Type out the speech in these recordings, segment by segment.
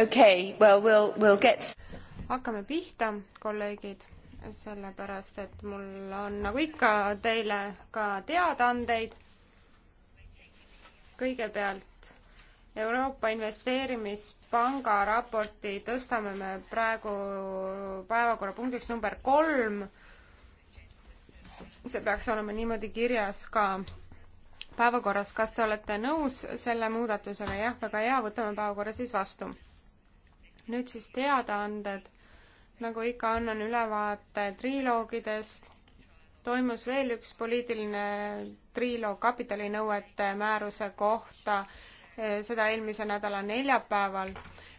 okay, well, we'll, we'll get... hakkame pihta, kolleegid, sellepärast et mul on nagu ikka teile ka teadaandeid. kõigepealt Euroopa Investeerimispanga raporti tõstame me praegu päevakorrapunktiks number kolm. see peaks olema niimoodi kirjas ka päevakorras, kas te olete nõus selle muudatusega, jah, väga hea, võtame päevakorra siis vastu nüüd siis teadaanded. nagu ikka, annan ülevaate triloogidest. toimus veel üks poliitiline triloog kapitalinõuete määruse kohta, eh, seda eelmise nädala neljapäeval.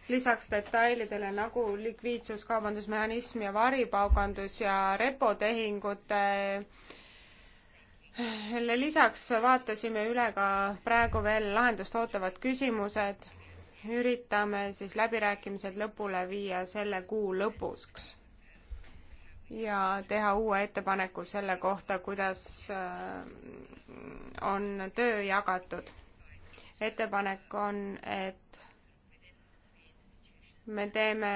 lisaks detailidele nagu likviidsus, kaubandusmehhanism ja varipaugandus ja repotehingute eh, lisaks vaatasime üle ka praegu veel lahendust ootavad küsimused üritame siis läbirääkimised lõpule viia selle kuu lõpuks ja teha uue ettepaneku selle kohta, kuidas äh, on töö jagatud. ettepanek on, et me teeme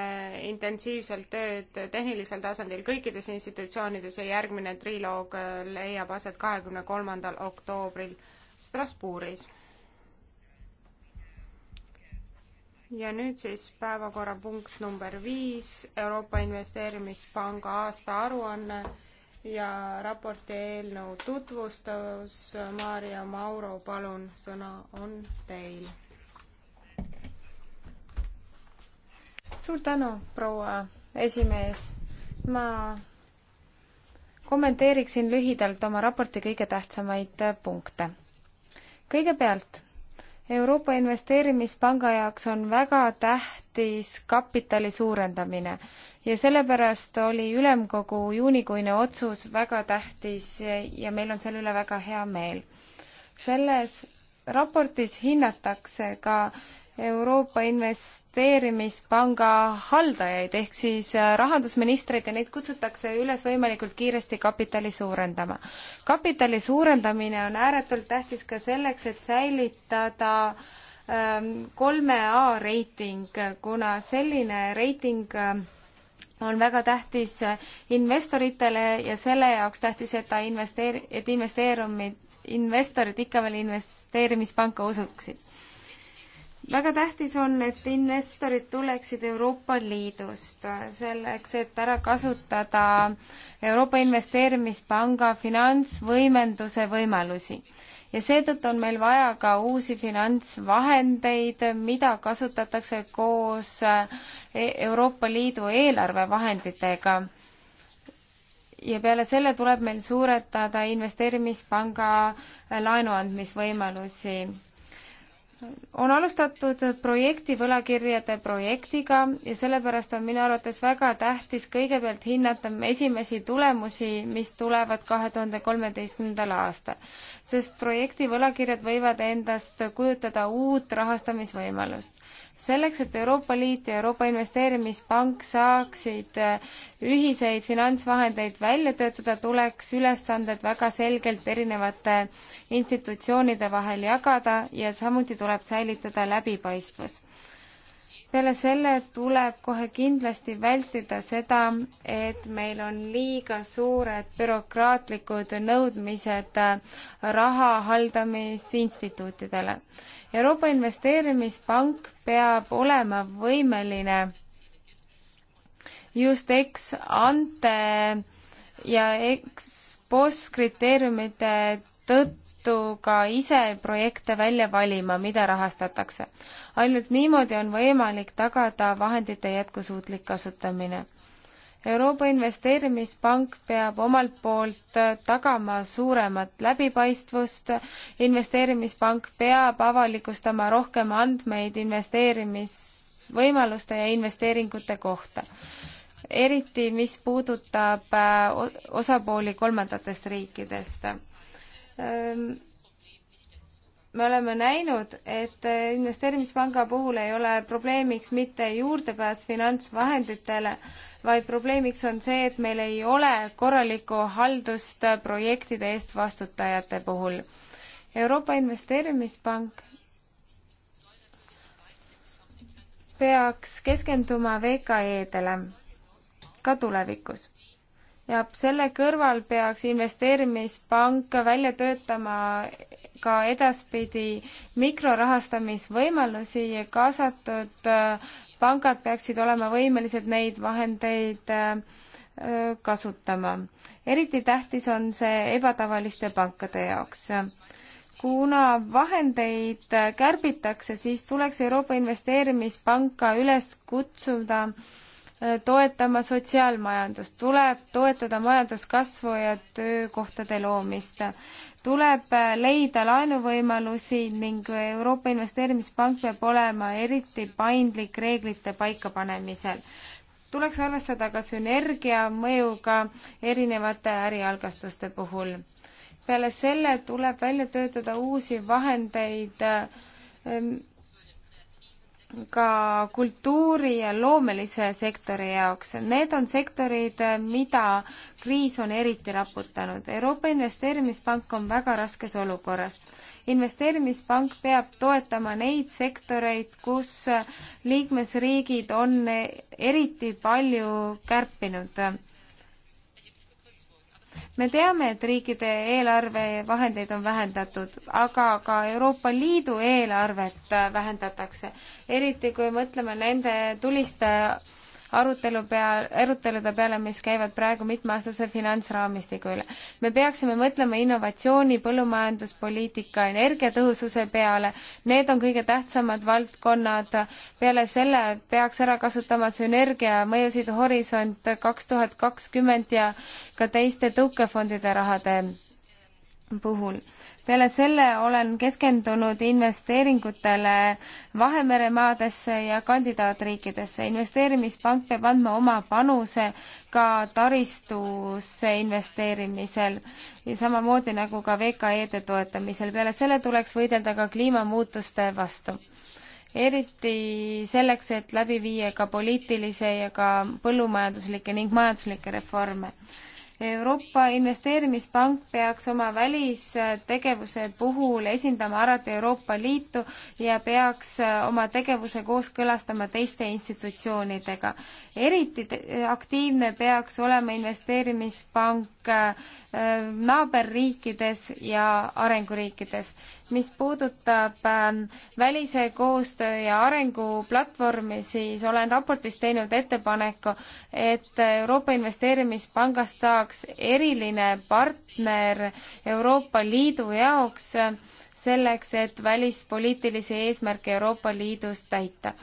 intensiivselt tööd tehnilisel tasandil kõikides institutsioonides ja järgmine triloog leiab aset kahekümne kolmandal oktoobril Strasbourgis ja nüüd siis päevakorrapunkt number viis, Euroopa Investeerimispanga aastaaruanne ja raporti eelnõu tutvustus. Maarja Mauro, palun, sõna on teil. suur tänu, proua esimees. ma kommenteeriksin lühidalt oma raporti kõige tähtsamaid punkte. kõigepealt Euroopa Investeerimispanga jaoks on väga tähtis kapitali suurendamine ja sellepärast oli ülemkogu juunikuine otsus väga tähtis ja meil on selle üle väga hea meel. selles raportis hinnatakse ka äh, Euroopa Investeerimispanga haldajaid ehk siis äh, rahandusministreid ja neid kutsutakse üles võimalikult kiiresti kapitali suurendama. kapitali suurendamine on ääretult tähtis ka selleks, et säilitada ähm, kolme A reiting, kuna selline reiting ähm, on väga tähtis äh, investoritele ja selle jaoks tähtis, et ta investeer-, et investeerumid, investorid ikka veel investeerimispanka usuksid väga tähtis on, et investorid tuleksid Euroopa Liidust selleks, et ära kasutada Euroopa Investeerimispanga finantsvõimenduse võimalusi. ja seetõttu on meil vaja ka uusi finantsvahendeid, mida kasutatakse koos e-, Euroopa Liidu eelarvevahenditega. ja peale selle tuleb meil suuretada investeerimispanga laenu andmisvõimalusi on alustatud projekti võlakirjade projektiga ja sellepärast on minu arvates väga tähtis kõigepealt hinnata esimesi tulemusi, mis tulevad kahe tuhande kolmeteistkümnendal aastal, sest projekti võlakirjad võivad endast kujutada uut rahastamisvõimalust selleks, et Euroopa Liit ja Euroopa Investeerimispank saaksid eh, ühiseid finantsvahendeid välja töötada, tuleks ülesanded väga selgelt erinevate institutsioonide vahel jagada ja samuti tuleb säilitada läbipaistvus peale selle tuleb kohe kindlasti vältida seda, et meil on liiga suured bürokraatlikud nõudmised äh, raha haldamisinstituutidele. Euroopa Investeerimispank peab olema võimeline just eks ante ja eks postkriteeriumite tõttu seetõttu ka ise projekte välja valima, mida rahastatakse. ainult niimoodi on võimalik tagada vahendite jätkusuutlik kasutamine. Euroopa Investeerimispank peab omalt poolt tagama suuremat läbipaistvust, investeerimispank peab avalikustama rohkem andmeid investeerimisvõimaluste ja investeeringute kohta eriti mis puudutab äh, osapooli kolmandatest riikidest. Ehm, me oleme näinud, et investeerimispanga puhul ei ole probleemiks mitte juurdepääs finantsvahenditele, vaid probleemiks on see, et meil ei ole korralikku haldust projektide eest vastutajate puhul. Euroopa Investeerimispank peaks keskenduma VKE-dele ka tulevikus ja selle kõrval peaks investeerimispank välja töötama ka edaspidi mikrorahastamisvõimalusi ja kaasatud äh, pangad peaksid olema võimelised neid vahendeid äh, kasutama. eriti tähtis on see ebatavaliste pankade jaoks. kuna vahendeid kärbitakse, siis tuleks Euroopa Investeerimispanka üles kutsuda äh, toetama sotsiaalmajandust, tuleb toetada majanduskasvu ja töökohtade loomist. tuleb äh, leida laenuvõimalusi ning Euroopa Investeerimispank peab olema eriti paindlik reeglite paikapanemisel. tuleks arvestada ka sünergia mõjuga erinevate ärialgastuste puhul. peale selle tuleb välja töötada uusi vahendeid äh, ka kultuuri ja loomelise sektori jaoks. Need on sektorid, mida kriis on eriti raputanud. Euroopa Investeerimispank on väga raskes olukorras. investeerimispank peab toetama neid sektoreid, kus liikmesriigid on eriti palju kärpinud me teame, et riikide eelarvevahendeid on vähendatud, aga ka Euroopa Liidu eelarvet vähendatakse, eriti kui mõtleme nende tuliste arutelu peal, arutelude peale, mis käivad praegu mitmeaastase finantsraamistiku üle. me peaksime mõtlema innovatsiooni, põllumajanduspoliitika, energiatõhususe peale, need on kõige tähtsamad valdkonnad, peale selle peaks ära kasutama sünergia mõjusid Horisont kaks tuhat kakskümmend ja ka teiste tõukefondide rahade puhul. peale selle olen keskendunud investeeringutele Vahemere maadesse ja kandidaatriikidesse. investeerimispank peab andma oma panuse ka taristusse investeerimisel ja samamoodi nagu ka VKE-de toetamisel. peale selle tuleks võidelda ka kliimamuutuste vastu eriti selleks, et läbi viia ka poliitilise ja ka põllumajanduslikke ning majanduslikke reforme Euroopa Investeerimispank peaks oma välistegevuse puhul esindama alati Euroopa Liitu ja peaks äh, oma tegevuse kooskõlastama teiste institutsioonidega. eriti aktiivne peaks olema investeerimispank Äh, naaberriikides ja arenguriikides. mis puudutab ähm, välise koostöö ja arenguplatvormi, siis olen raportis teinud ettepaneku, et Euroopa Investeerimispangast saaks eriline partner Euroopa Liidu jaoks äh, selleks, et välispoliitilisi eesmärke Euroopa Liidus täita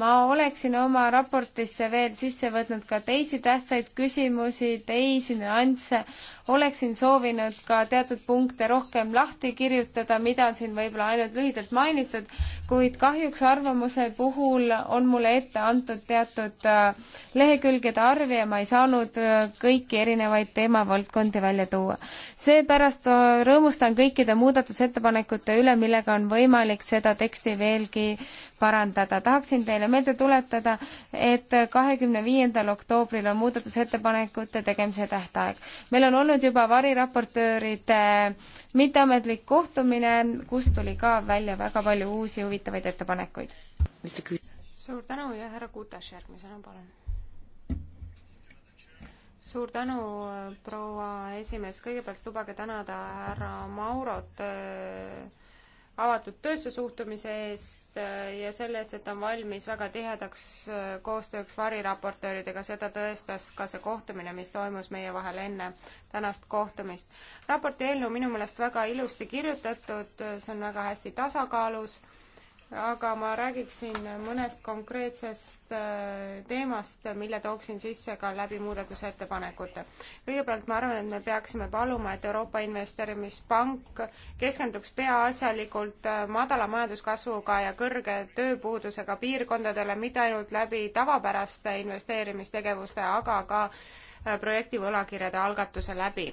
ma oleksin oma raportisse veel sisse võtnud ka teisi tähtsaid küsimusi, teisi nüansse, oleksin soovinud ka teatud punkte rohkem lahti kirjutada, mida on siin võib-olla ainult lühidalt mainitud, kuid kahjuks arvamuse puhul on mulle ette antud teatud äh, lehekülgede arv ja ma ei saanud äh, kõiki erinevaid teemavaldkondi välja tuua. seepärast äh, rõõmustan kõikide muudatusettepanekute üle, millega on võimalik seda teksti veelgi parandada. tahaksin teile meelde tuletada, et kahekümne viiendal oktoobril on muudatusettepanekute tegemise tähtaeg. meil on olnud juba variraportööride mitteametlik kohtumine, kust tuli ka välja väga palju uusi huvitavaid ettepanekuid. suur tänu ja härra Kutas järgmisena, palun suur tänu, proua esimees, kõigepealt lubage tänada härra Maurot äh, avatud töösse suhtumise eest äh, ja selle eest, et on valmis väga tihedaks äh, koostööks variraportööridega, seda tõestas ka see kohtumine, mis toimus meie vahel enne tänast kohtumist. raporti eelnõu minu meelest väga ilusti kirjutatud, äh, see on väga hästi tasakaalus aga ma räägiksin mõnest konkreetsest äh, teemast, mille tooksin sisse ka läbi muudatusettepanekute. kõigepealt ma arvan, et me peaksime paluma, et Euroopa Investeerimispank keskenduks peaasjalikult äh, madala majanduskasvuga ja kõrge tööpuudusega piirkondadele, mitte ainult läbi tavapäraste investeerimistegevuste, aga ka äh, projekti võlakirjade algatuse läbi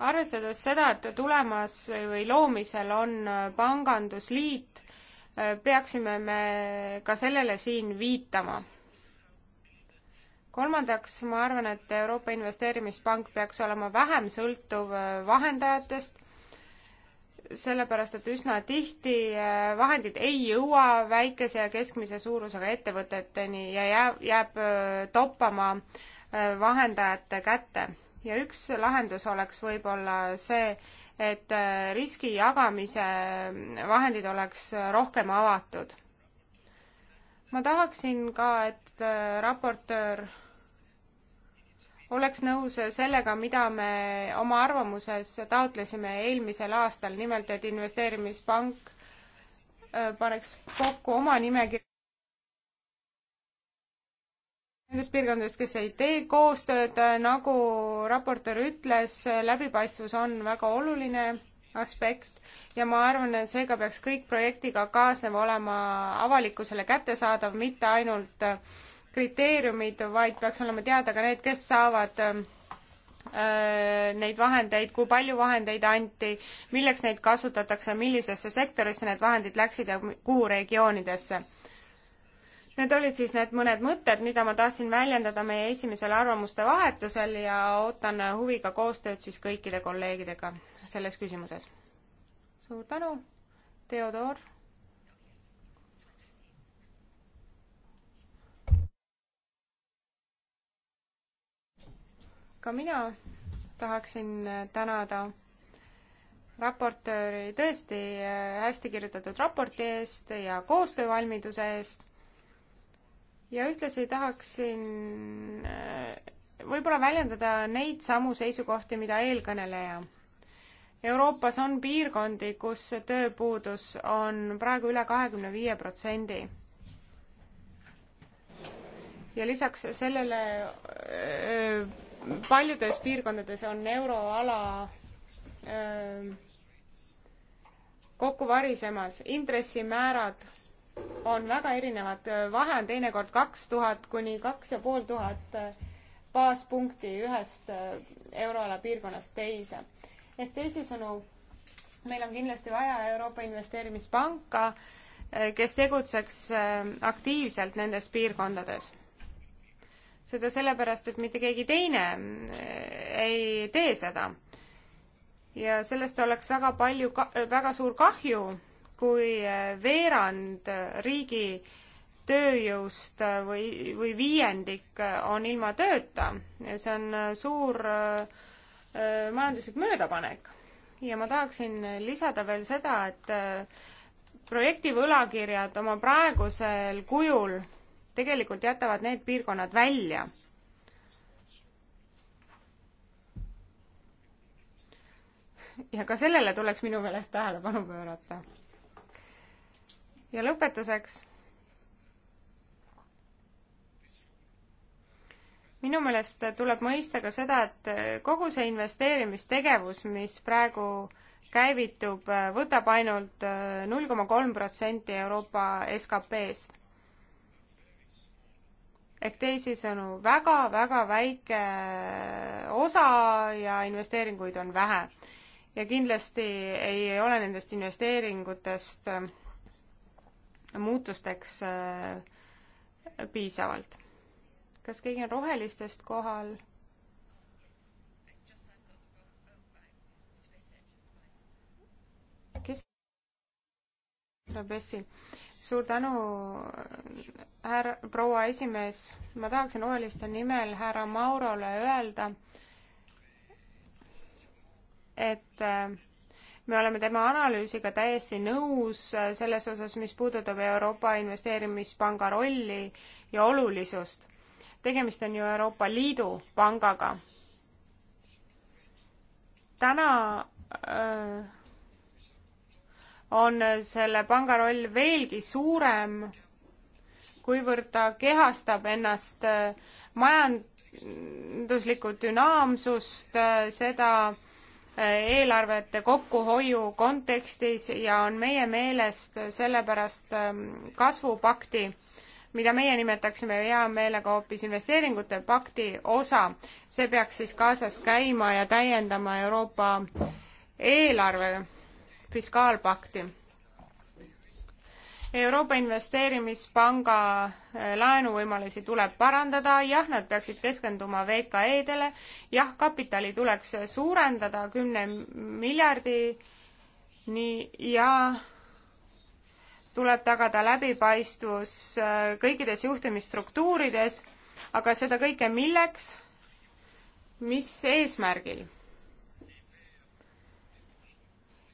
arvestades seda, et tulemas või loomisel on äh, pangandusliit, äh, peaksime me ka sellele siin viitama. kolmandaks, ma arvan, et Euroopa Investeerimispank peaks olema vähem sõltuv äh, vahendajatest, sellepärast et üsna tihti vahendid ei jõua väikese ja keskmise suurusega ettevõteteni ja jääb, jääb toppama vahendajate kätte ja üks lahendus oleks võib-olla see, et äh, riski jagamise vahendid oleks rohkem avatud. ma tahaksin ka, et äh, raportöör oleks nõus sellega, mida me oma arvamuses taotlesime eelmisel aastal, nimelt et investeerimispank äh, paneks kokku oma nimekirja nendest piirkondadest, kes ei tee koostööd, äh, nagu raportöör ütles, äh, läbipaistvus on väga oluline aspekt ja ma arvan, et seega peaks kõik projektiga kaasnev olema avalikkusele kättesaadav, mitte ainult äh, kriteeriumid, vaid peaks olema teada ka need, kes saavad neid vahendeid, kui palju vahendeid anti, milleks neid kasutatakse, millisesse sektorisse need vahendid läksid ja kuhu regioonidesse Need olid siis need mõned mõtted, mida ma tahtsin väljendada meie esimesel arvamuste vahetusel ja ootan huviga koostööd siis kõikide kolleegidega selles küsimuses. suur tänu, Theodor. ka mina tahaksin tänada raportööri tõesti hästi kirjutatud raporti eest ja koostöövalmiduse eest ja ühtlasi tahaksin äh, võib-olla väljendada neid samu seisukohti, mida eelkõneleja. Euroopas on piirkondi, kus tööpuudus on praegu üle kahekümne viie protsendi ja lisaks sellele öö, äh, paljudes piirkondades on euroala äh, kokku varisemas, intressimäärad on väga erinevad, äh, vahe on teinekord kaks tuhat kuni kaks ja pool tuhat äh, baaspunkti ühest äh, euroala piirkonnast teise. ehk teisisõnu, meil on kindlasti vaja Euroopa Investeerimispanka, kes tegutseks aktiivselt nendes piirkondades seda sellepärast, et mitte keegi teine ei tee seda. ja sellest oleks väga palju, väga suur kahju kui eh, veerand riigi tööjõust eh, või, või viiendik eh, on ilma tööta. see on suur majanduslik möödapanek. ja ma tahaksin lisada veel seda, et projekti võlakirjad oma praegusel kujul tegelikult jätavad need piirkonnad välja ja ka sellele tuleks minu meelest tähelepanu pöörata ja lõpetuseks. minu meelest tuleb mõista ka seda, et kogu see investeerimistegevus, mis praegu käivitub, võtab ainult null koma kolm protsenti Euroopa SKP-st. ehk teisisõnu väga,, väga-väga väike osa ja investeeringuid on vähe. ja kindlasti ei ole nendest investeeringutest äh, muutusteks äh, piisavalt. kas keegi on rohelistest kohal? kes? Rabessi. suur tänu, härra, proua esimees. ma tahaksin roheliste nimel härra Maurole öelda, et äh, me oleme tema analüüsiga täiesti nõus äh, selles osas, mis puudutab Euroopa Investeerimispanga rolli ja olulisust. tegemist on ju Euroopa Liidu pangaga. täna öö, äh, on selle panga roll veelgi suurem, kuivõrd ta kehastab ennast äh, majanduslikku dünaamsust, seda, eelarvete kokkuhoiu kontekstis ja on meie meelest sellepärast ähm, kasvupakti, mida meie nimetaksime hea meelega hoopis investeeringute pakti osa, see peaks siis kaasas käima ja täiendama Euroopa eelarve fiskaalpakti Euroopa Investeerimispanga eh, laenuvõimalusi tuleb parandada, jah, nad peaksid keskenduma VKE-dele, jah, kapitali tuleks suurendada kümne miljardini ja tuleb tagada läbipaistvus eh, kõikides juhtimisstruktuurides, aga seda kõike milleks, mis eesmärgil?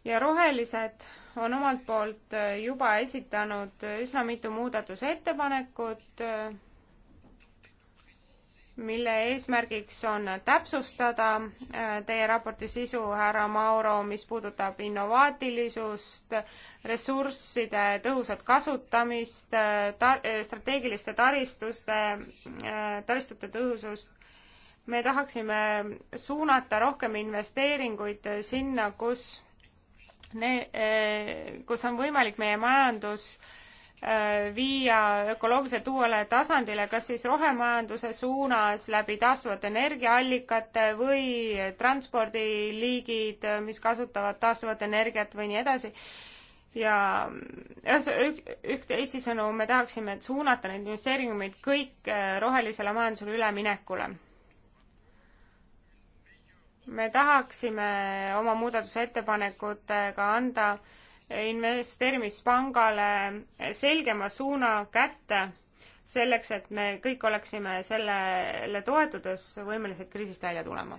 ja rohelised on omalt poolt äh, juba esitanud üsna mitu muudatusettepanekut, äh, mille eesmärgiks on täpsustada äh, teie raporti sisu, härra Mauro, mis puudutab innovaatilisust, ressursside tõhusat kasutamist, tar-, strateegiliste taristuste, taristute tõhusust, me tahaksime suunata rohkem investeeringuid sinna, kus Eh, kus on võimalik meie majandus eh, viia ökoloogiliselt uuele tasandile, kas siis rohemajanduse suunas läbi taastuvate energiaallikate või transpordiliigid, eh, mis kasutavad taastuvat energiat või nii edasi. ja ühte, teisisõnu, me tahaksime suunata neid investeeringuid kõik rohelisele majandusele üleminekule me tahaksime oma muudatusettepanekutega anda investeerimispangale selgema suuna kätte selleks, et me kõik oleksime sellele toetudes võimelised kriisist välja tulema.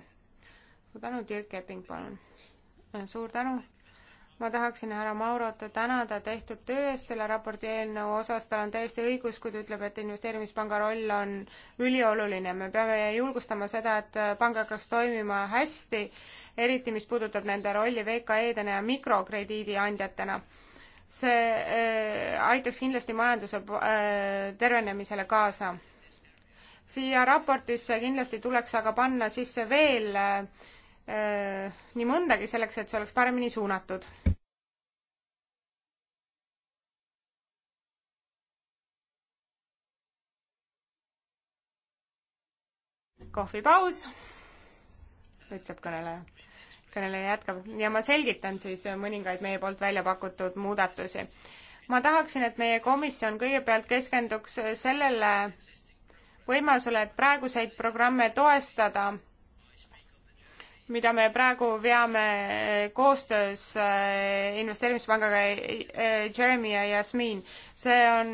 suur tänu, Dirk Epping, palun. suur tänu ma tahaksin härra Maurot tänada tehtud töö eest selle raporti eelnõu osas, tal on täiesti õigus, kui ta ütleb, et investeerimispanga roll on ülioluline, me peame julgustama seda, et pank hakkaks toimima hästi, eriti mis puudutab nende rolli VKE-dena ja mikrokrediidiandjatena. see äh, aitaks kindlasti majanduse äh, tervenemisele kaasa. siia raportisse kindlasti tuleks aga panna sisse veel äh, Äh, nii mõndagi selleks, et see oleks paremini suunatud. kohvipaus, ütleb kõneleja. kõneleja jätkab ja ma selgitan siis mõningaid meie poolt välja pakutud muudatusi. ma tahaksin, et meie komisjon kõigepealt keskenduks sellele võimalusele, et praeguseid programme toestada mida me praegu veame eh, koostöös eh, investeerimispangaga eh, Jeremy ja Jasmin. see on,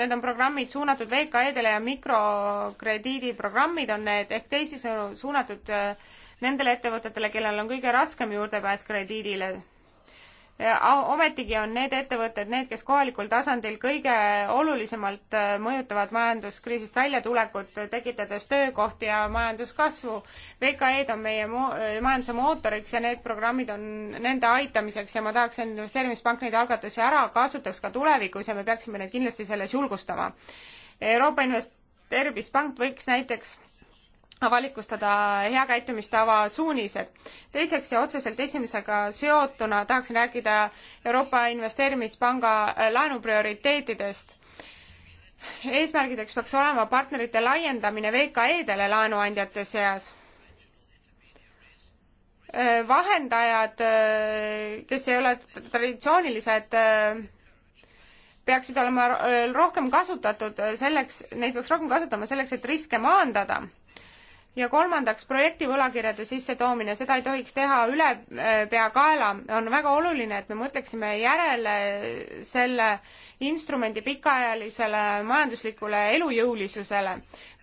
need on programmid suunatud VKE-dele ja mikrokrediidiprogrammid on need ehk teisisõnu suunatud nendele ettevõtetele, kellel on kõige raskem juurdepääs krediidile ometigi on need ettevõtted need, kes kohalikul tasandil kõige olulisemalt äh, mõjutavad majanduskriisist väljatulekut, tekitades töökohti ja majanduskasvu. VKE-d on meie mo äh, majanduse mootoriks ja need programmid on nende aitamiseks ja ma tahaks, et investeerimispank neid algatusi ära kasutaks ka tulevikus ja me peaksime neid kindlasti selles julgustama. Euroopa Investeerimispank võiks näiteks avalikustada hea käitumistava suunised. teiseks ja otseselt esimesega seotuna tahaksin rääkida Euroopa Investeerimispanga laenu prioriteetidest. eesmärgideks peaks olema partnerite laiendamine VKE-dele laenuandjate seas. vahendajad, kes ei ole traditsioonilised peaksid olema rohkem kasutatud selleks, neid peaks rohkem kasutama selleks, et riske maandada ja kolmandaks, projekti võlakirjade sissetoomine, seda ei tohiks teha ülepeakaela. Äh, on väga oluline, et me mõtleksime järele selle instrumendi pikaajalisele majanduslikule elujõulisusele.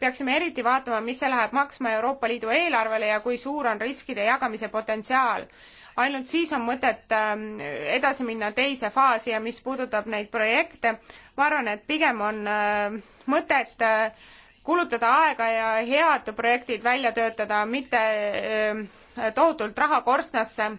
peaksime eriti vaatama, mis see läheb maksma Euroopa Liidu eelarvele ja kui suur on riskide jagamise potentsiaal. ainult siis on mõtet äh, edasi minna teise faasi ja mis puudutab neid projekte, ma arvan, et pigem on äh, mõtet kulutada aega ja head projektid välja töötada, mitte tohutult raha korstnasse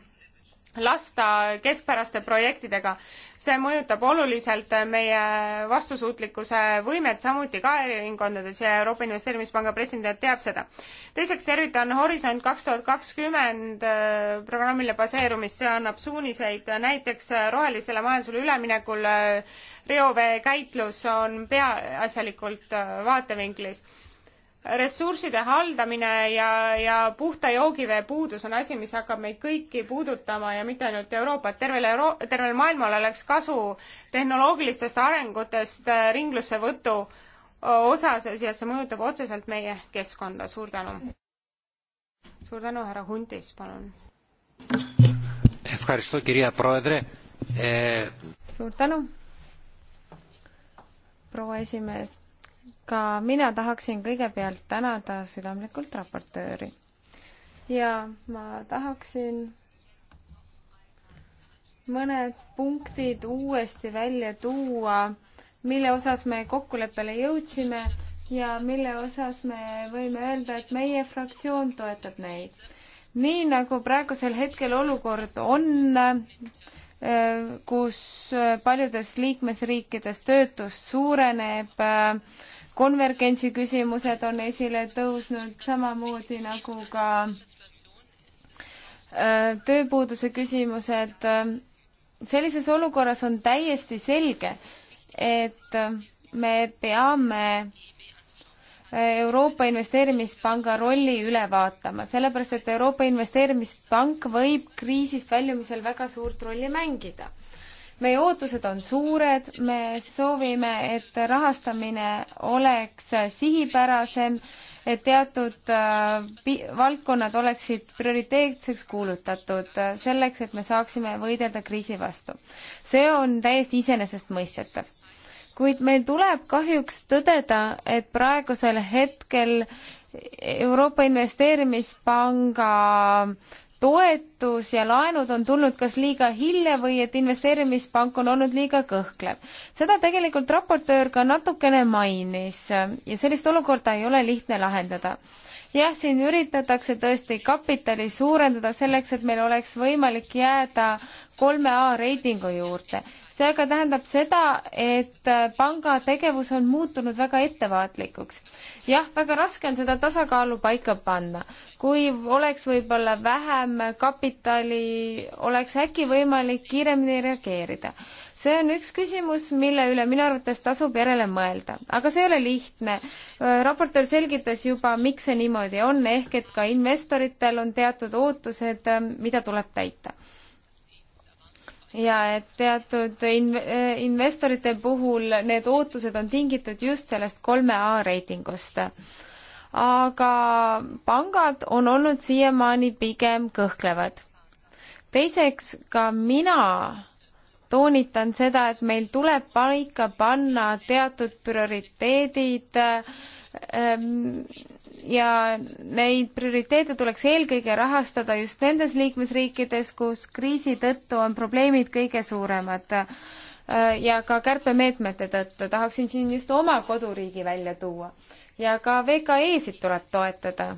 lasta keskpäraste projektidega. see mõjutab oluliselt meie vastusuutlikkuse võimet, samuti ka äriringkondades ja Euroopa Investeerimispanga president teab seda. teiseks tervitan Horisont kaks tuhat kakskümmend äh, programmile baseerumist, see annab suuniseid näiteks rohelisele majandusele üleminekul äh, reoveekäitlus on peaasjalikult äh, vaatevinklis ressursside haldamine ja, ja puhta joogivee puudus on asi, mis hakkab meid kõiki puudutama ja mitte ainult Euroopat, tervel Euro-, tervel maailmal oleks kasu tehnoloogilistest arengutest äh, ringlussevõtu osas ja see mõjutab otseselt meie keskkonda, suur tänu. suur tänu, härra Huntis, palun. suur tänu, proua esimees ka mina tahaksin kõigepealt tänada südamlikult raportööri. ja ma tahaksin mõned punktid uuesti välja tuua, mille osas me kokkuleppele jõudsime ja mille osas me võime öelda, et meie fraktsioon toetab neid. nii nagu praegusel hetkel olukord on, eh, kus paljudes liikmesriikides töötus suureneb äh, konvergentsi küsimused on esile tõusnud, samamoodi nagu ka äh, tööpuuduse küsimused. sellises olukorras on täiesti selge, et me peame äh, Euroopa Investeerimispanga rolli üle vaatama, sellepärast et Euroopa Investeerimispank võib kriisist väljumisel väga suurt rolli mängida meie ootused on suured, me soovime, et rahastamine oleks sihipärasem, et teatud äh, valdkonnad oleksid prioriteetseks kuulutatud äh, selleks, et me saaksime võidelda kriisi vastu. see on täiesti iseenesestmõistetav. kuid meil tuleb kahjuks tõdeda, et praegusel hetkel Euroopa Investeerimispanga toetus ja laenud on tulnud kas liiga hilja või et investeerimispank on olnud liiga kõhklev. seda tegelikult raportöör ka natukene mainis ja sellist olukorda ei ole lihtne lahendada. jah, siin üritatakse tõesti kapitali suurendada selleks, et meil oleks võimalik jääda kolme A reitingu juurde see aga tähendab seda, et äh, panga tegevus on muutunud väga ettevaatlikuks. jah, väga raske on seda tasakaalu paika panna. kui oleks võib-olla vähem kapitali, oleks äkki võimalik kiiremini reageerida. see on üks küsimus, mille üle minu arvates tasub järele mõelda, aga see ei ole lihtne. Äh, raportöör selgitas juba, miks see niimoodi on, ehk et ka investoritel on teatud ootused, äh, mida tuleb täita ja et teatud in-, eh, investorite puhul need ootused on tingitud just sellest kolme A reitingust. aga pangad on olnud siiamaani pigem kõhklevad. teiseks, ka mina toonitan seda, et meil tuleb paika panna teatud prioriteedid ähm, ja neid prioriteete tuleks eelkõige rahastada just nendes liikmesriikides, kus kriisi tõttu on probleemid kõige suuremad äh, ja ka kärpemeetmete tõttu. tahaksin siin just oma koduriigi välja tuua ja ka VKE-sid tuleb toetada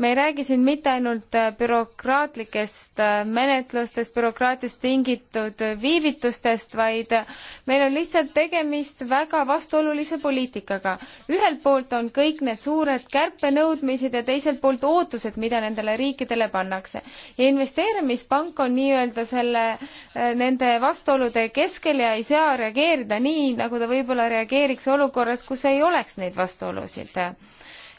me ei räägi siin mitte ainult äh, bürokraatlikest äh, menetlustest, bürokraatiast tingitud äh, viivitustest, vaid meil on lihtsalt tegemist väga vastuolulise poliitikaga. ühelt poolt on kõik need suured kärpenõudmised ja teiselt poolt ootused, mida nendele riikidele pannakse. ja investeerimispank on nii-öelda selle, nende vastuolude keskel ja ei saa reageerida nii, nagu ta võib-olla reageeriks olukorras, kus ei oleks neid vastuolusid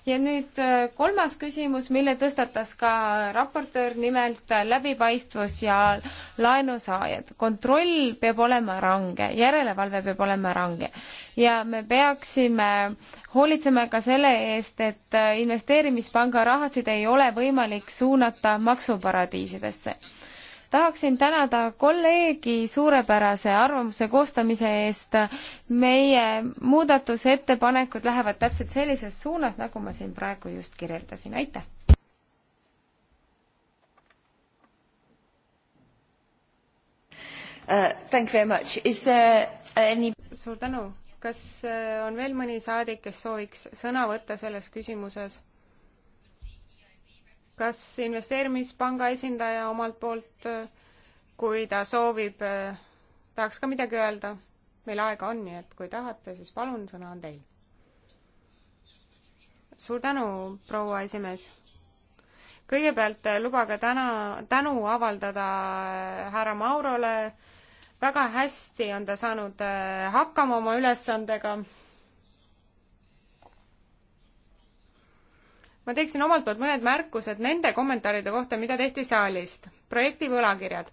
ja nüüd äh, kolmas küsimus, mille tõstatas ka raportöör, nimelt äh, läbipaistvus ja laenusaajad. kontroll peab olema range, järelevalve peab olema range ja me peaksime hoolitsema ka selle eest, et äh, investeerimispanga rahasid ei ole võimalik suunata maksuparadiisidesse tahaksin tänada kolleegi suurepärase arvamuse koostamise eest. meie muudatusettepanekud lähevad täpselt sellises suunas, nagu ma siin praegu just kirjeldasin, aitäh! Uh, thank you very much. Is there any... suur tänu. kas uh, on veel mõni saadik, kes sooviks sõna võtta selles küsimuses? kas investeerimispanga esindaja omalt poolt, kui ta soovib, tahaks ka midagi öelda? meil aega on, nii et kui tahate, siis palun, sõna on teil. suur tänu, proua esimees. kõigepealt lubage täna, tänu avaldada härra Maurole. väga hästi on ta saanud eh, hakkama oma ülesandega ma teeksin omalt poolt mõned märkused nende kommentaaride kohta, mida tehti saalist. projekti võlakirjad.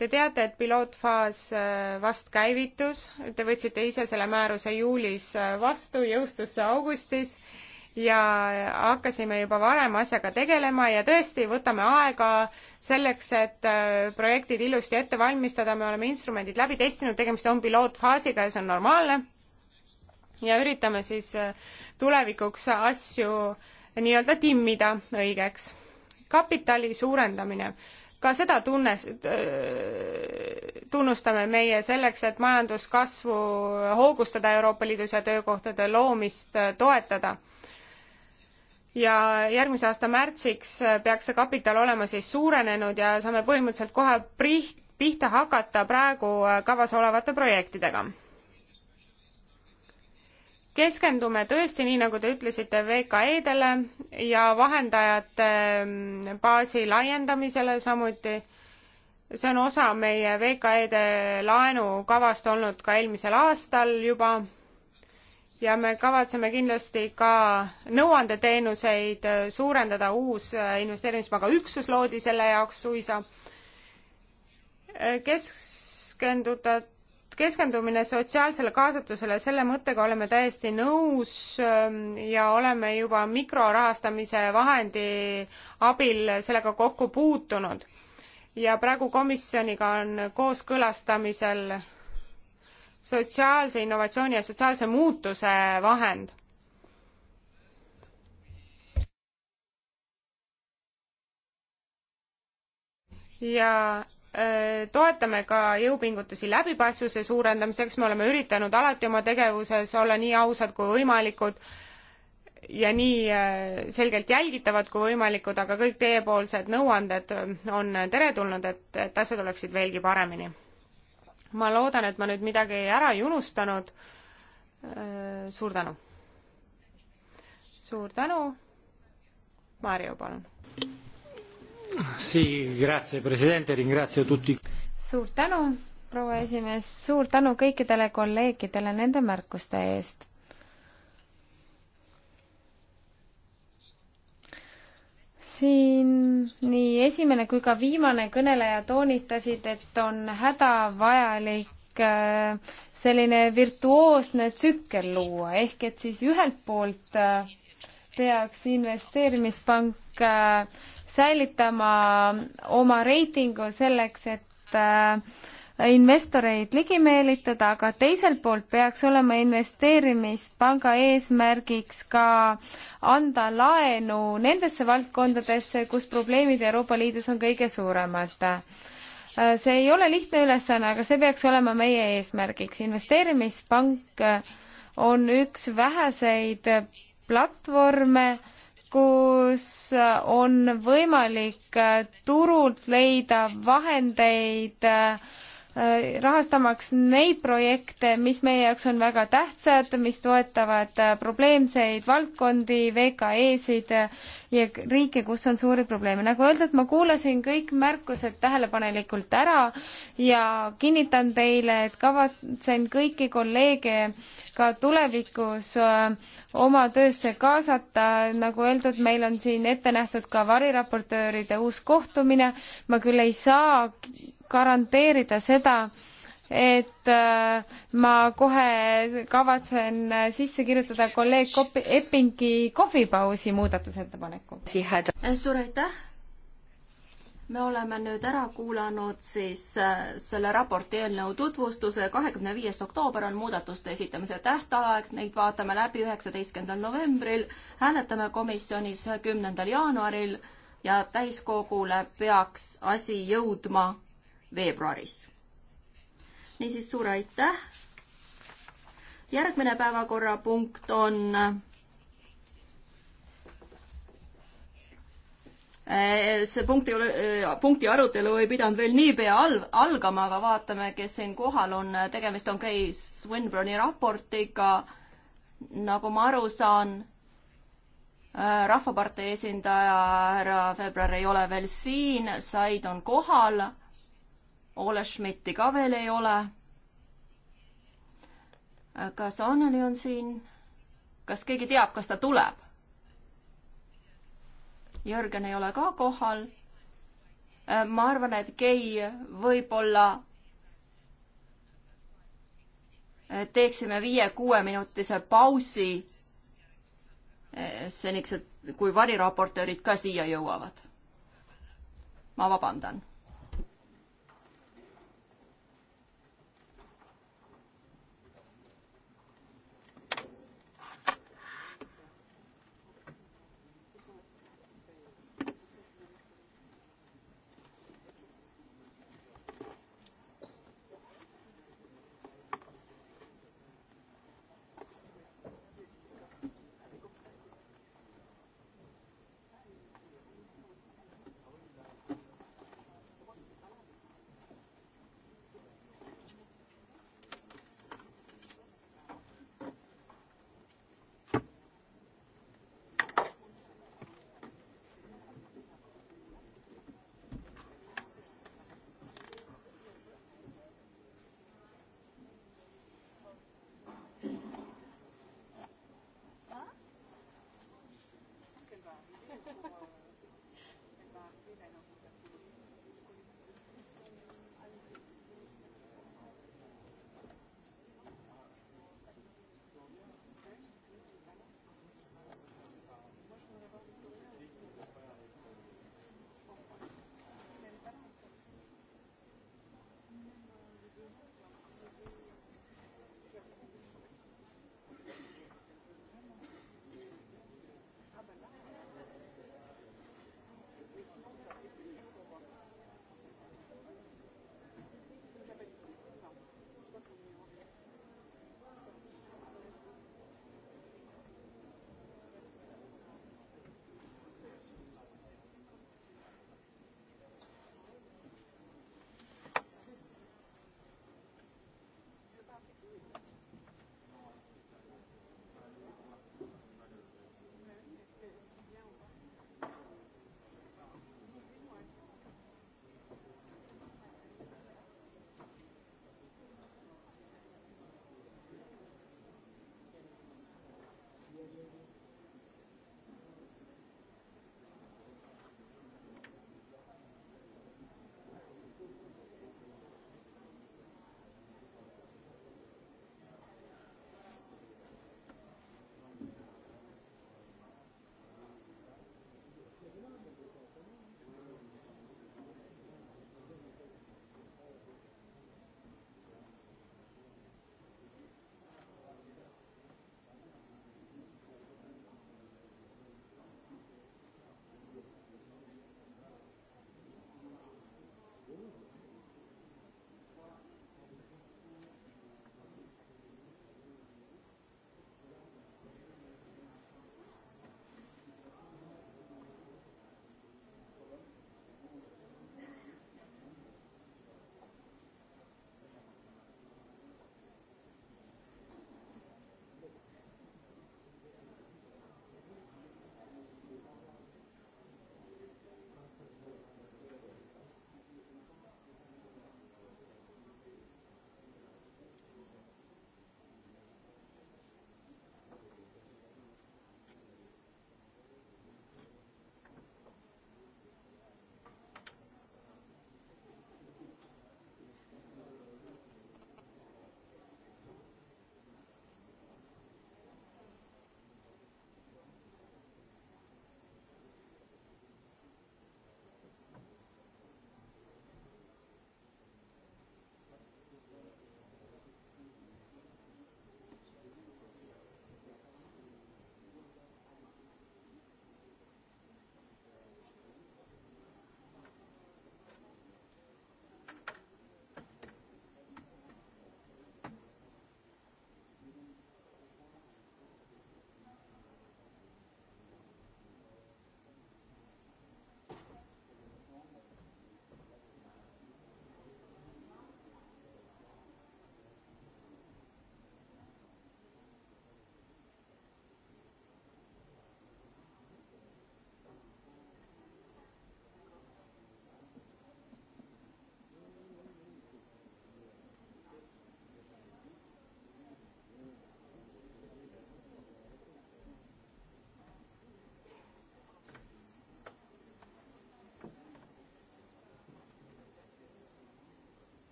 Te teate, et pilootfaas äh, vast käivitus, te võtsite ise selle määruse juulis äh, vastu, jõustus see augustis ja hakkasime juba varem asjaga tegelema ja tõesti võtame aega selleks, et äh, projektid ilusti ette valmistada, me oleme instrumendid läbi testinud, tegemist on pilootfaasiga ja see on normaalne ja üritame siis äh, tulevikuks asju nii-öelda timmida õigeks. kapitali suurendamine, ka seda tunnes, äh, tunnustame meie selleks, et majanduskasvu hoogustada Euroopa Liidus ja töökohtade loomist äh, toetada ja järgmise aasta märtsiks peaks see kapital olema siis suurenenud ja saame põhimõtteliselt kohe priht, pihta hakata praegu kavas olevate projektidega keskendume tõesti, nii nagu te ütlesite, VKE-dele ja vahendajate mm, baasi laiendamisele samuti. see on osa meie VKE-de laenukavast olnud ka eelmisel aastal juba ja me kavatseme kindlasti ka nõuandeteenuseid suurendada, uus äh, investeerimispanga üksus loodi selle jaoks suisa. Äh, keskenduda keskendumine sotsiaalsele kaasatusele, selle mõttega oleme täiesti nõus ähm, ja oleme juba mikrorahastamise vahendi abil sellega kokku puutunud. ja praegu komisjoniga on kooskõlastamisel sotsiaalse innovatsiooni ja sotsiaalse muutuse vahend. ja toetame ka jõupingutusi läbipaistvuse suurendamiseks, me oleme üritanud alati oma tegevuses olla nii ausad kui võimalikud ja nii selgelt jälgitavad kui võimalikud, aga kõik teiepoolsed nõuanded on teretulnud, et, et asjad oleksid veelgi paremini. ma loodan, et ma nüüd midagi ära ei unustanud. suur tänu. suur tänu. Mario, palun suur tänu, proua esimees, suur tänu kõikidele kolleegidele nende märkuste eest. siin nii esimene kui ka viimane kõneleja toonitasid, et on hädavajalik äh, selline virtuoosne tsükkel luua, ehk et siis ühelt poolt äh, peaks investeerimispank äh, säilitama oma reitingu selleks, et äh, investoreid ligi meelitada, aga teiselt poolt peaks olema investeerimispanga eesmärgiks ka anda laenu nendesse valdkondadesse, kus probleemid Euroopa Liidus on kõige suuremad äh, see ei ole lihtne ülesanne, aga see peaks olema meie eesmärgiks. investeerimispank on üks väheseid platvorme, kus on võimalik turult leida vahendeid äh, Äh, rahastamaks neid projekte, mis meie jaoks on väga tähtsad, mis toetavad äh, probleemseid valdkondi, VKE-sid äh, ja riike, kus on suuri probleeme. nagu öeldud, ma kuulasin kõik märkused tähelepanelikult ära ja kinnitan teile, et kavatsen kõiki kolleege ka tulevikus oma töösse kaasata. nagu öeldud, meil on siin ette nähtud ka variraportööride uus kohtumine. ma küll ei saa garanteerida seda, et äh, ma kohe kavatsen äh, sisse kirjutada kolleeg Kopi-, Eppingi kohvipausi muudatusettepaneku. suur aitäh! me oleme nüüd ära kuulanud siis äh, selle raporti eelnõu tutvustuse, kahekümne viies oktoober on muudatuste esitamise tähtaeg, neid vaatame läbi üheksateistkümnendal novembril, hääletame komisjonis kümnendal jaanuaril ja täiskogule peaks asi jõudma veebruaris. niisiis, suur aitäh. järgmine päevakorrapunkt on eh, see punkti, eh, punkti arutelu ei pidanud veel niipea al-, algama, aga vaatame, kes siin kohal on. tegemist on Kay Swinburne'i raportiga. nagu ma aru saan, eh, Rahvapartei esindaja härra Veber ei ole veel siin, Said on kohal. Ole Schmidti ka veel ei ole. kas Anneli on siin? kas keegi teab, kas ta tuleb? Jörgen ei ole ka kohal. ma arvan, et Kei võib-olla teeksime viie-kuueminutise pausi seniks, et kui variraportöörid ka siia jõuavad. ma vabandan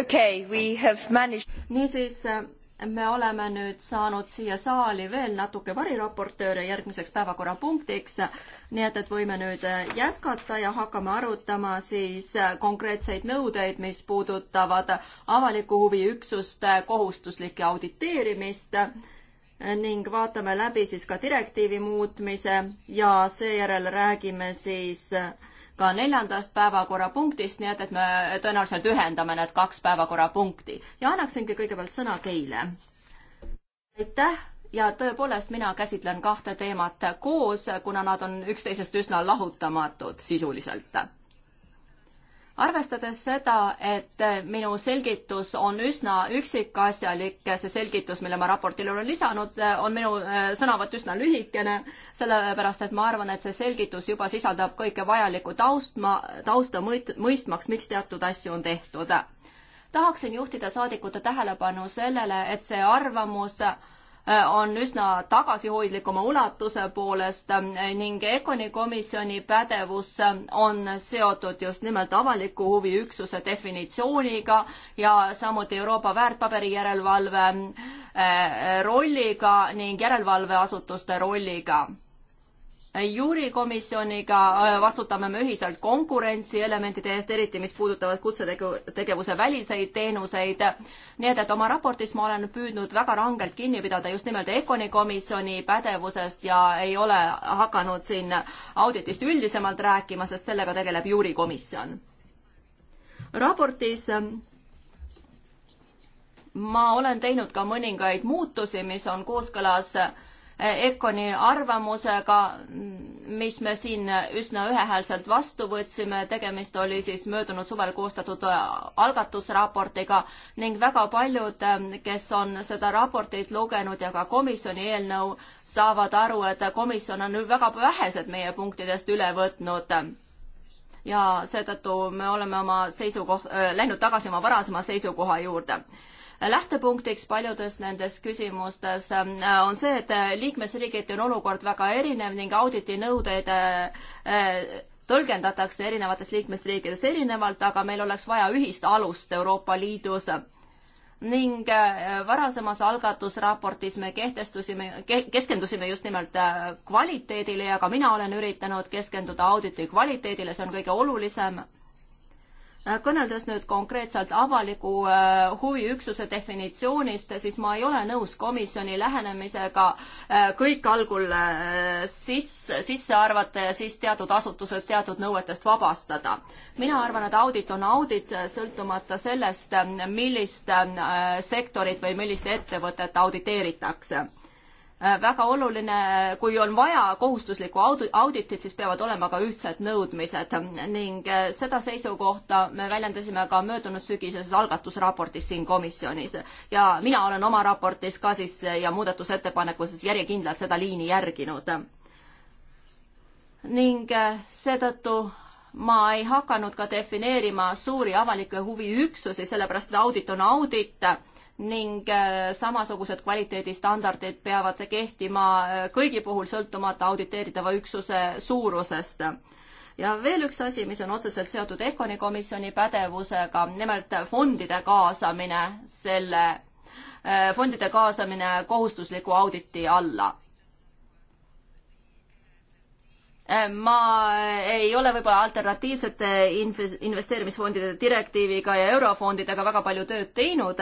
okay, managed... niisiis, äh, me oleme nüüd saanud siia saali veel natuke variraportööre järgmiseks päevakorrapunktiks, nii et, et võime nüüd äh, jätkata ja hakkame arutama siis äh, konkreetseid nõudeid, mis puudutavad avaliku huvi üksuste kohustuslikke auditeerimist ning vaatame läbi siis ka direktiivi muutmise ja seejärel räägime siis äh, ka neljandast päevakorrapunktist, nii et, et me tõenäoliselt ühendame need kaks päevakorrapunkti ja annaksingi kõigepealt sõna teile. aitäh ja tõepoolest, mina käsitlen kahte teemat koos, kuna nad on üksteisest üsna lahutamatud sisuliselt arvestades seda, et minu selgitus on üsna üksikasjalik, see selgitus, mille ma raportile olen lisanud, on minu äh, sõnavõtt üsna lühikene, sellepärast et ma arvan, et see selgitus juba sisaldab kõike vajalikku taustma, tausta mõistmaks, miks teatud asju on tehtud. tahaksin juhtida saadikute tähelepanu sellele, et see arvamus Äh, on üsna tagasihoidlik oma ulatuse poolest äh, ning Econi komisjoni pädevus äh, on seotud just nimelt avaliku huvi üksuse definitsiooniga ja samuti Euroopa väärtpaberijärelevalve rolliga ning järelevalveasutuste rolliga juurikomisjoniga äh, vastutame me ühiselt konkurentsielementide eest, eriti mis puudutavad kutsetegevuse väliseid teenuseid. nii et, et oma raportis ma olen püüdnud väga rangelt kinni pidada just nimelt Econi komisjoni pädevusest ja ei ole hakanud siin auditist üldisemalt rääkima, sest sellega tegeleb juurikomisjon. raportis ähm, ma olen teinud ka mõningaid muutusi, mis on kooskõlas äh, EKONi arvamusega, mis me siin üsna ühehäälselt vastu võtsime, tegemist oli siis möödunud suvel koostatud algatusraportiga ning väga paljud, kes on seda raportit lugenud ja ka komisjoni eelnõu, saavad aru, et komisjon on väga vähesed meie punktidest üle võtnud ja seetõttu me oleme oma seisukoht, läinud tagasi oma varasema seisukoha juurde lähtepunktiks paljudes nendes küsimustes äh, on see, et äh, liikmesriigiti on olukord väga erinev ning auditi nõudeid äh, tõlgendatakse erinevates liikmesriikides erinevalt, aga meil oleks vaja ühist alust Euroopa Liidus ning varasemas algatusraportis me kehtestusime ke,, keskendusime just nimelt kvaliteedile ja ka mina olen üritanud keskenduda auditi kvaliteedile, see on kõige olulisem. Äh, kõneldes nüüd konkreetselt avaliku äh, huviüksuse definitsioonist, siis ma ei ole nõus komisjoni lähenemisega äh, kõik algul sisse, sisse arvata ja siis teatud asutused teatud nõuetest vabastada. mina arvan, et audit on audit, sõltumata sellest, millist sektorit või millist ettevõtet auditeeritakse Äh, väga oluline, kui on vaja kohustuslikku auditit, siis peavad olema ka ühtsed nõudmised ning äh, seda seisukohta me väljendasime ka möödunud sügises algatusraportis siin komisjonis. ja mina olen oma raportis ka siis äh, ja muudatusettepanekuses järjekindlalt seda liini järginud. ning seetõttu ma ei hakanud ka defineerima suuri avalikke huviüksusi, sellepärast et audit on audit ning äh, samasugused kvaliteedistandardid peavad kehtima äh, kõigi puhul, sõltumata auditeeritava üksuse suurusest. ja veel üks asi, mis on otseselt seotud ECONi komisjoni pädevusega, nimelt fondide kaasamine selle, äh, fondide kaasamine kohustusliku auditi alla ma ei ole võib-olla alternatiivsete investeerimisfondide direktiiviga ja eurofondidega väga palju tööd teinud,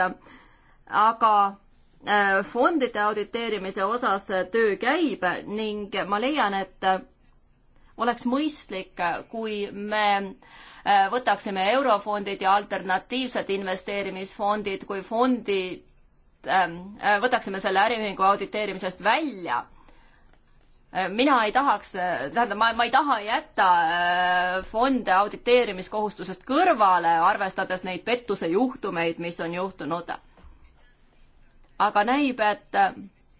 aga äh, fondide auditeerimise osas äh, töö käib ning ma leian, et äh, oleks mõistlik, kui me võtaksime eurofondid ja alternatiivsed investeerimisfondid kui fondid, ähm, võtaksime selle äriühingu auditeerimisest välja mina ei tahaks, tähendab, ma, ma ei taha jätta fonde auditeerimiskohustusest kõrvale, arvestades neid pettuse juhtumeid, mis on juhtunud aga näib, et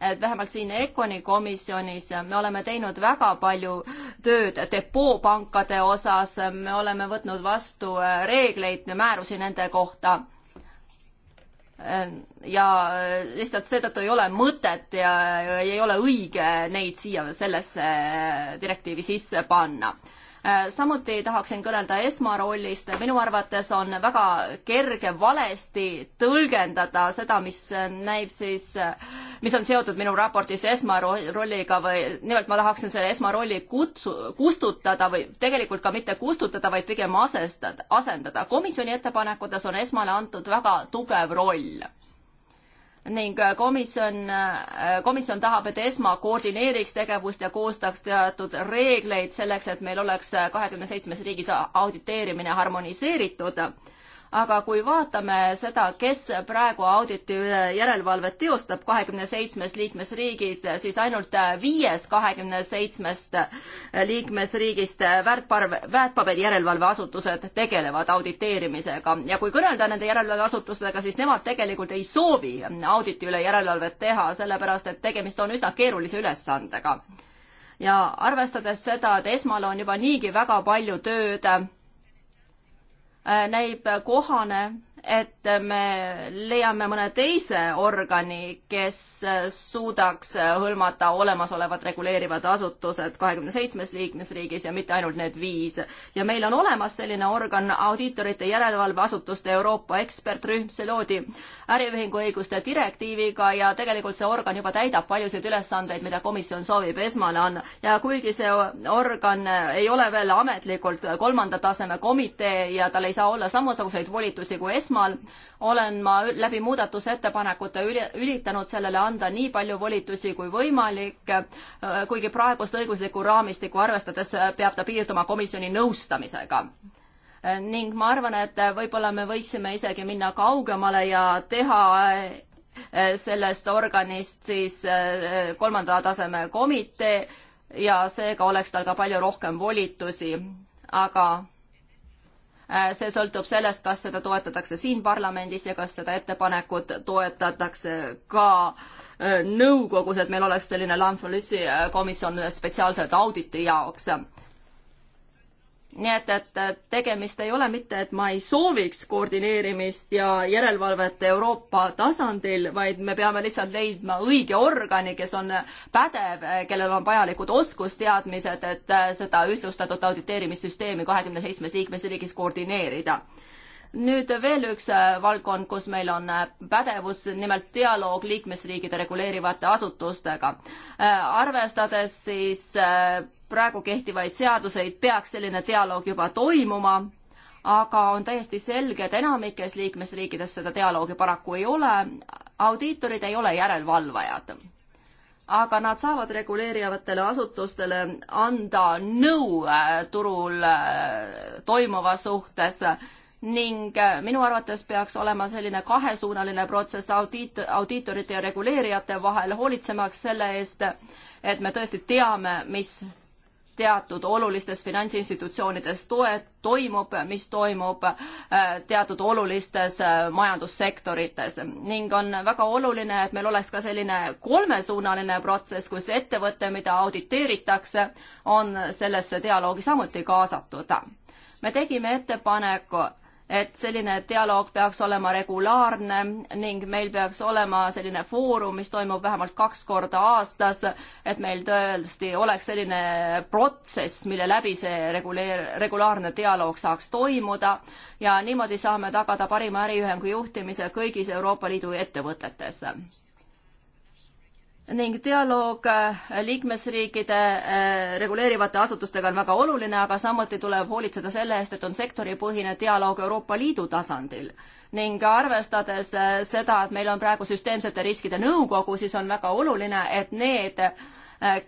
et vähemalt siin Econi komisjonis me oleme teinud väga palju tööd depoopankade osas, me oleme võtnud vastu reegleid, määrusi nende kohta. ja lihtsalt seetõttu ei ole mõtet ja ei ole õige neid siia sellesse direktiivi sisse panna Äh, samuti tahaksin kõnelda esmarollist. minu arvates on väga kerge valesti tõlgendada seda, mis näib siis, mis on seotud minu raportis esmarolliga või nimelt ma tahaksin selle esmarolli kutsu, kustutada või tegelikult ka mitte kustutada, vaid pigem asestada, asendada. komisjoni ettepanekutes on esmale antud väga tugev roll ning äh, komisjon, äh, komisjon tahab, et ESMA koordineeriks tegevust ja koostaks teatud reegleid selleks, et meil oleks äh, kahekümne seitsmes riigis auditeerimine harmoniseeritud aga kui vaatame seda, kes praegu auditi järelevalvet teostab kahekümne seitsmes liikmesriigis, siis ainult viies kahekümne seitsmest liikmesriigist väärtparv, väärtpaberi järelevalveasutused tegelevad auditeerimisega ja kui kõnelda nende järelevalveasutustega, siis nemad tegelikult ei soovi auditi üle järelevalvet teha, sellepärast et tegemist on üsna keerulise ülesandega ja arvestades seda, et esmal on juba niigi väga palju tööd näib kohane et me leiame mõne teise organi, kes suudaks hõlmata olemasolevad reguleerivad asutused kahekümne seitsmes liikmesriigis ja mitte ainult need viis. ja meil on olemas selline organ, audiitorite järelevalveasutuste Euroopa ekspertrühm, see loodi äriühingu õiguste direktiiviga ja tegelikult see organ juba täidab paljusid ülesandeid, mida komisjon soovib, esmane on. ja kuigi see organ ei ole veel ametlikult kolmanda taseme komitee ja tal ei saa olla samasuguseid volitusi kui esmane, teemal olen ma läbi muudatusettepanekute üritanud sellele anda nii palju volitusi kui võimalik, kuigi praegust õiguslikku raamistikku arvestades peab ta piirduma komisjoni nõustamisega ning ma arvan, et võib-olla me võiksime isegi minna kaugemale ja teha e, sellest organist siis e, kolmanda taseme komitee ja seega oleks tal ka palju rohkem volitusi, aga Äh, see sõltub sellest, kas seda toetatakse siin parlamendis ja kas seda ettepanekut toetatakse ka äh, nõukogus, et meil oleks selline äh, komisjon spetsiaalselt auditi jaoks nii et, et tegemist ei ole mitte, et ma ei sooviks koordineerimist ja järelevalvet Euroopa tasandil, vaid me peame lihtsalt leidma õige organi, kes on pädev, kellel on vajalikud oskusteadmised, et seda ühtlustatud auditeerimissüsteemi kahekümne seitsmes liikmesriigis koordineerida nüüd veel üks äh, valdkond, kus meil on äh, pädevus, nimelt dialoog liikmesriigide reguleerivate asutustega. Äh, arvestades siis praegu kehtivaid seaduseid, peaks selline dialoog juba toimuma, aga on täiesti selge, et enamikes liikmesriikides seda dialoogi paraku ei ole. audiitorid ei ole järelevalvajad aga nad saavad reguleerivatele asutustele anda nõu turul toimuva suhtes ning äh, minu arvates peaks olema selline kahesuunaline protsess audiit, audiitorite ja reguleerijate vahel, hoolitsemaks selle eest, et me tõesti teame, mis teatud olulistes finantsinstitutsioonides toe-, toimub, mis toimub äh, teatud olulistes äh, majandussektorites. ning on väga oluline, et meil oleks ka selline kolmesuunaline protsess, kus ettevõte, mida auditeeritakse, on sellesse dialoogi samuti kaasatud. me tegime ettepaneku et selline dialoog peaks olema regulaarne ning meil peaks olema selline foorum, mis toimub vähemalt kaks korda aastas, et meil tõesti oleks selline protsess, mille läbi see reguleer-, regulaarne dialoog saaks toimuda ja niimoodi saame tagada parima äriühingu juhtimise kõigis Euroopa Liidu ettevõtetes ning dialoog äh, liikmesriikide äh, reguleerivate asutustega on väga oluline, aga samuti tuleb hoolitseda selle eest, et on sektoripõhine dialoog Euroopa Liidu tasandil. ning arvestades äh, seda, et meil on praegu süsteemsete riskide nõukogu, siis on väga oluline, et need,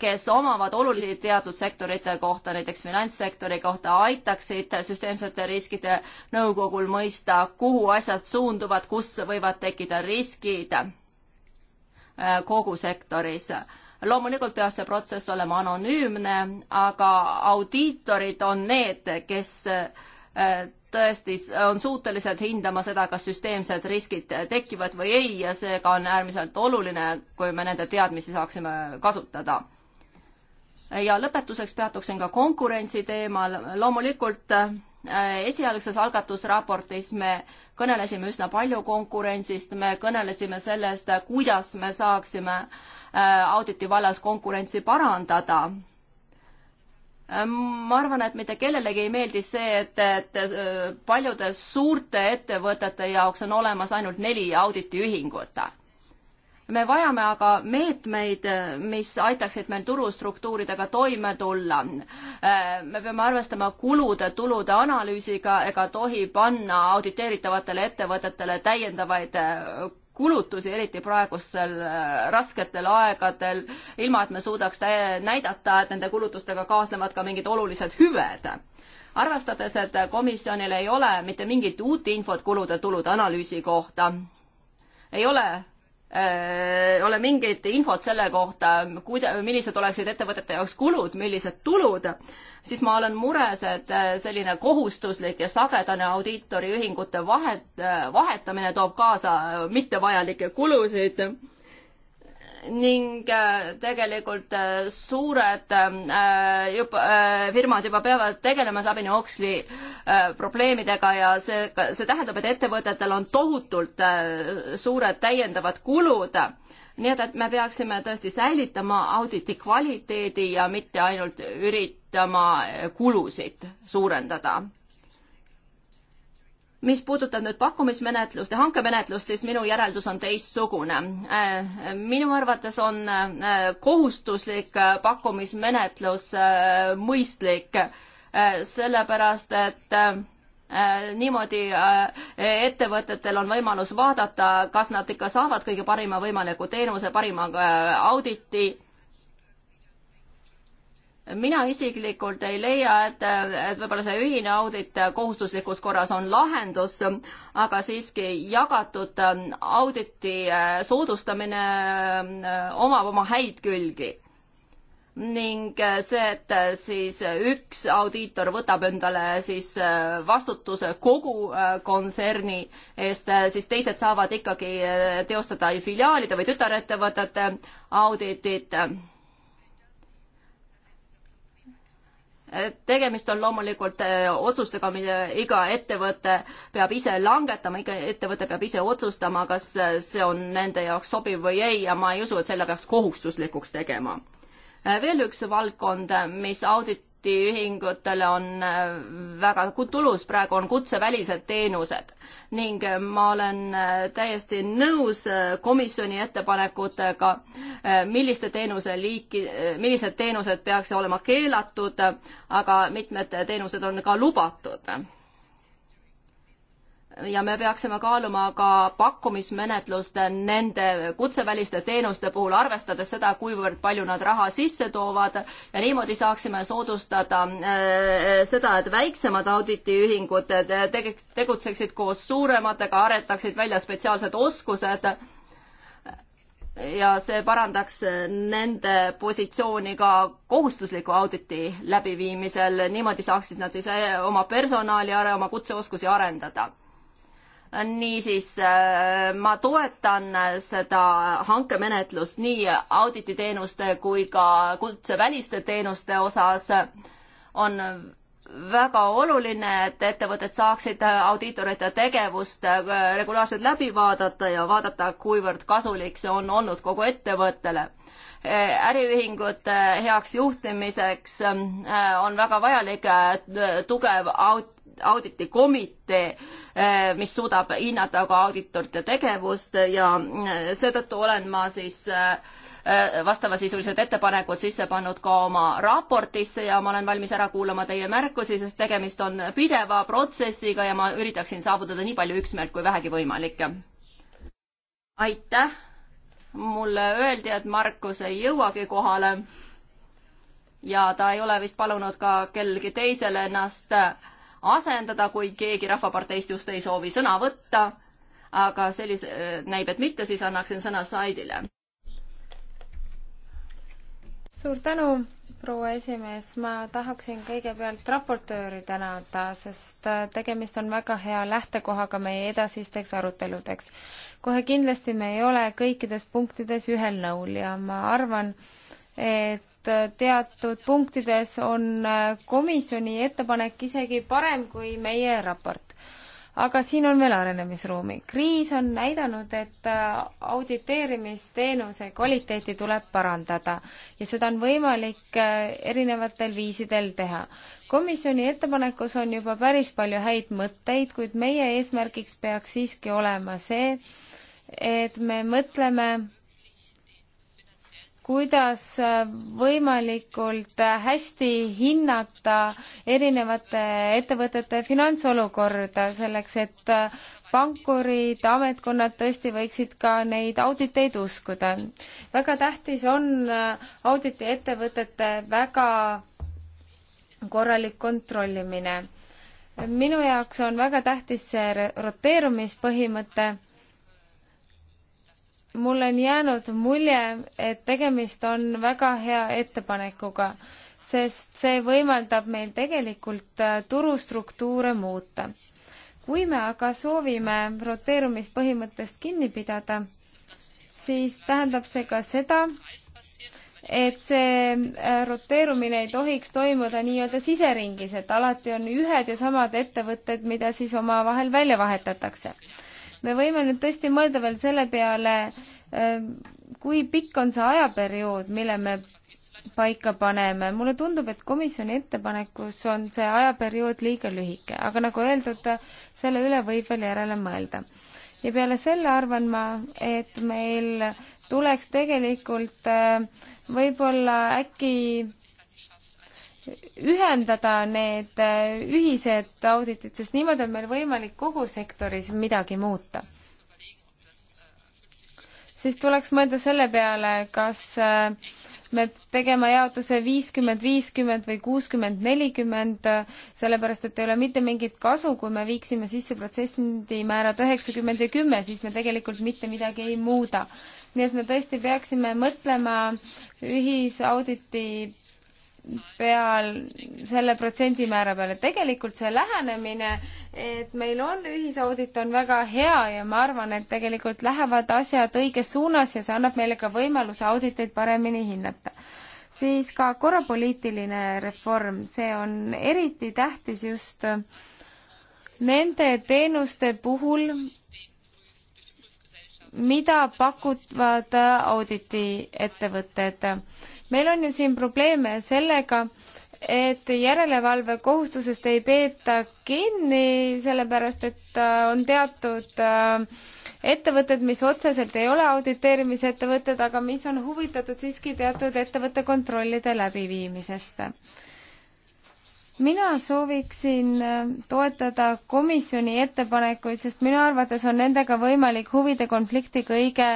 kes omavad olulisi teatud sektorite kohta, näiteks finantssektori kohta, aitaksid süsteemsete riskide nõukogul mõista, kuhu asjad suunduvad, kus võivad tekkida riskid Äh, kogu sektoris loomulikult peab see protsess olema anonüümne, aga audiitorid on need, kes äh, tõesti on suutelised hindama seda, kas süsteemsed riskid tekivad või ei ja seega on äärmiselt oluline, kui me nende teadmisi saaksime kasutada. ja lõpetuseks peatuksin ka konkurentsi teemal. loomulikult Äh, esialgses algatusraportis me kõnelesime üsna palju konkurentsist, me kõnelesime sellest, kuidas me saaksime äh, auditi vallas konkurentsi parandada. Äh, ma arvan, et mitte kellelegi ei meeldi see, et, et paljude suurte ettevõtete jaoks on olemas ainult neli auditiühingut me vajame aga meetmeid, mis aitaksid meil turustruktuuridega toime tulla. Äh, me peame arvestama kulude-tulude analüüsiga ega tohi panna auditeeritavatele ettevõtetele täiendavaid äh, kulutusi, eriti praegusel äh, rasketel aegadel, ilma et me suudaks näidata, et nende kulutustega kaasnevad ka mingid olulised hüved. arvestades, et komisjonil ei ole mitte mingit uut infot kulude-tulude analüüsi kohta, ei ole Äh, ole mingit infot selle kohta, kuida-, millised oleksid ettevõtete jaoks kulud, millised tulud, siis ma olen mures, et äh, selline kohustuslik ja sagedane audiitoriühingute vahet, äh, vahetamine toob kaasa mittevajalikke kulusid ning äh, tegelikult äh, suured äh, juba, firmad juba peavad tegelema Sabine Oxley probleemidega ja see, see tähendab, et ettevõtetel on tohutult suured täiendavad kulud. nii et, et me peaksime tõesti säilitama auditi kvaliteedi ja mitte ainult üritama kulusid suurendada mis puudutab nüüd pakkumismenetlust ja hankemenetlust, siis minu järeldus on teistsugune. Äh, minu arvates on äh, kohustuslik pakkumismenetlus äh, mõistlik, sellepärast et niimoodi ettevõtetel on võimalus vaadata, kas nad ikka saavad kõige parima võimaliku teenuse, parima auditi mina isiklikult ei leia, et, et võib-olla see ühine audit kohustuslikus korras on lahendus, aga siiski jagatud auditi soodustamine eh, omab oma häid külgi. ning see, et siis üks audiitor võtab endale siis eh, vastutuse kogu eh, kontserni eest, siis teised saavad ikkagi teostada filiaalide või tütarettevõtete auditit tegemist on loomulikult eh, otsustega, mille iga ettevõte peab ise langetama, iga ettevõte peab ise otsustama, kas eh, see on nende jaoks sobiv või ei ja ma ei usu, et selle peaks kohustuslikuks tegema Äh, veel üks valdkond, mis auditiühingutele on äh, väga tulus praegu, on kutsevälised teenused. ning äh, ma olen täiesti nõus komisjoni ettepanekutega, milliste teenuse liiki, millised teenused peaks olema keelatud, aga mitmed teenused on ka lubatud ja me peaksime kaaluma ka pakkumismenetlust nende kutseväliste teenuste puhul, arvestades seda, kuivõrd palju nad raha sisse toovad ja niimoodi saaksime soodustada äh, seda, et väiksemad auditiühingud tegutseksid koos suurematega, aretaksid välja spetsiaalsed oskused ja see parandaks nende positsiooni ka kohustusliku auditi läbiviimisel, niimoodi saaksid nad siis äh, oma personali ja oma kutseoskusi arendada niisiis äh, ma toetan seda hankemenetlust nii audititeenuste kui ka kutseväliste teenuste osas. on väga oluline, et ettevõtted saaksid audiitorite tegevust äh, regulaarselt läbi vaadata ja vaadata, kuivõrd kasulik see on olnud kogu ettevõttele äh, äriühingute heaks juhtimiseks on väga vajalik tugev aut-, audit, auditikomitee, eh, mis suudab hinnata ka auditorite tegevust ja eh, seetõttu olen ma siis eh, vastavasisulised ettepanekud sisse pannud ka oma raportisse ja ma olen valmis ära kuulama teie märkusi, sest tegemist on pideva protsessiga ja ma üritaksin saavutada nii palju üksmeelt kui vähegi võimalik. aitäh, mulle öeldi, et Markus ei jõuagi kohale ja ta ei ole vist palunud ka kellelgi teisel ennast asendada, kui keegi Rahvaparteist just ei soovi sõna võtta. aga sellise, näib, et mitte, siis annaksin sõna Saidile. suur tänu, proua esimees, ma tahaksin kõigepealt raportööri tänada, sest tegemist on väga hea lähtekohaga meie edasisteks aruteludeks. kohe kindlasti me ei ole kõikides punktides ühel nõul ja ma arvan, et Äh, teatud punktides on äh, komisjoni ettepanek isegi parem kui meie raport. aga siin on veel arenemisruumi. kriis on näidanud, et äh, auditeerimisteenuse kvaliteeti tuleb parandada ja seda on võimalik erinevatel viisidel teha. komisjoni ettepanekus on juba päris palju häid mõtteid, kuid meie eesmärgiks peaks siiski olema see, et me mõtleme kuidas äh, võimalikult äh, hästi hinnata erinevate ettevõtete finantsolukorda, selleks et äh, pankurid, ametkonnad tõesti võiksid ka neid auditeid uskuda. väga tähtis on auditi ettevõtete väga korralik kontrollimine. minu jaoks on väga tähtis see roteerumispõhimõte mul on jäänud mulje, et tegemist on väga hea ettepanekuga, sest see võimaldab meil tegelikult äh, turustruktuure muuta. kui me aga soovime roteerumispõhimõttest kinni pidada, siis tähendab see ka seda, et see äh, roteerumine ei tohiks toimuda nii-öelda siseringis, et alati on ühed ja samad ettevõtted, mida siis omavahel välja vahetatakse me võime nüüd tõesti mõelda veel selle peale, äh, kui pikk on see ajaperiood, mille me paika paneme. mulle tundub, et komisjoni ettepanekus on see ajaperiood liiga lühike, aga nagu öeldud, selle üle võib veel järele mõelda. ja peale selle arvan ma, et meil tuleks tegelikult äh, võib-olla äkki ühendada need äh, ühised auditid, sest niimoodi on meil võimalik kogu sektoris midagi muuta. siis tuleks mõelda selle peale, kas äh, me tegema jaotuse viiskümmend, viiskümmend või kuuskümmend, nelikümmend, äh, sellepärast et ei ole mitte mingit kasu, kui me viiksime sisse protsendimäärad üheksakümmend ja kümme, siis me tegelikult mitte midagi ei muuda. nii et me tõesti peaksime mõtlema ühisauditi peal, selle protsendimäära peale. tegelikult see lähenemine, et meil on ühisaudit, on väga hea ja ma arvan, et tegelikult lähevad asjad õiges suunas ja see annab meile ka võimaluse auditeid paremini hinnata. siis ka korrapoliitiline reform, see on eriti tähtis just nende teenuste puhul, mida pakuvad auditiettevõtted et meil on ju siin probleeme sellega, et järelevalvekohustusest ei peeta kinni, sellepärast et äh, on teatud äh, ettevõtted, mis otseselt ei ole auditeerimisettevõtted, aga mis on huvitatud siiski teatud ettevõtte kontrollide läbiviimisest mina sooviksin äh, toetada komisjoni ettepanekuid, sest minu arvates on nendega võimalik huvide konflikti kõige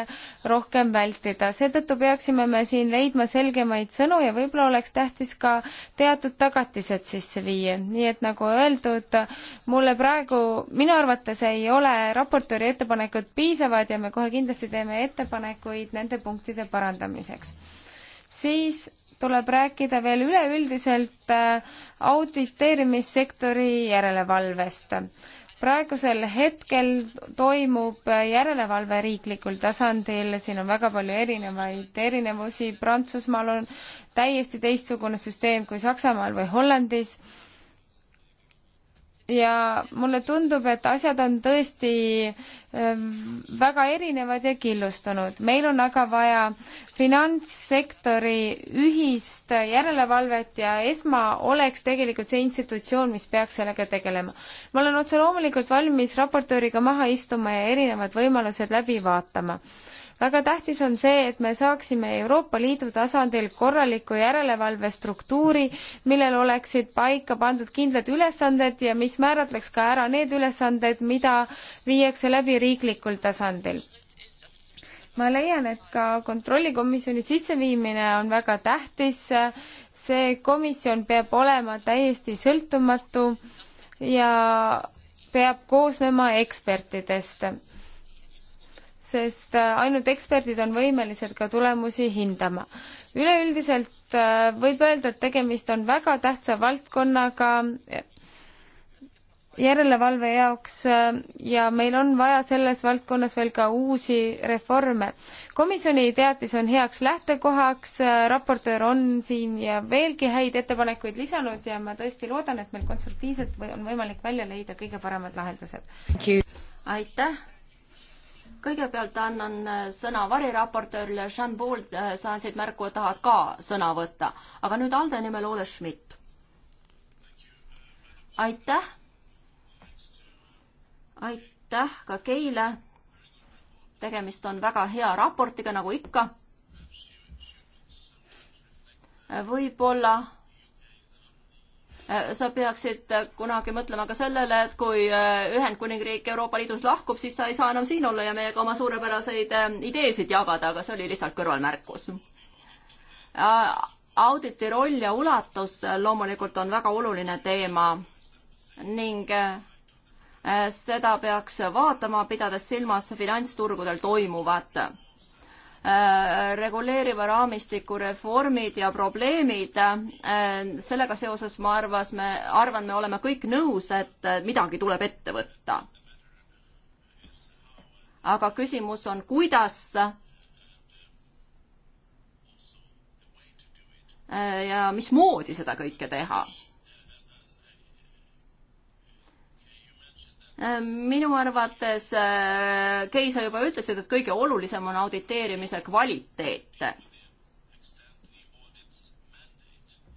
rohkem vältida. seetõttu peaksime me siin leidma selgemaid sõnu ja võib-olla oleks tähtis ka teatud tagatised sisse viia. nii et nagu öeldud, mulle praegu, minu arvates ei ole raportööri ettepanekud piisavad ja me kohe kindlasti teeme ettepanekuid nende punktide parandamiseks. siis tuleb rääkida veel üleüldiselt äh, auditeerimissektori järelevalvest. praegusel hetkel toimub äh, järelevalve riiklikul tasandil, siin on väga palju erinevaid erinevusi, Prantsusmaal on täiesti teistsugune süsteem kui Saksamaal või Hollandis ja mulle tundub, et asjad on tõesti äh, väga erinevad ja killustunud. meil on aga vaja finantssektori ühist järelevalvet ja ESMA oleks tegelikult see institutsioon, mis peaks sellega tegelema. ma olen otse loomulikult valmis raportööriga maha istuma ja erinevad võimalused läbi vaatama väga tähtis on see, et me saaksime Euroopa Liidu tasandil korraliku järelevalvestruktuuri, millel oleksid paika pandud kindlad ülesanded ja mis määratleks ka ära need ülesanded, mida viiakse läbi riiklikul tasandil ma leian, et ka kontrollikomisjoni sisseviimine on väga tähtis. see komisjon peab olema täiesti sõltumatu ja peab koosnema ekspertidest sest äh, ainult eksperdid on võimelised ka tulemusi hindama. üleüldiselt äh, võib öelda, et tegemist on väga tähtsa valdkonnaga äh, järelevalve jaoks ja meil on vaja selles valdkonnas veel ka uusi reforme. komisjoni teatis on heaks lähtekohaks, raportöör on siin ja veelgi häid ettepanekuid lisanud ja ma tõesti loodan, et meil konstruktiivselt või on võimalik välja leida kõige paremad lahendused. aitäh kõigepealt annan äh, sõna variraportöörile, Jean Paul, äh, sa andsid märku, et tahad ka sõna võtta, aga nüüd Alde nimel Ole Schmidt. aitäh. aitäh ka teile. tegemist on väga hea raportiga, nagu ikka. Äh, võib-olla Äh, sa peaksid äh, kunagi mõtlema ka sellele, et kui äh, Ühendkuningriik Euroopa Liidust lahkub, siis sa ei saa enam siin olla ja meiega oma suurepäraseid ideesid jagada, aga see oli lihtsalt kõrvalmärkus. auditi roll ja ulatus loomulikult on väga oluline teema ning seda peaks vaatama, pidades silmas finantsturgudel toimuvat Äh, reguleeriva raamistiku reformid ja probleemid. Äh, sellega seoses ma arvas, me, arvan, me oleme kõik nõus, et äh, midagi tuleb ette võtta. aga küsimus on, kuidas ja mismoodi seda kõike teha Äh, minu arvates äh, Keisa juba ütles, et kõige olulisem on auditeerimise kvaliteet.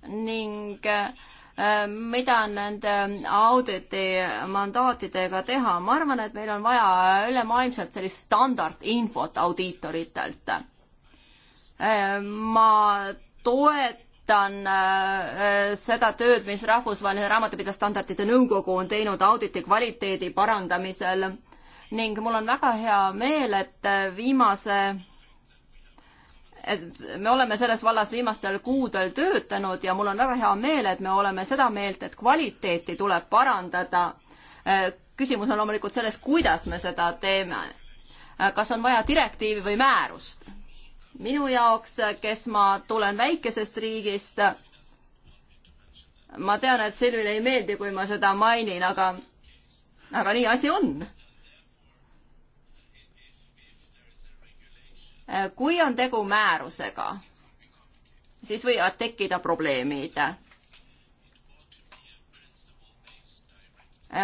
ning äh, mida nende auditi mandaatidega teha, ma arvan, et meil on vaja ülemaailmselt sellist standardinfot audiitoritelt. ma toet-, toetan äh, äh, seda tööd, mis Rahvusvaheline Raamatupidastandardite Nõukogu on teinud auditi kvaliteedi parandamisel ning mul on väga hea meel, et äh, viimase et me oleme selles vallas viimastel kuudel töötanud ja mul on väga hea meel, et me oleme seda meelt, et kvaliteeti tuleb parandada. küsimus on loomulikult selles, kuidas me seda teeme. kas on vaja direktiivi või määrust? minu jaoks, kes ma tulen väikesest riigist, ma tean, et Silvile ei meeldi, kui ma seda mainin, aga, aga nii asi on. kui on tegu määrusega, siis võivad tekkida probleemid.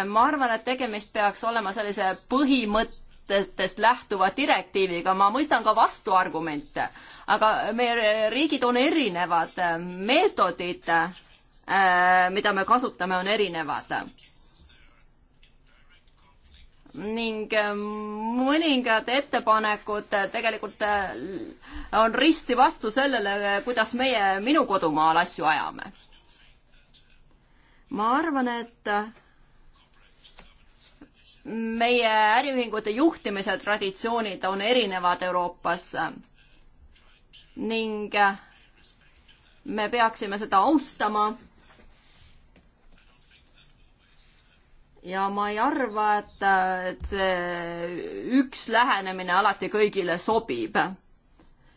ma arvan, et tegemist peaks olema sellise põhimõtte mõtetest lähtuva direktiiviga, ma mõistan ka vastuargumente, aga meie riigid on erinevad, meetodid, äh, mida me kasutame, on erinevad ning äh, mõningad ettepanekud äh, tegelikult on risti vastu sellele, kuidas meie minu kodumaal asju ajame. ma arvan, et meie äriühingute juhtimise traditsioonid on erinevad Euroopas ning me peaksime seda austama. ja ma ei arva, et, et see üks lähenemine alati kõigile sobib.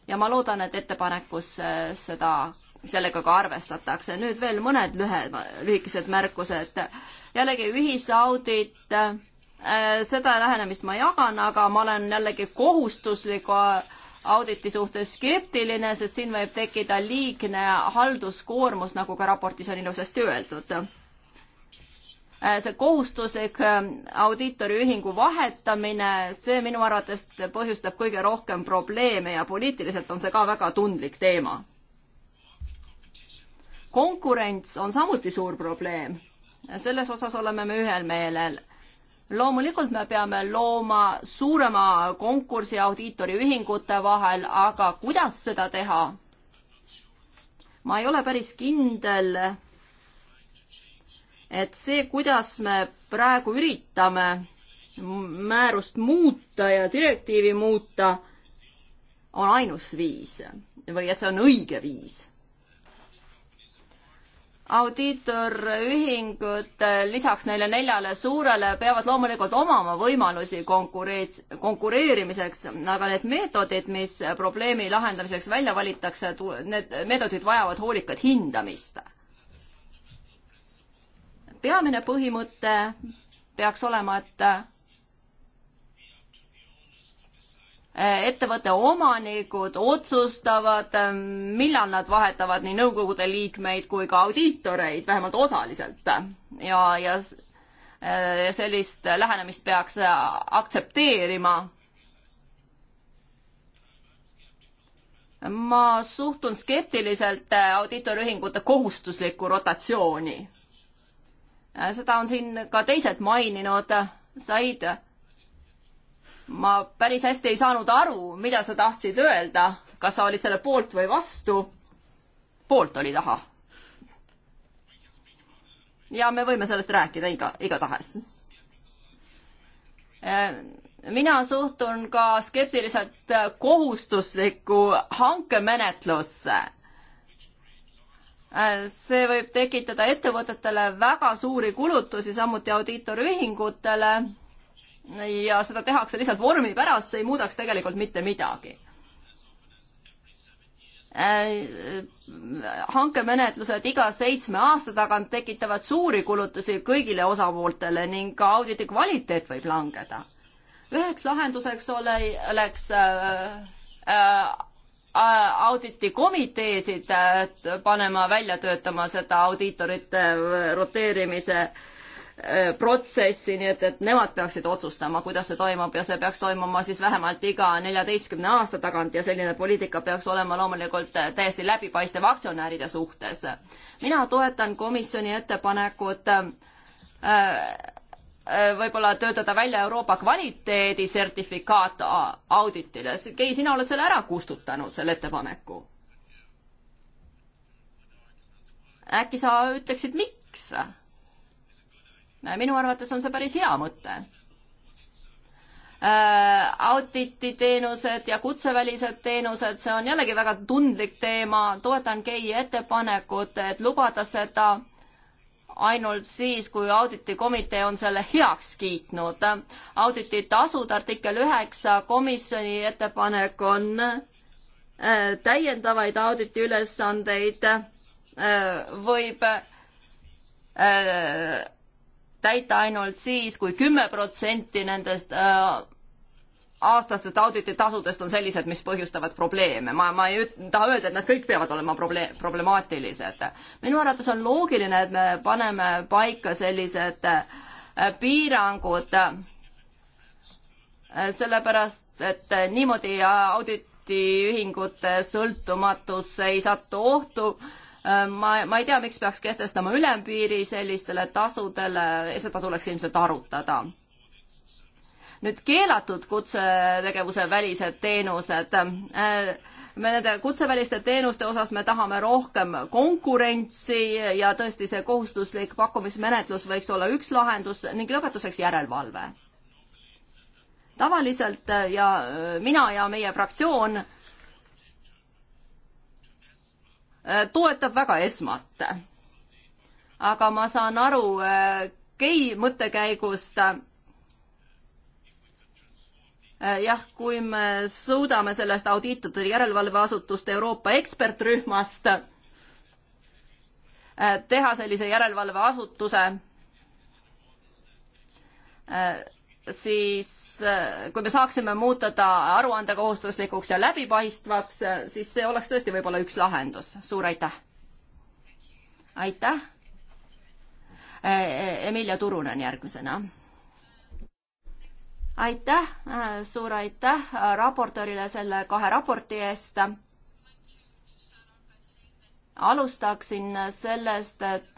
ja ma loodan, et ettepanekus seda, sellega ka arvestatakse. nüüd veel mõned lühe, lühikesed märkused. jällegi ühisaudit Äh, seda lähenemist ma jagan, aga ma olen jällegi kohustusliku auditi suhtes skeptiline, sest siin võib tekkida liigne halduskoormus, nagu ka raportis on ilusasti öeldud. Äh, see kohustuslik äh, audiitoriühingu vahetamine, see minu arvates põhjustab kõige rohkem probleeme ja poliitiliselt on see ka väga tundlik teema. konkurents on samuti suur probleem selles osas oleme me ühel meelel loomulikult me peame looma suurema konkursi audiitoriühingute vahel, aga kuidas seda teha? ma ei ole päris kindel, et see, kuidas me praegu üritame määrust muuta ja direktiivi muuta, on ainus viis või et see on õige viis audiitorühingud lisaks neile neljale suurele peavad loomulikult omama võimalusi konkureerits-, konkureerimiseks, aga need meetodid, mis probleemi lahendamiseks välja valitakse, need meetodid vajavad hoolikat hindamist. peamine põhimõte peaks olema, et ettevõtte omanikud otsustavad, millal nad vahetavad nii nõukogude liikmeid kui ka audiitoreid, vähemalt osaliselt. ja, ja sellist lähenemist peaks aktsepteerima. ma suhtun skeptiliselt audiitorühingute kohustuslikku rotatsiooni. seda on siin ka teised maininud, Said ma päris hästi ei saanud aru, mida sa tahtsid öelda, kas sa olid selle poolt või vastu. poolt oli taha. ja me võime sellest rääkida iga, igatahes. mina suhtun ka skeptiliselt kohustuslikku hankemenetlusse see võib tekitada ettevõtetele väga suuri kulutusi, samuti audiitorühingutele ja seda tehakse lihtsalt vormi pärast, see ei muudaks tegelikult mitte midagi äh, hankemenetlused iga seitsme aasta tagant tekitavad suuri kulutusi kõigile osapooltele ning ka auditi kvaliteet võib langeda. üheks lahenduseks ole, oleks äh, äh, auditikomiteesid äh, panema välja töötama seda audiitorite äh, roteerimise äh, Äh, protsessi, nii et, et nemad peaksid otsustama, kuidas see toimub ja see peaks toimuma siis vähemalt iga neljateistkümne aasta tagant ja selline poliitika peaks olema loomulikult täiesti läbipaistev aktsionäride suhtes. mina toetan komisjoni ettepanekut äh, äh, võib-olla töötada välja Euroopa kvaliteedisertifikaat auditile. Kei, sina oled selle ära kustutanud, selle ettepaneku. äkki sa ütleksid, miks? minu arvates on see päris hea mõte. Äh, audititeenused ja kutsevälised teenused, see on jällegi väga tundlik teema, toetan Kei ettepanekut, et lubada seda ainult siis, kui auditikomitee on selle heaks kiitnud. audititasud artikkel üheksa, komisjoni ettepanek on äh, täiendavaid auditi ülesandeid äh, võib täita ainult siis kui, kui kümme protsenti nendest äh, aastastest audititasudest on sellised, mis põhjustavad probleeme. ma, ma ei üt-, taha öelda, et nad kõik peavad olema probleem, problemaatilised. minu arvates on loogiline, et me paneme paika sellised äh, piirangud, äh, sellepärast, et niimoodi auditiühingute sõltumatus ei satu ohtu Äh, ma, ma ei tea, miks peaks kehtestama ülempiiri sellistele tasudele, seda tuleks ilmselt arutada. nüüd keelatud kutsetegevuse välised teenused. Äh, me nende kutseväliste teenuste osas me tahame rohkem konkurentsi ja tõesti see kohustuslik pakkumismenetlus võiks olla üks lahendus ning lõpetuseks järelevalve. tavaliselt ja äh, mina ja meie fraktsioon Äh, toetab väga esmat. aga ma saan aru gei äh, mõttekäigust. Äh, jah, kui me suudame sellest audiitorite järelevalveasutuste Euroopa ekspertrühmast teha sellise järelevalveasutuse, siis äh, kui me saaksime muuta ta aruandekohustuslikuks ja läbipaistvaks, äh, siis see oleks tõesti võib-olla üks lahendus. suur aitäh! aitäh! Äh, Emilia Turunen järgmisena. aitäh, suur aitäh raportöörile selle kahe raporti eest. alustaksin sellest, et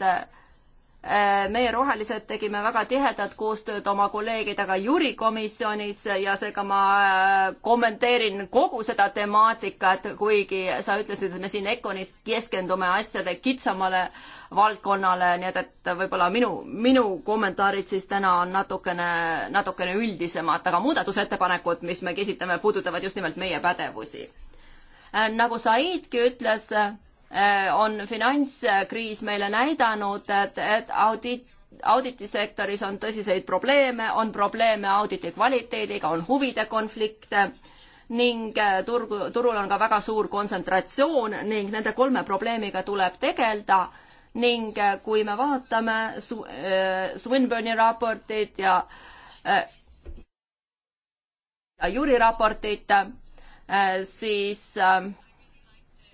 Äh, meie rohelised tegime väga tihedat koostööd oma kolleegidega Jüri komisjonis ja seega ma äh, kommenteerin kogu seda temaatikat, kuigi sa ütlesid, et me siin Econis keskendume asjade kitsamale valdkonnale, nii et, et võib-olla minu, minu kommentaarid siis täna on natukene, natukene üldisemad, aga muudatusettepanekud, mis me esitame, puudutavad just nimelt meie pädevusi. Äh, nagu Saidki ütles, Äh, on finantskriis meile näidanud, et, et audit, auditisektoris on tõsiseid probleeme, on probleeme auditi kvaliteediga, on huvide konflikte ning äh, turgu, turul on ka väga suur kontsentratsioon ning nende kolme probleemiga tuleb tegeleda ning äh, kui me vaatame Su- äh,, Swinburne'i raportit ja äh, ja Jüri raportit äh,, siis äh,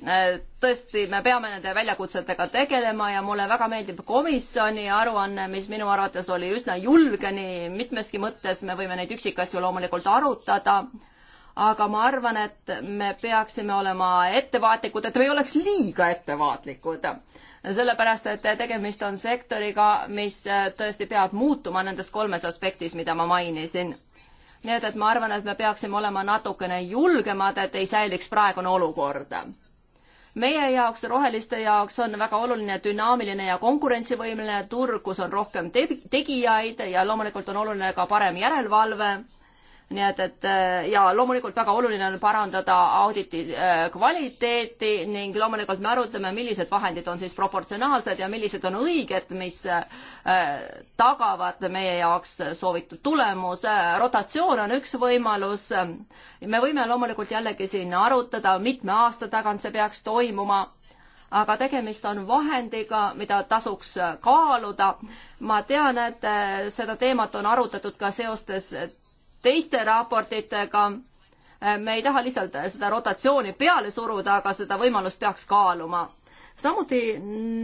Äh, tõesti, me peame nende väljakutsetega tegelema ja mulle väga meeldib komisjoni aruanne, mis minu arvates oli üsna julge nii mitmeski mõttes, me võime neid üksikasju loomulikult arutada, aga ma arvan, et me peaksime olema ettevaatlikud, et me ei oleks liiga ettevaatlikud. sellepärast, et tegemist on sektoriga, mis äh, tõesti peab muutuma nendes kolmes aspektis, mida ma mainisin nii et, et ma arvan, et me peaksime olema natukene julgemad, et ei säiliks praegune olukord meie jaoks, roheliste jaoks on väga oluline dünaamiline ja konkurentsivõimeline turg, kus on rohkem tegijaid ja loomulikult on oluline ka parem järelevalve nii et, et äh, ja loomulikult väga oluline on parandada auditi äh, kvaliteeti ning loomulikult me arutame, millised vahendid on siis proportsionaalsed ja millised on õiged, mis äh, tagavad meie jaoks soovitud tulemuse. rotatsioon on üks võimalus. me võime loomulikult jällegi siin arutada, mitme aasta tagant see peaks toimuma aga tegemist on vahendiga, mida tasuks kaaluda. ma tean, et seda teemat on arutatud ka seostes teiste raportitega. me ei taha lihtsalt seda rotatsiooni peale suruda, aga seda võimalust peaks kaaluma samuti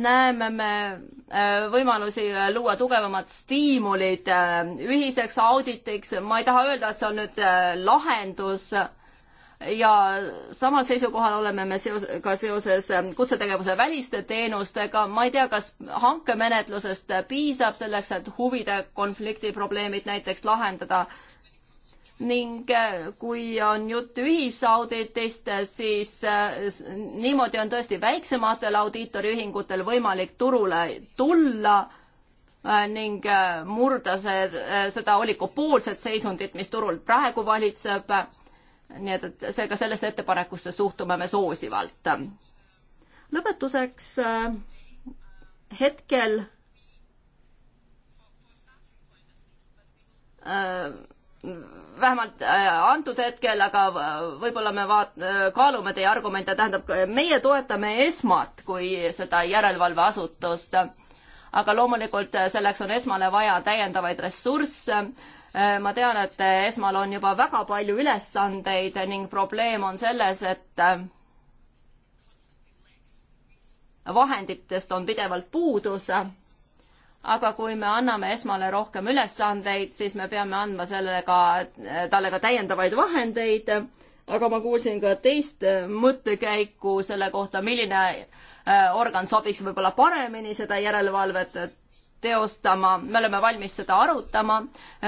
näeme me äh, võimalusi luua tugevamad stiimulid äh, ühiseks auditiks, ma ei taha öelda, et see on nüüd äh, lahendus ja samal seisukohal oleme me seos, ka seoses kutsetegevuse väliste teenustega, ma ei tea, kas hankemenetlusest piisab selleks, et huvide konflikti probleemid näiteks lahendada ning äh, kui on jutt ühisauditist, siis äh, niimoodi on tõesti väiksematel audiitoriühingutel võimalik turule tulla äh, ning murda see, seda oligopoolset seisundit, mis turul praegu valitseb. nii et, et seega sellesse ettepanekusse suhtume me soosivalt. lõpetuseks hetkel äh, vähemalt äh, antud hetkel, aga võib-olla me vaat-, äh, kaalume teie argumente, tähendab, meie toetame esmat kui seda järelevalveasutust, aga loomulikult äh, selleks on esmale vaja täiendavaid ressursse, ma tean, et esmal on juba väga palju ülesandeid ning probleem on selles, et vahenditest on pidevalt puudus aga kui me anname esmale rohkem ülesandeid, siis me peame andma sellega, talle ka täiendavaid vahendeid. aga ma kuulsin ka teist äh, mõttekäiku selle kohta, milline äh, organ sobiks võib-olla paremini seda järelevalvet teostama, me oleme valmis seda arutama.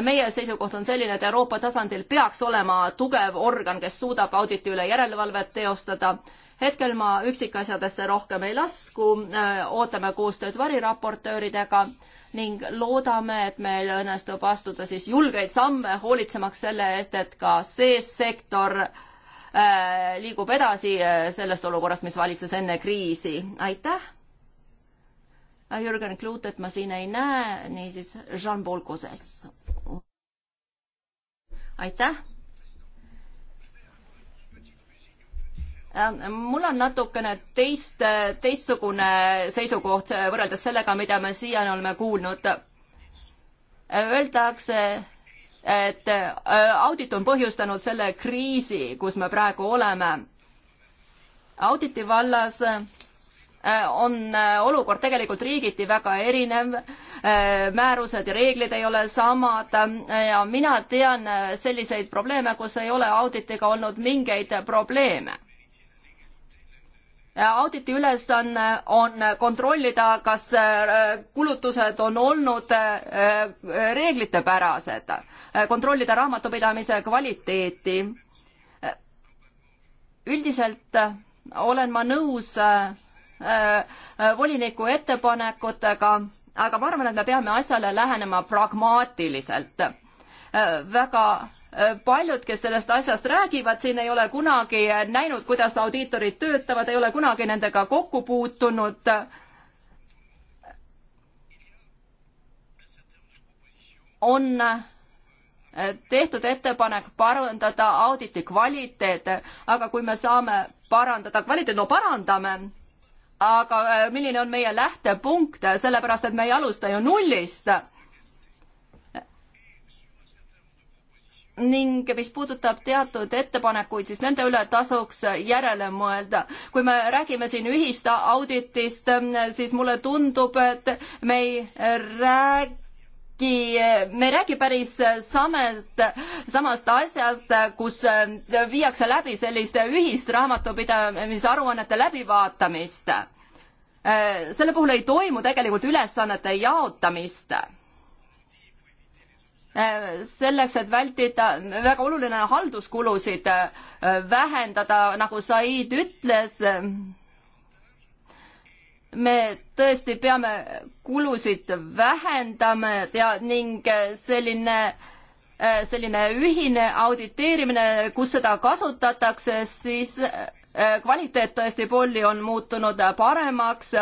meie seisukoht on selline, et Euroopa tasandil peaks olema tugev organ, kes suudab auditi üle järelevalvet teostada hetkel ma üksikasjadesse rohkem ei lasku, äh, ootame koostööd variraportööridega ning loodame, et meil õnnestub astuda siis julgeid samme, hoolitsemaks selle eest, et ka see sektor äh, liigub edasi äh, sellest olukorrast, mis valitses enne kriisi. aitäh! Jürgen Kluutet ma siin ei näe, niisiis Jean-Paul Koses. aitäh! Äh, mul on natukene teist, teistsugune seisukoht äh, võrreldes sellega, mida me siiani oleme kuulnud. Äh, öeldakse, et audit on põhjustanud selle kriisi, kus me praegu oleme. auditi vallas on olukord tegelikult riigiti väga erinev, määrused ja reeglid ei ole samad ja mina tean selliseid probleeme, kus ei ole auditiga olnud mingeid probleeme. Äh, auditi ülesanne on kontrollida, kas äh, kulutused on olnud äh, reeglitepärased, kontrollida raamatupidamise kvaliteeti. üldiselt olen ma nõus voliniku ettepanekutega, aga ma arvan, et me peame asjale lähenema pragmaatiliselt. väga Äh, paljud, kes sellest asjast räägivad, siin ei ole kunagi näinud, kuidas audiitorid töötavad, ei ole kunagi nendega kokku puutunud. on äh, tehtud ettepanek parandada auditi kvaliteet, aga kui me saame parandada kvaliteet, no parandame, aga äh, milline on meie lähtepunkt, sellepärast et me ei alusta ju nullist ning mis puudutab teatud ettepanekuid, siis nende üle tasuks järele mõelda. kui me räägime siin ühist auditist, siis mulle tundub, et me ei räägi me ei räägi päris samast, samast asjast, kus viiakse läbi sellist ühist raamatupidamisaruannete läbivaatamist. selle puhul ei toimu tegelikult ülesannete jaotamist selleks, et vältida väga oluline halduskulusid äh, vähendada, nagu Said ütles, me tõesti peame kulusid vähendama ja ning selline äh, selline ühine auditeerimine, kus seda kasutatakse, siis äh, kvaliteet tõesti polli on muutunud paremaks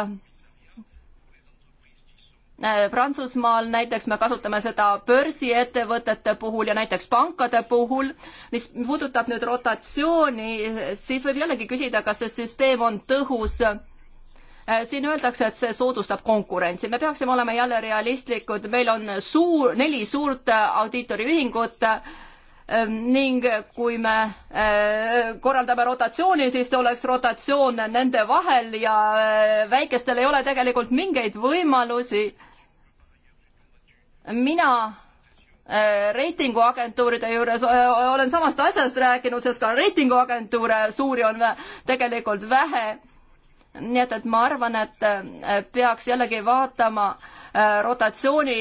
Äh, Prantsusmaal näiteks me kasutame seda börsiettevõtete puhul ja näiteks pankade puhul. mis puudutab nüüd rotatsiooni, siis võib jällegi küsida, kas see süsteem on tõhus. Äh, siin öeldakse, et see soodustab konkurentsi, me peaksime olema jälle realistlikud, meil on suur, neli suurt äh, audiitoriühingut ning kui me korraldame rotatsiooni, siis oleks rotatsioon nende vahel ja väikestel ei ole tegelikult mingeid võimalusi mina äh, reitinguagentuuride juures olen samast asjast rääkinud, sest ka reitinguagentuure suuri on tegelikult vähe. nii et, et ma arvan, et äh, peaks jällegi vaatama äh, rotatsiooni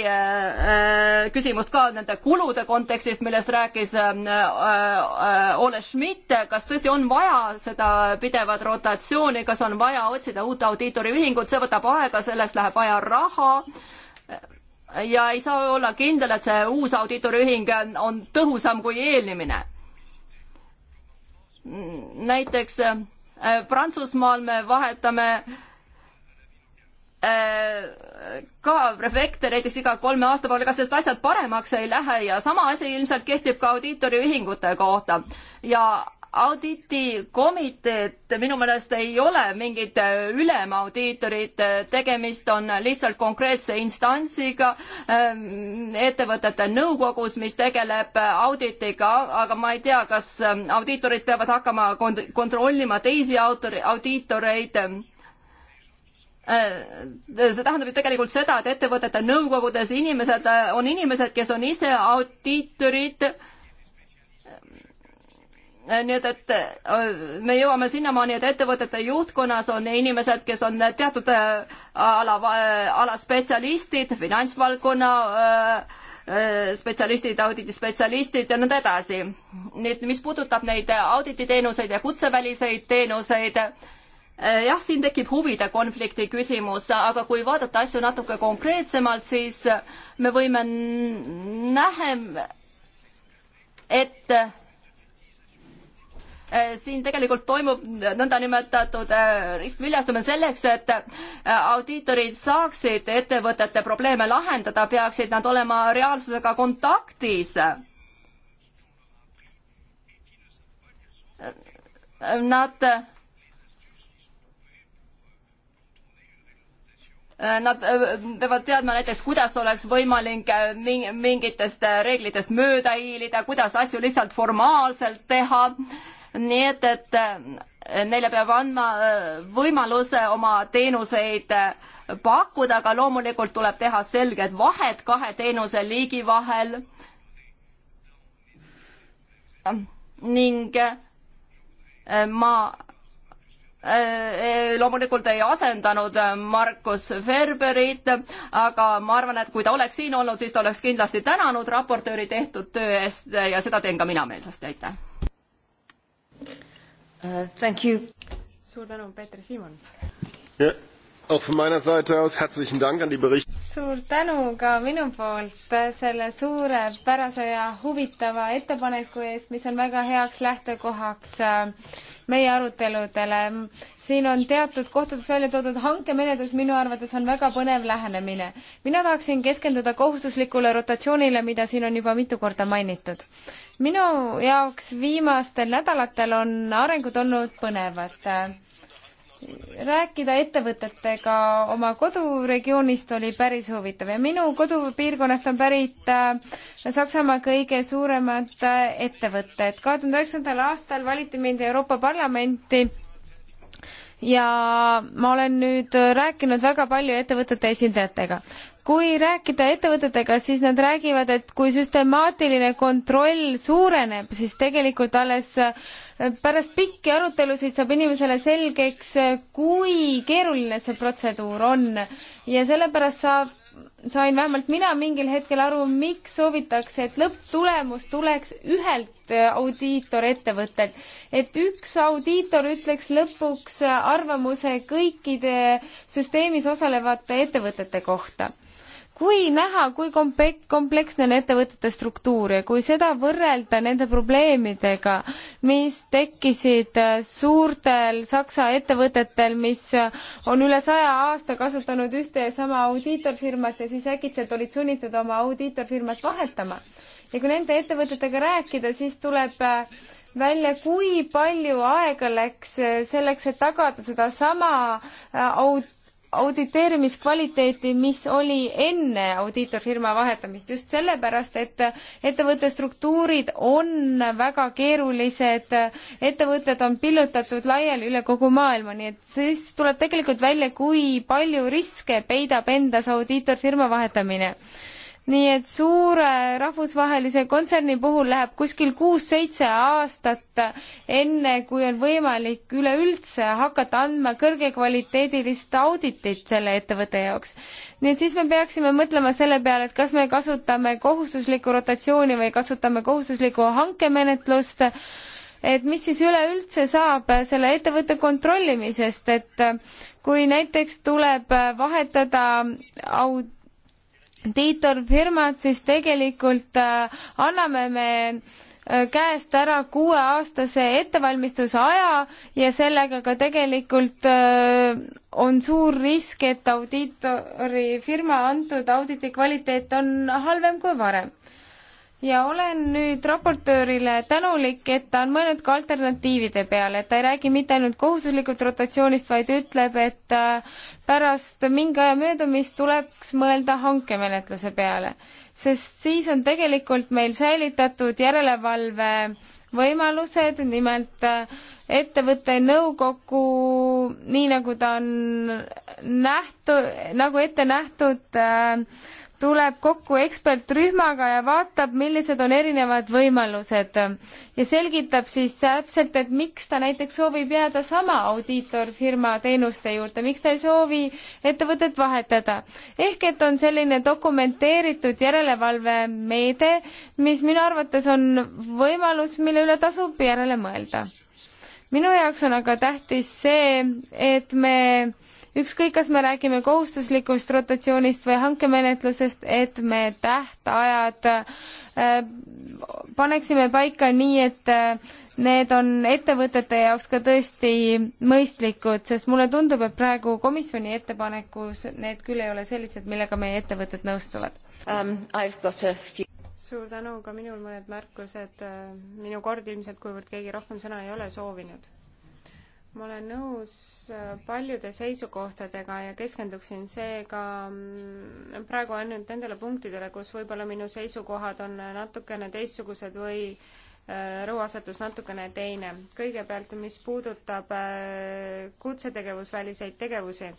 küsimust ka nende kulude kontekstist, millest rääkis Ole Schmidt, kas tõesti on vaja seda pidevat rotatsiooni, kas on vaja otsida uut audiitoriühingut, see võtab aega, selleks läheb vaja raha ja ei saa olla kindel, et see uus audiitorühing on tõhusam kui eelmine. näiteks äh, Prantsusmaal me vahetame äh, ka prefekte näiteks iga kolme aasta peale, kas sellest asjad paremaks ei lähe ja sama asi ilmselt kehtib ka audiitoriühingute kohta ja auditikomiteed minu meelest ei ole mingid äh, ülemaudiitorid, äh, tegemist on lihtsalt konkreetse instantsiga ähm, ettevõtete nõukogus, mis tegeleb äh, auditiga, aga ma ei tea, kas ähm, audiitorid peavad hakkama kont kontrollima teisi autori, audiitoreid see tähendab ju tegelikult seda, et ettevõtete nõukogudes inimesed on inimesed, kes on ise audiitorid Äh, nii et, et äh, me jõuame sinnamaani, et ettevõtete juhtkonnas on inimesed, kes on teatud äh, ala, ala spetsialistid, finantsvaldkonna spetsialistid, auditispetsialistid ja nõnda edasi. nii et mis puudutab neid audititeenuseid ja kutseväliseid teenuseid, jah, siin tekib huvide konflikti küsimus, aga kui vaadata asju natuke konkreetsemalt, siis me võime näha, et Eh, siin tegelikult toimub nõndanimetatud eh, ristviljastumine selleks, et eh, audiitorid saaksid ettevõtete probleeme lahendada, peaksid nad olema reaalsusega kontaktis nad, nad peavad teadma näiteks, kuidas oleks võimalik mingitest reeglitest mööda hiilida, kuidas asju lihtsalt formaalselt teha nii et, et äh, neile peab andma äh, võimaluse oma teenuseid äh, pakkuda, aga loomulikult tuleb teha selged vahed kahe teenuse liigi vahel. ning ma loomulikult ei asendanud Markus Ferberit, aga ma arvan, et kui ta oleks siin olnud, siis ta oleks kindlasti tänanud raportööri tehtud töö eest ja seda teen ka mina meelsasti, aitäh uh,. suur tänu, Peeter Siimon yeah.. Auch von meiner Seite aus herzlichen Dank an die Bericht. suur tänu ka minu poolt selle suurepärase ja huvitava ettepaneku eest, mis on väga heaks lähtekohaks äh, meie aruteludele. siin on teatud kohtades välja toodud hankemenetlus, minu arvates on väga põnev lähenemine. mina tahaksin keskenduda kohustuslikule rotatsioonile, mida siin on juba mitu korda mainitud. minu jaoks viimastel nädalatel on arengud olnud põnevad rääkida ettevõtetega oma koduregioonist oli päris huvitav ja minu kodupiirkonnast on pärit äh, Saksamaa kõige suuremad äh, ettevõtted. kahe tuhande üheksandal aastal valiti mind Euroopa Parlamenti ja ma olen nüüd rääkinud väga palju ettevõtete esindajatega kui rääkida ettevõtetega, siis nad räägivad, et kui süstemaatiline kontroll suureneb, siis tegelikult alles äh, pärast pikki arutelusid saab inimesele selgeks, äh, kui keeruline see protseduur on ja sellepärast saab sain vähemalt mina mingil hetkel aru, miks soovitakse, et lõpptulemus tuleks ühelt äh, audiitorettevõttelt. et üks audiitor ütleks lõpuks arvamuse kõikide süsteemis osalevate ettevõtete kohta kui näha, kui komplek-, kompleksne on ettevõtete struktuur ja kui seda võrrelda nende probleemidega, mis tekkisid äh, suurtel Saksa ettevõtetel, mis äh, on üle saja aasta kasutanud ühte ja sama audiitorfirmat ja siis äkitselt olid sunnitud oma audiitorfirmat vahetama. ja kui nende ettevõtetega rääkida, siis tuleb äh, välja, kui palju aega läks selleks, et tagada sedasama aud-, auditeerimiskvaliteeti, mis oli enne audiitorfirma vahetamist, just sellepärast, et ettevõtte struktuurid on väga keerulised, ettevõtted on pillutatud laiali üle kogu maailma, nii et siis tuleb tegelikult välja, kui palju riske peidab endas audiitorfirma vahetamine nii et suure rahvusvahelise kontserni puhul läheb kuskil kuus-seitse aastat, enne kui on võimalik üleüldse hakata andma kõrgekvaliteedilist auditit selle ettevõtte jaoks. nii et siis me peaksime mõtlema selle peale, et kas me kasutame kohustuslikku rotatsiooni või kasutame kohustuslikku hankemenetlust et mis siis üleüldse saab selle ettevõtte kontrollimisest, et kui näiteks tuleb vahetada aud-, tiitorfirmad, siis tegelikult äh, anname me äh, käest ära kuueaastase ettevalmistuse aja ja sellega ka tegelikult äh, on suur risk, et audiitorifirma antud auditi kvaliteet on halvem kui varem ja olen nüüd raportöörile tänulik, et ta on mõelnud ka alternatiivide peale, et ta ei räägi mitte ainult kohustuslikult rotatsioonist, vaid ütleb, et äh, pärast mingi aja möödumist tuleks mõelda hankemenetluse peale. sest siis on tegelikult meil säilitatud järelevalve võimalused, nimelt äh, ettevõtte nõukogu, nii nagu ta on nähtu, nagu ette nähtud äh, tuleb kokku ekspertrühmaga ja vaatab, millised on erinevad võimalused ja selgitab siis täpselt, et miks ta näiteks soovib jääda sama audiitorfirma teenuste juurde, miks ta ei soovi ettevõtet vahetada. ehk et on selline dokumenteeritud järelevalvemeede, mis minu arvates on võimalus, mille üle tasub järele mõelda. minu jaoks on aga tähtis see, et me ükskõik, kas me räägime kohustuslikust rotatsioonist või hankemenetlusest, et me tähtajad äh, paneksime paika nii, et äh, need on ettevõtete jaoks ka tõesti mõistlikud, sest mulle tundub, et praegu komisjoni ettepanekus need küll ei ole sellised, millega meie ettevõtted nõustuvad um,. Few... suur tänu, ka minul mõned märkused, minu kord ilmselt, kuivõrd keegi rohkem sõna ei ole soovinud ma olen nõus äh, paljude seisukohtadega ja keskenduksin seega mm, praegu ainult nendele punktidele, kus võib-olla minu seisukohad on natukene teistsugused või äh, rõhuasetus natukene teine. kõigepealt, mis puudutab äh, kutsetegevusväliseid tegevusi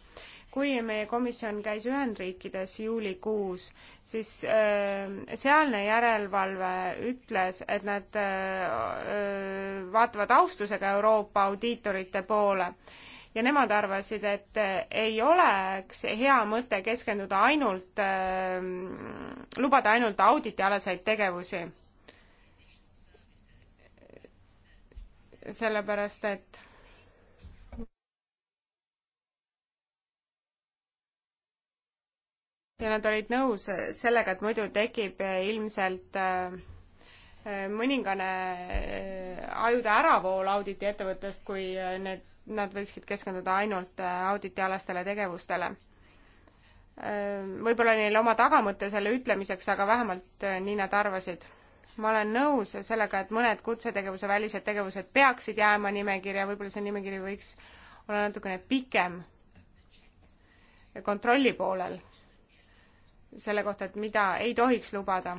kui meie komisjon käis Ühendriikides juulikuus, siis äh, sealne järelevalve ütles, et nad äh, äh vaatavad austusega Euroopa audiitorite poole ja nemad arvasid, et äh, ei oleks hea mõte keskenduda ainult äh,, lubada ainult auditialaseid tegevusi. sellepärast, et ja nad olid nõus äh, sellega, et muidu tekib äh, ilmselt äh, mõningane ajude äravool auditi ettevõttest, kui need, nad võiksid keskenduda ainult auditialastele tegevustele. võib-olla neil oma tagamõte selle ütlemiseks, aga vähemalt nii nad arvasid. ma olen nõus sellega, et mõned kutsetegevuse välised tegevused peaksid jääma nimekirja, võib-olla see nimekiri võiks olla natukene pikem kontrolli poolel selle kohta, et mida ei tohiks lubada.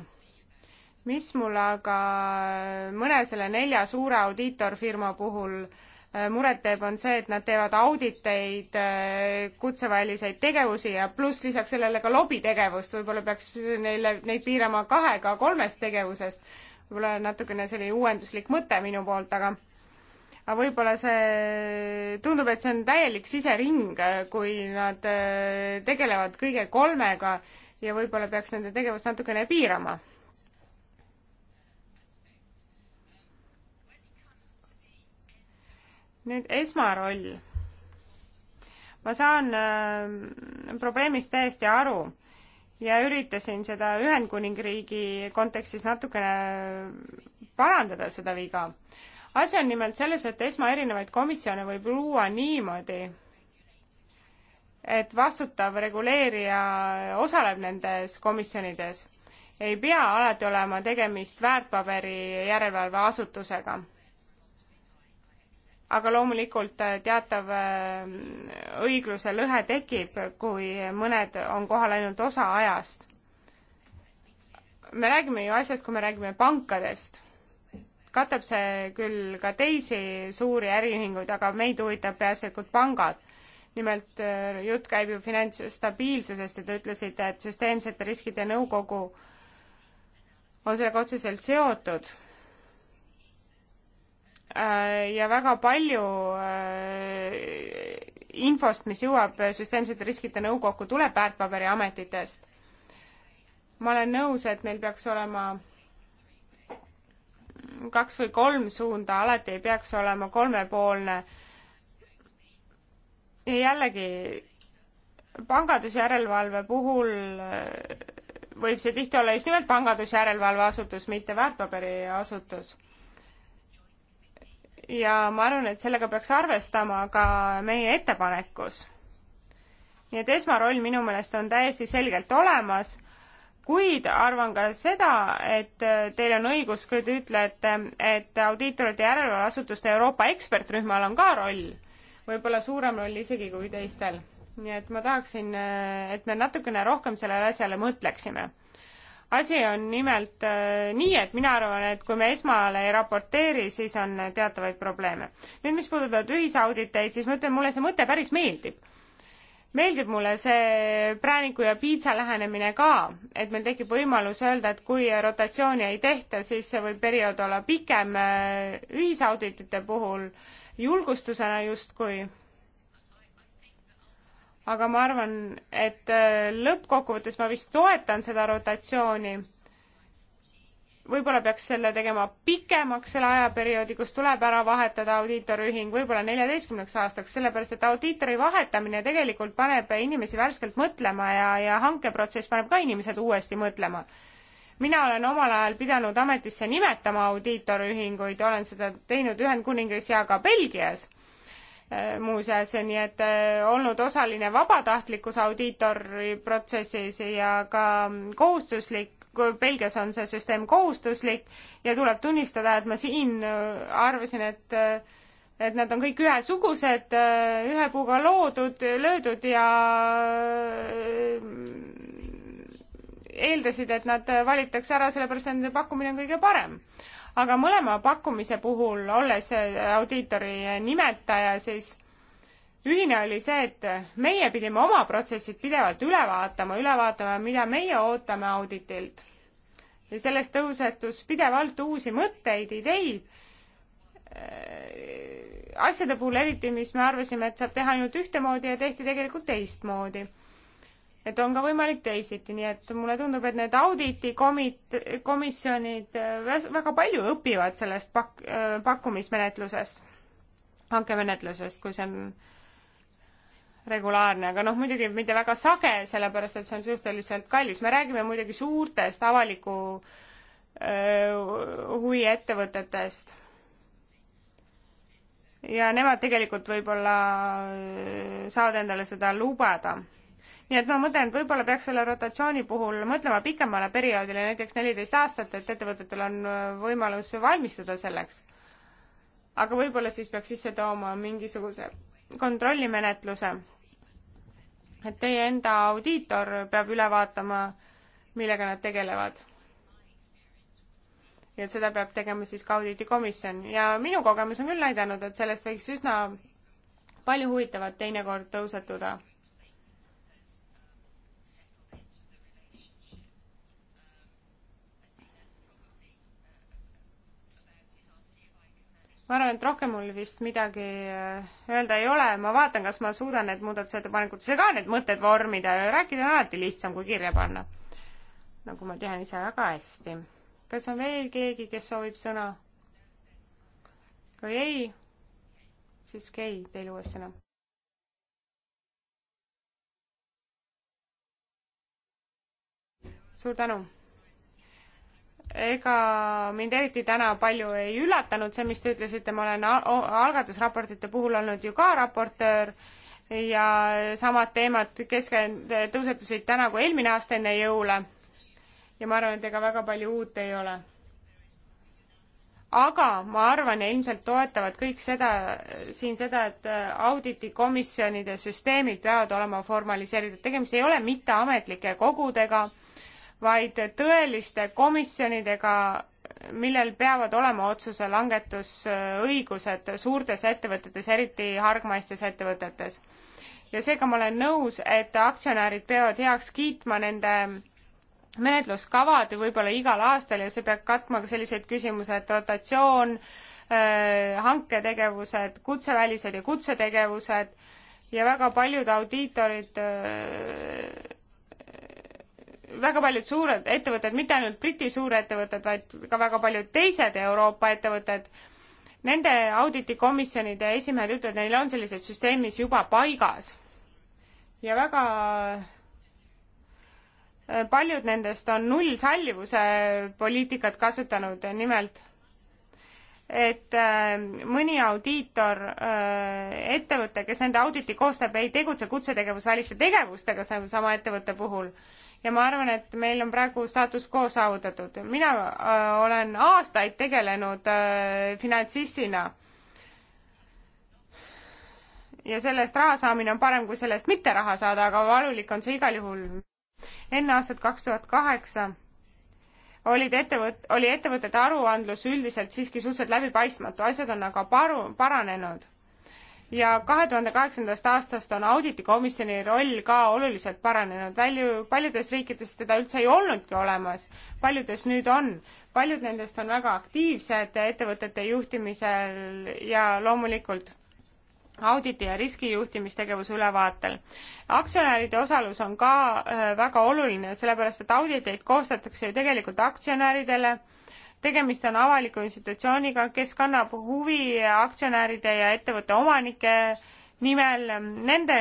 mis mul aga mõne selle nelja suure audiitorfirma puhul äh, muret teeb, on see, et nad teevad auditeid, äh, kutseväeliseid tegevusi ja pluss lisaks sellele ka lobitegevust, võib-olla peaks neile, neid piirama kahega kolmest tegevusest. võib-olla natukene selline uuenduslik mõte minu poolt, aga aga võib-olla see, tundub, et see on täielik sisering, äh, kui nad tegelevad kõige kolmega ja võib-olla peaks nende tegevust natukene piirama. nüüd esmaroll. ma saan äh, probleemist täiesti aru ja üritasin seda Ühendkuningriigi kontekstis natukene parandada, seda viga. asi on nimelt selles, et esma erinevaid komisjone võib luua niimoodi, et vastutav reguleerija osaleb nendes komisjonides. ei pea alati olema tegemist väärtpaberi järelevalveasutusega. aga loomulikult teatav äh, õigluse lõhe tekib, kui mõned on kohal ainult osa ajast. me räägime ju asjast, kui me räägime pankadest katab see küll ka teisi suuri äriühinguid, aga meid huvitab peaasjalikult pangad nimelt äh, jutt käib ju finantsstabiilsusest ja te ütlesite, et süsteemsete riskide nõukogu on sellega otseselt seotud. Äh, ja väga palju äh, infost, mis jõuab süsteemsete riskide nõukokku, tuleb väärtpaberiametitest. ma olen nõus, et meil peaks olema kaks või kolm suunda, alati ei peaks olema kolmepoolne äh, jällegi, pangandusjärelevalve puhul äh, võib see tihti olla just nimelt pangandusjärelevalveasutus, mitte väärtpaberiasutus. ja ma arvan, et sellega peaks arvestama ka meie ettepanekus. nii et esmaroll minu meelest on täiesti selgelt olemas, kuid arvan ka seda, et äh, teil on õigus, kui te ütlete, et audiitorite järelevalveasutuste Euroopa ekspertrühmal on ka roll võib-olla suurem roll isegi kui teistel. nii et ma tahaksin, äh, et me natukene rohkem sellele asjale mõtleksime. asi on nimelt äh, nii, et mina arvan, et kui me esmale ei raporteeri, siis on teatavaid probleeme. nüüd, mis puudutavad ühisauditeid, siis ma ütlen, mulle see mõte päris meeldib meeldib mulle see prääniku ja piitsa lähenemine ka, et meil tekib võimalus öelda, et kui rotatsiooni ei tehta, siis see võib periood olla pikem äh, ühisauditite puhul äh, julgustusena justkui. aga ma arvan, et äh, lõppkokkuvõttes ma vist toetan seda rotatsiooni. võib-olla peaks selle tegema pikemaks, selle ajaperioodi, kus tuleb ära vahetada audiitorühing, võib-olla neljateistkümneks aastaks, sellepärast et audiitori vahetamine tegelikult paneb inimesi värskelt mõtlema ja, ja hankeprotsess paneb ka inimesed uuesti mõtlema mina olen omal ajal pidanud ametisse nimetama audiitorühinguid, olen seda teinud Ühendkuningriigis ja ka Belgias äh, muuseas, nii et äh, olnud osaline vabatahtlikus audiitori protsessis ja ka kohustuslik, Belgias on see süsteem kohustuslik ja tuleb tunnistada, et ma siin äh, arvasin, et et nad on kõik ühesugused, ühe puuga loodud, löödud ja eeldasid, et nad valitakse ära sellepärast, et nende pakkumine on kõige parem. aga mõlema pakkumise puhul, olles audiitori nimetaja, siis ühine oli see, et meie pidime oma protsessid pidevalt üle vaatama, üle vaatama, mida meie ootame auditilt. ja sellest tõusetus pidevalt uusi mõtteid, ideid, asjade puhul eriti, mis me arvasime, et saab teha ainult ühtemoodi ja tehti tegelikult teistmoodi et on ka võimalik teisiti, nii et mulle tundub, et need audiitikomit-, komisjonid äh, väga palju õpivad sellest pak-, äh, pakkumismenetlusest, hankemenetlusest, kui see on regulaarne, aga noh, muidugi mitte väga sage, sellepärast et see on suhteliselt kallis. me räägime muidugi suurtest avaliku äh, huvi ettevõtetest ja nemad tegelikult võib-olla saavad endale seda lubada nii et ma mõtlen, et võib-olla peaks selle rotatsiooni puhul mõtlema pikemale perioodile, näiteks neliteist aastat, et ettevõtetel on äh, võimalus valmistuda selleks. aga võib-olla siis peaks sisse tooma mingisuguse kontrollimenetluse. et teie enda audiitor peab üle vaatama, millega nad tegelevad ja et seda peab tegema siis ka auditikomisjon ja minu kogemus on küll näidanud, et sellest võiks üsna palju huvitavat teinekord tõusetuda. ma arvan, et rohkem mul vist midagi äh, öelda ei ole, ma vaatan, kas ma suudan need muudatusettepanekutesse ka need mõtted vormida, rääkida on alati lihtsam kui kirja panna. nagu ma tean ise väga hästi. kas on veel keegi, kes soovib sõna? kui ei, siis Kei, teil uues sõna. suur tänu! ega mind eriti täna palju ei üllatanud see, mis te ütlesite, ma olen algatusraportite puhul olnud ju ka raportöör ja samad teemad keskend-, tõusetusid täna kui eelmine aasta enne jõule. ja ma arvan, et ega väga palju uut ei ole. aga ma arvan ja ilmselt toetavad kõik seda, siin seda, et auditikomisjonide süsteemid peavad olema formaliseeritud, tegemist ei ole mitteametlike kogudega vaid tõeliste komisjonidega, millel peavad olema otsuse langetusõigused suurtes ettevõtetes, eriti hargmaistes ettevõtetes. ja seega ma olen nõus, et aktsionärid peavad heaks kiitma nende menetluskavad võib-olla igal aastal ja see peab katma ka sellised küsimused, rotatsioon, äh, hanketegevused, kutsevälised ja kutsetegevused ja väga paljud audiitorid äh, väga paljud suured ettevõtted, mitte ainult Briti suurettevõtted, vaid ka väga paljud teised Euroopa ettevõtted, nende auditikomisjonide esimehed ütlevad, neil on sellised süsteemis juba paigas. ja väga äh, paljud nendest on nullsallivuse poliitikat kasutanud, nimelt et äh, mõni audiitor äh,, ettevõte, kes nende auditi koostab, ei tegutse kutsetegevusväliste tegevustega sama ettevõtte puhul äh,, ja ma arvan, et meil on praegu staatus quo saavutatud. mina äh, olen aastaid tegelenud äh, finantsistina ja selle eest raha saamine on parem kui selle eest mitte raha saada, aga valulik on see igal juhul. enne aastat kaks tuhat kaheksa olid ettevõt-, oli ettevõtete aruandlus üldiselt siiski suhteliselt läbipaistmatu, asjad on aga paru-, paranenud ja kahe tuhande kaheksandast aastast on auditikomisjoni roll ka oluliselt paranenud, palju, paljudes riikides teda üldse ei olnudki olemas, paljudes nüüd on. paljud nendest on väga aktiivsed ettevõtete juhtimisel ja loomulikult auditi ja riskijuhtimistegevuse ülevaatel. aktsionäride osalus on ka äh, väga oluline, sellepärast et auditeid koostatakse ju tegelikult aktsionäridele tegemist on avaliku institutsiooniga, kes kannab huvi aktsionäride ja ettevõtte omanike nimel, nende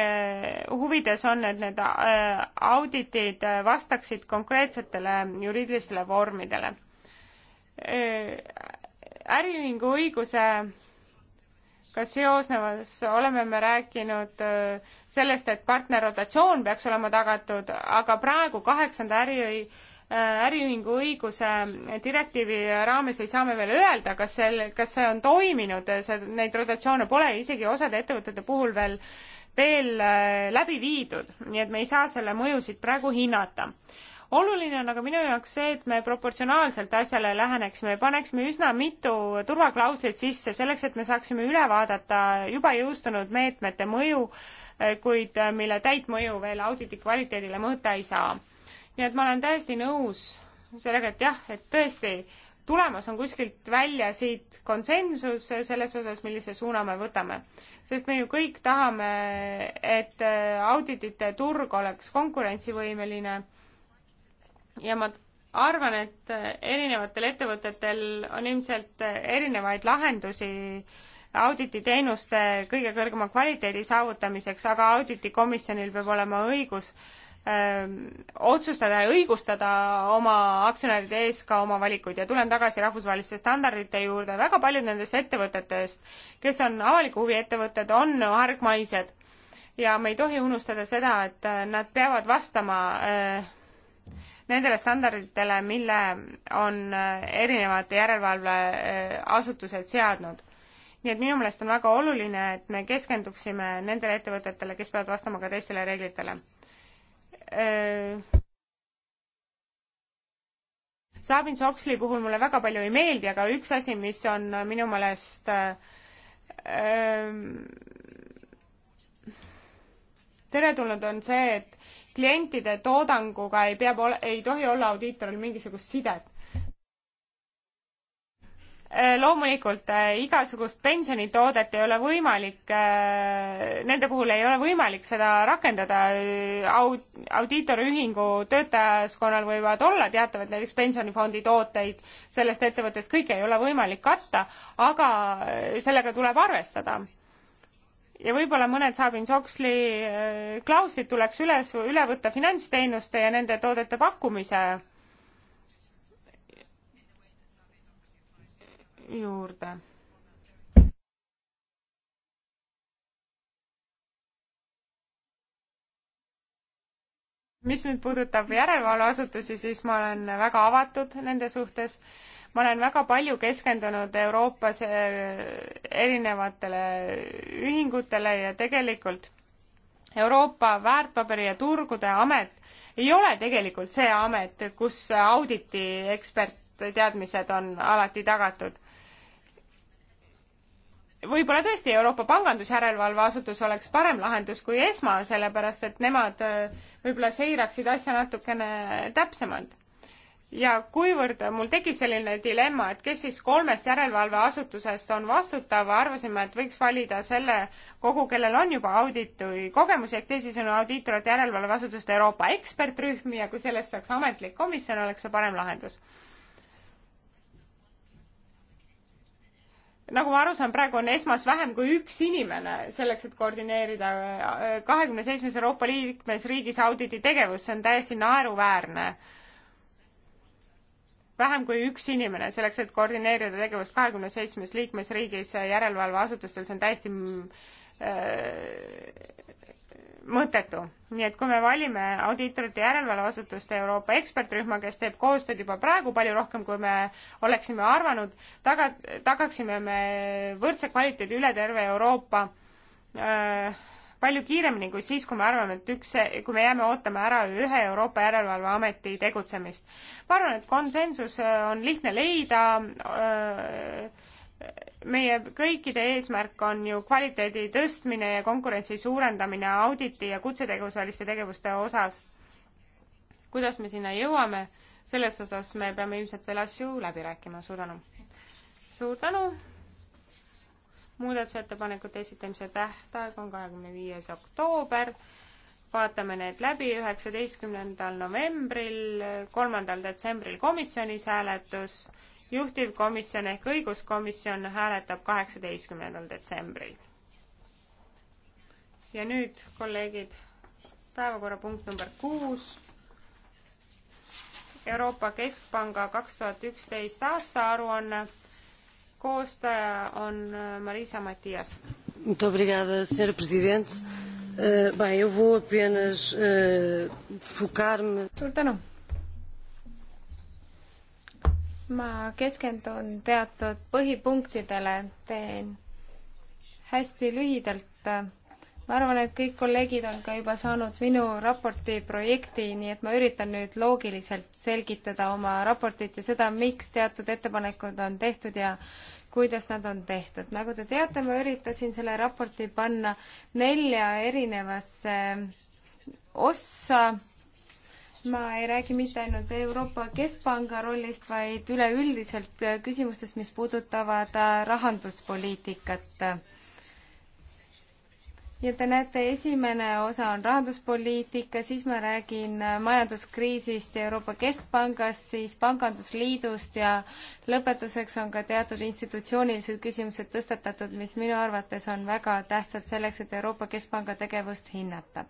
huvides on, et need äh, auditid vastaksid konkreetsetele juriidilistele vormidele. Äh, äriühingu õiguse ka seosnevas oleme me rääkinud äh, sellest, et partnerrotatsioon peaks olema tagatud, aga praegu kaheksanda äri Äh, äriühingu õiguse direktiivi raames ei saa me veel öelda, kas seal, kas see on toiminud, see, neid rotatsioone pole isegi osade ettevõtete puhul veel veel äh, läbi viidud, nii et me ei saa selle mõjusid praegu hinnata. oluline on aga minu jaoks see, et me proportsionaalselt asjale läheneksime ja paneksime üsna mitu turvaklauslit sisse selleks, et me saaksime üle vaadata juba jõustunud meetmete mõju, äh, kuid mille täitmõju veel auditi kvaliteedile mõõta ei saa nii et ma olen täiesti nõus sellega, et jah, et tõesti, tulemas on kuskilt välja siit konsensus selles osas, millise suuna me võtame. sest me ju kõik tahame, et äh, auditite turg oleks konkurentsivõimeline ja ma arvan, et äh, erinevatel ettevõtetel on ilmselt äh, erinevaid lahendusi audititeenuste kõige kõrgema kvaliteedi saavutamiseks, aga auditikomisjonil peab olema õigus äh, Ähm, otsustada ja õigustada oma aktsionäride ees ka oma valikuid ja tulen tagasi rahvusvaheliste standardite juurde, väga paljud nendest ettevõtetest, kes on avaliku huvi ettevõtted, on hargmaised ja me ei tohi unustada seda, et äh, nad peavad vastama äh, nendele standarditele, mille on äh, erinevad järelevalveasutused seadnud. nii et minu meelest on väga oluline, et me keskenduksime nendele ettevõtetele, kes peavad vastama ka teistele reeglitele Äh, Sabin Soksli puhul mulle väga palju ei meeldi, aga üks asi, mis on minu meelest äh, teretulnud, on see, et klientide toodanguga ei pea, ei tohi olla audiitoril mingisugust sidet. Äh, loomulikult äh, igasugust pensionitoodet ei ole võimalik, äh, nende puhul ei ole võimalik seda rakendada, aud-, audiitorühingu töötajaskonnal võivad olla teatavad näiteks pensionifondi tooteid sellest ettevõttest, kõike ei ole võimalik katta, aga sellega tuleb arvestada ja võib-olla mõned Sabin-Soksli klauslid tuleks üles, üle võtta finantsteenuste ja nende toodete pakkumise juurde. mis nüüd puudutab järelevalveasutusi, siis ma olen väga avatud nende suhtes. ma olen väga palju keskendunud Euroopas eh, erinevatele ühingutele ja tegelikult Euroopa väärtpaberi ja turgude amet ei ole tegelikult see amet, kus auditi ekspert teadmised on alati tagatud võib-olla tõesti Euroopa Pangandusjärelevalveasutus oleks parem lahendus kui ESMA, sellepärast et nemad äh, võib-olla seiraksid asja natukene täpsemalt. ja kuivõrd mul tekkis selline dilemma, et kes siis kolmest järelevalveasutusest on vastutav, arvasime, et võiks valida selle kogu, kellel on juba audit või kogemusi, ehk teisisõnu audiitorite järelevalveasutuste Euroopa ekspertrühm ja kui sellest saaks ametlik komisjon, oleks see parem lahendus nagu ma aru saan, praegu on esmas vähem kui üks inimene selleks, et koordineerida äh, kahekümne seitsmes Euroopa liikmesriigis auditi tegevus, see on täiesti naeruväärne. vähem kui üks inimene selleks, et koordineerida tegevust kahekümne seitsmes liikmesriigis järelevalveasutustel, see on täiesti mm, äh, mõttetu. nii et kui me valime audiitorite järelevalveasutuste Euroopa ekspertrühma, kes teeb koostööd juba praegu palju rohkem, kui me oleksime arvanud, taga, tagaksime me võrdse kvaliteedi üle terve Euroopa äh, palju kiiremini kui siis, kui me arvame, et üks, kui me jääme ootama ära ühe Euroopa Järelevalveameti tegutsemist. ma arvan, et konsensus äh, on lihtne leida äh, meie kõikide eesmärk on ju kvaliteedi tõstmine ja konkurentsi suurendamine auditi ja kutsetegevusväliste tegevuste osas. kuidas me sinna jõuame, selles osas me peame ilmselt veel asju läbi rääkima, suur tänu. suur tänu. muudatusettepanekute esitamise tähtaeg on kahekümne viies oktoober. vaatame need läbi üheksateistkümnendal novembril, kolmandal detsembril komisjonis hääletus juhtivkomisjon ehk õiguskomisjon hääletab kaheksateistkümnendal detsembril. ja nüüd, kolleegid, päevakorrapunkt number kuus. Euroopa Keskpanga kaks tuhat üksteist aasta aruanne. koostaja on äh, Marisa Matias. Muito obrigada, senhor president uh,. Äh, bem, eu vou apenas uh, focar-me. suur tänu ma keskendun teatud põhipunktidele, teen hästi lühidalt. ma arvan, et kõik kolleegid on ka juba saanud minu raporti projekti, nii et ma üritan nüüd loogiliselt selgitada oma raportit ja seda, miks teatud ettepanekud on tehtud ja kuidas nad on tehtud. nagu te teate, ma üritasin selle raporti panna nelja erinevasse ossa ma ei räägi mitte ainult Euroopa Keskpanga rollist, vaid üleüldiselt küsimustest, mis puudutavad äh, rahanduspoliitikat. ja te näete, esimene osa on rahanduspoliitika, siis ma räägin äh, majanduskriisist ja Euroopa Keskpangast, siis Pangandusliidust ja lõpetuseks on ka teatud institutsioonilised küsimused tõstatatud, mis minu arvates on väga tähtsad selleks, et Euroopa Keskpanga tegevust hinnata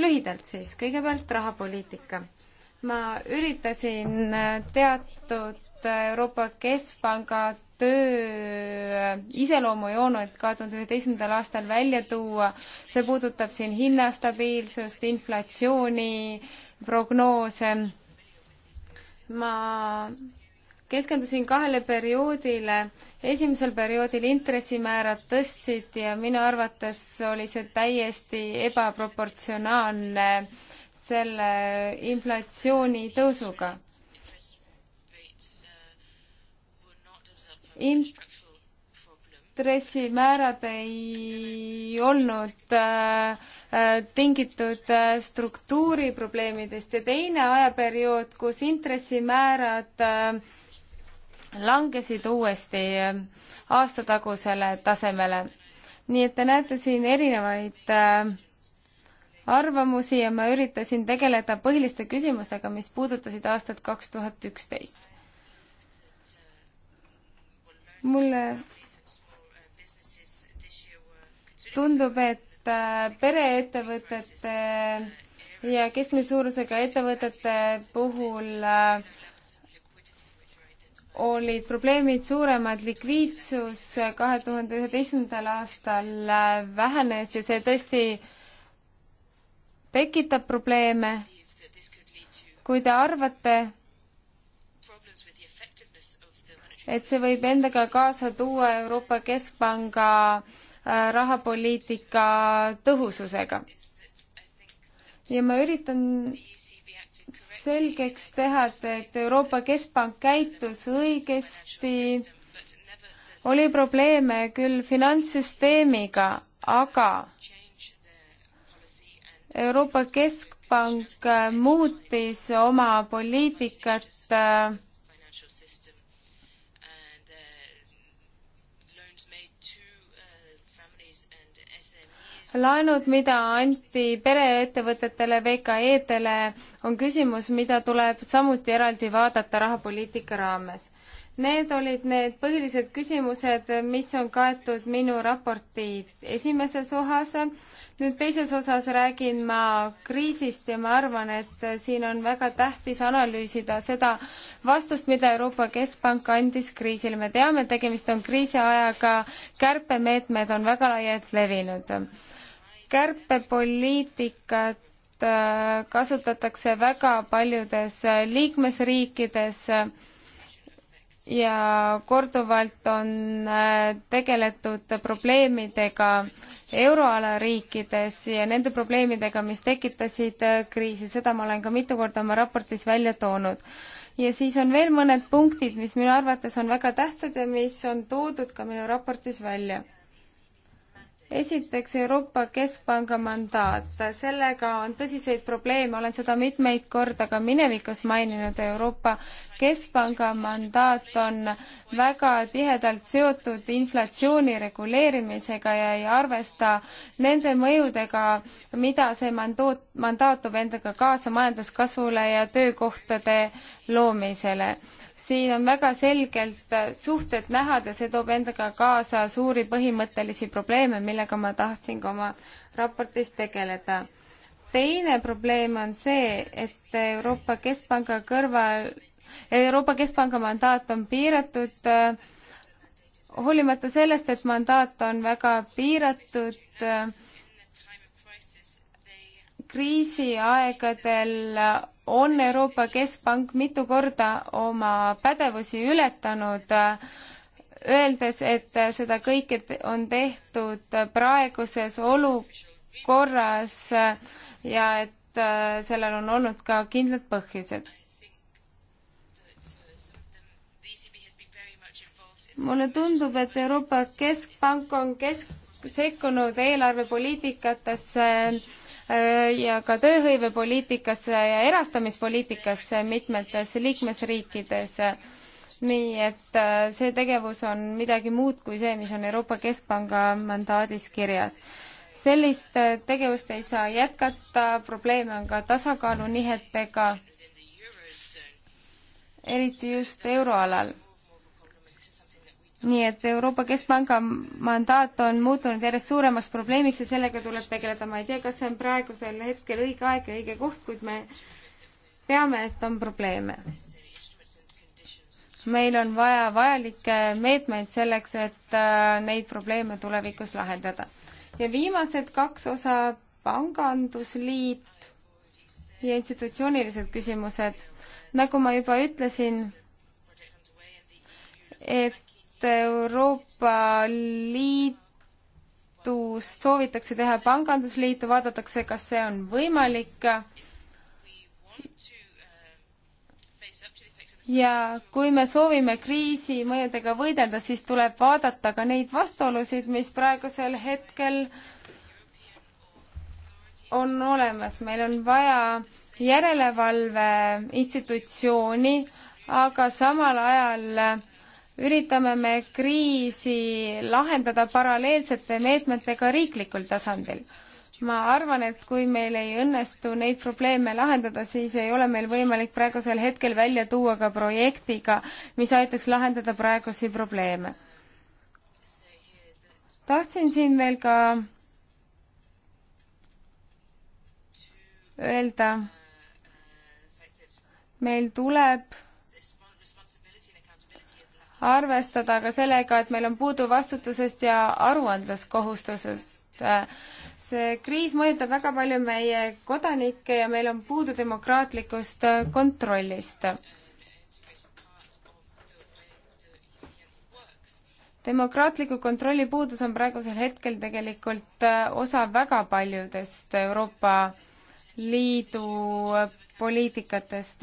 lühidalt siis, kõigepealt rahapoliitika. ma üritasin äh, teatud äh, Euroopa Keskpanga töö äh, iseloomujoonud kahe tuhande üheteistkümnendal aastal välja tuua. see puudutab siin hinnastabiilsust, inflatsiooni prognoose. ma keskendusin kahele perioodile. esimesel perioodil intressimäärad tõstsid ja minu arvates oli see täiesti ebaproportsionaalne selle inflatsiooni tõusuga. intressimäärad ei olnud äh, tingitud äh, struktuuriprobleemidest ja teine ajaperiood, kus intressimäärad äh, langesid uuesti äh, aastatagusele tasemele. nii et te näete siin erinevaid äh, arvamusi ja ma üritasin tegeleda põhiliste küsimustega, mis puudutasid aastat kaks tuhat üksteist. mulle tundub, et äh, pereettevõtete ja keskmise suurusega ettevõtete puhul äh, olid probleemid suuremad, likviidsus kahe tuhande üheteistkümnendal aastal vähenes ja see tõesti tekitab probleeme. kui te arvate, et see võib endaga kaasa tuua Euroopa Keskpanga äh, rahapoliitika tõhususega. ja ma üritan selgeks teha, et Euroopa Keskpank käitus õigesti. oli probleeme küll finantssüsteemiga, aga Euroopa Keskpank muutis oma poliitikat äh, laenud, mida anti pereettevõtetele, VKE-dele, on küsimus, mida tuleb samuti eraldi vaadata rahapoliitika raames. Need olid need põhilised küsimused, mis on kaetud minu raporti esimeses osas. nüüd teises osas räägin ma kriisist ja ma arvan, et siin on väga tähtis analüüsida seda vastust, mida Euroopa Keskpank andis kriisile. me teame, tegemist on kriisiajaga, kärpemeetmed on väga laialt levinud kärpepoliitikat äh, kasutatakse väga paljudes äh, liikmesriikides ja korduvalt on äh, tegeletud probleemidega euroala riikides ja nende probleemidega, mis tekitasid kriisi, seda ma olen ka mitu korda oma raportis välja toonud. ja siis on veel mõned punktid, mis minu arvates on väga tähtsad ja mis on toodud ka minu raportis välja esiteks Euroopa Keskpanga mandaat, sellega on tõsiseid probleeme, olen seda mitmeid korda ka minevikus maininud, Euroopa Keskpanga mandaat on väga tihedalt seotud inflatsiooni reguleerimisega ja ei arvesta nende mõjudega, mida see mandaat, mandaat toob endaga kaasa majanduskasvule ja töökohtade loomisele siin on väga selgelt äh, suhted näha ja see toob endaga kaasa suuri põhimõttelisi probleeme, millega ma tahtsin ka oma raportis tegeleda. teine probleem on see, et Euroopa Keskpanga kõrval, Euroopa Keskpanga mandaat on piiratud, äh, hoolimata sellest, et mandaat on väga piiratud, äh, kriisiaegadel on Euroopa Keskpank mitu korda oma pädevusi ületanud, öeldes, et seda kõike on tehtud praeguses olukorras ja et sellel on olnud ka kindlad põhjused. mulle tundub, et Euroopa Keskpank on kesk-, sekkunud eelarvepoliitikatesse äh, Äh, ja ka tööhõivepoliitikasse ja erastamispoliitikasse mitmetes liikmesriikides. nii et äh, see tegevus on midagi muud kui see, mis on Euroopa Keskpanga mandaadis kirjas. sellist äh, tegevust ei saa jätkata, probleeme on ka tasakaalunihetega, eriti just euroalal nii et Euroopa Keskpanga mandaat on muutunud järjest suuremaks probleemiks ja sellega tuleb tegeleda. ma ei tea, kas see on praegusel hetkel õige aeg ja õige koht, kuid me teame, et on probleeme. meil on vaja vajalikke meetmeid selleks, et äh, neid probleeme tulevikus lahendada. ja viimased kaks osa, pangandusliit ja institutsioonilised küsimused. nagu ma juba ütlesin, et Euroopa Liidust soovitakse teha pangandusliitu, vaadatakse, kas see on võimalik. ja kui me soovime kriisi mõjudega võidelda, siis tuleb vaadata ka neid vastuolusid, mis praegusel hetkel on olemas, meil on vaja järelevalve institutsiooni, aga samal ajal üritame me kriisi lahendada paralleelsete meetmetega riiklikul tasandil. ma arvan, et kui meil ei õnnestu neid probleeme lahendada, siis ei ole meil võimalik praegusel hetkel välja tuua ka projektiga, mis aitaks lahendada praegusi probleeme. tahtsin siin veel ka öelda, meil tuleb arvestada ka sellega, et meil on puudu vastutusest ja aruandluskohustusest. see kriis mõjutab väga palju meie kodanikke ja meil on puudu demokraatlikust kontrollist. demokraatliku kontrolli puudus on praegusel hetkel tegelikult osa väga paljudest Euroopa Liidu poliitikatest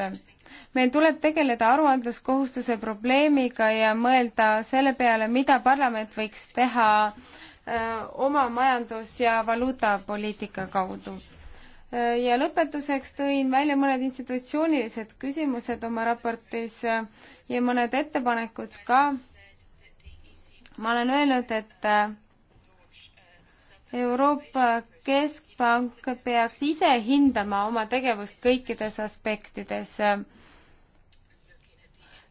meil tuleb tegeleda aruandluskohustuse probleemiga ja mõelda selle peale, mida parlament võiks teha öö, äh, oma majandus- ja valuutapoliitika kaudu. Äh, ja lõpetuseks tõin välja mõned institutsioonilised küsimused oma raportis äh, ja mõned ettepanekud ka. ma olen öelnud, et Euroopa Keskpank peaks ise hindama oma tegevust kõikides aspektides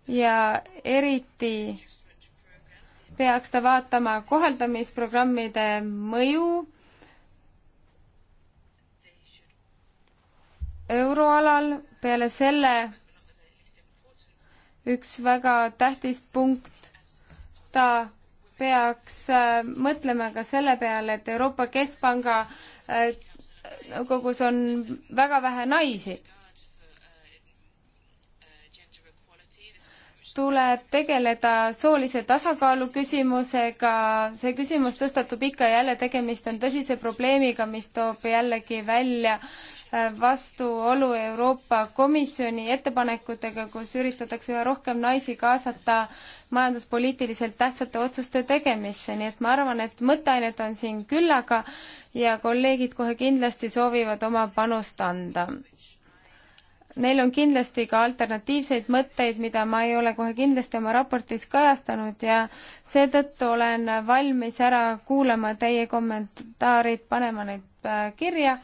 ja eriti peaks ta vaatama kohaldamisprogrammide mõju euroalal, peale selle üks väga tähtis punkt, ta peaks äh, mõtlema ka selle peale, et Euroopa Keskpanga äh, nõukogus on väga vähe naisi tuleb tegeleda soolise tasakaalu küsimusega, see küsimus tõstatub ikka ja jälle, tegemist on tõsise probleemiga, mis toob jällegi välja äh, vastuolu Euroopa Komisjoni ettepanekutega, kus üritatakse üha rohkem naisi kaasata majanduspoliitiliselt tähtsate otsuste tegemisse, nii et ma arvan, et mõtteainet on siin küllaga ja kolleegid kohe kindlasti soovivad oma panust anda Neil on kindlasti ka alternatiivseid mõtteid, mida ma ei ole kohe kindlasti oma raportis kajastanud ja seetõttu olen valmis ära kuulama teie kommentaarid, panema neid äh, kirja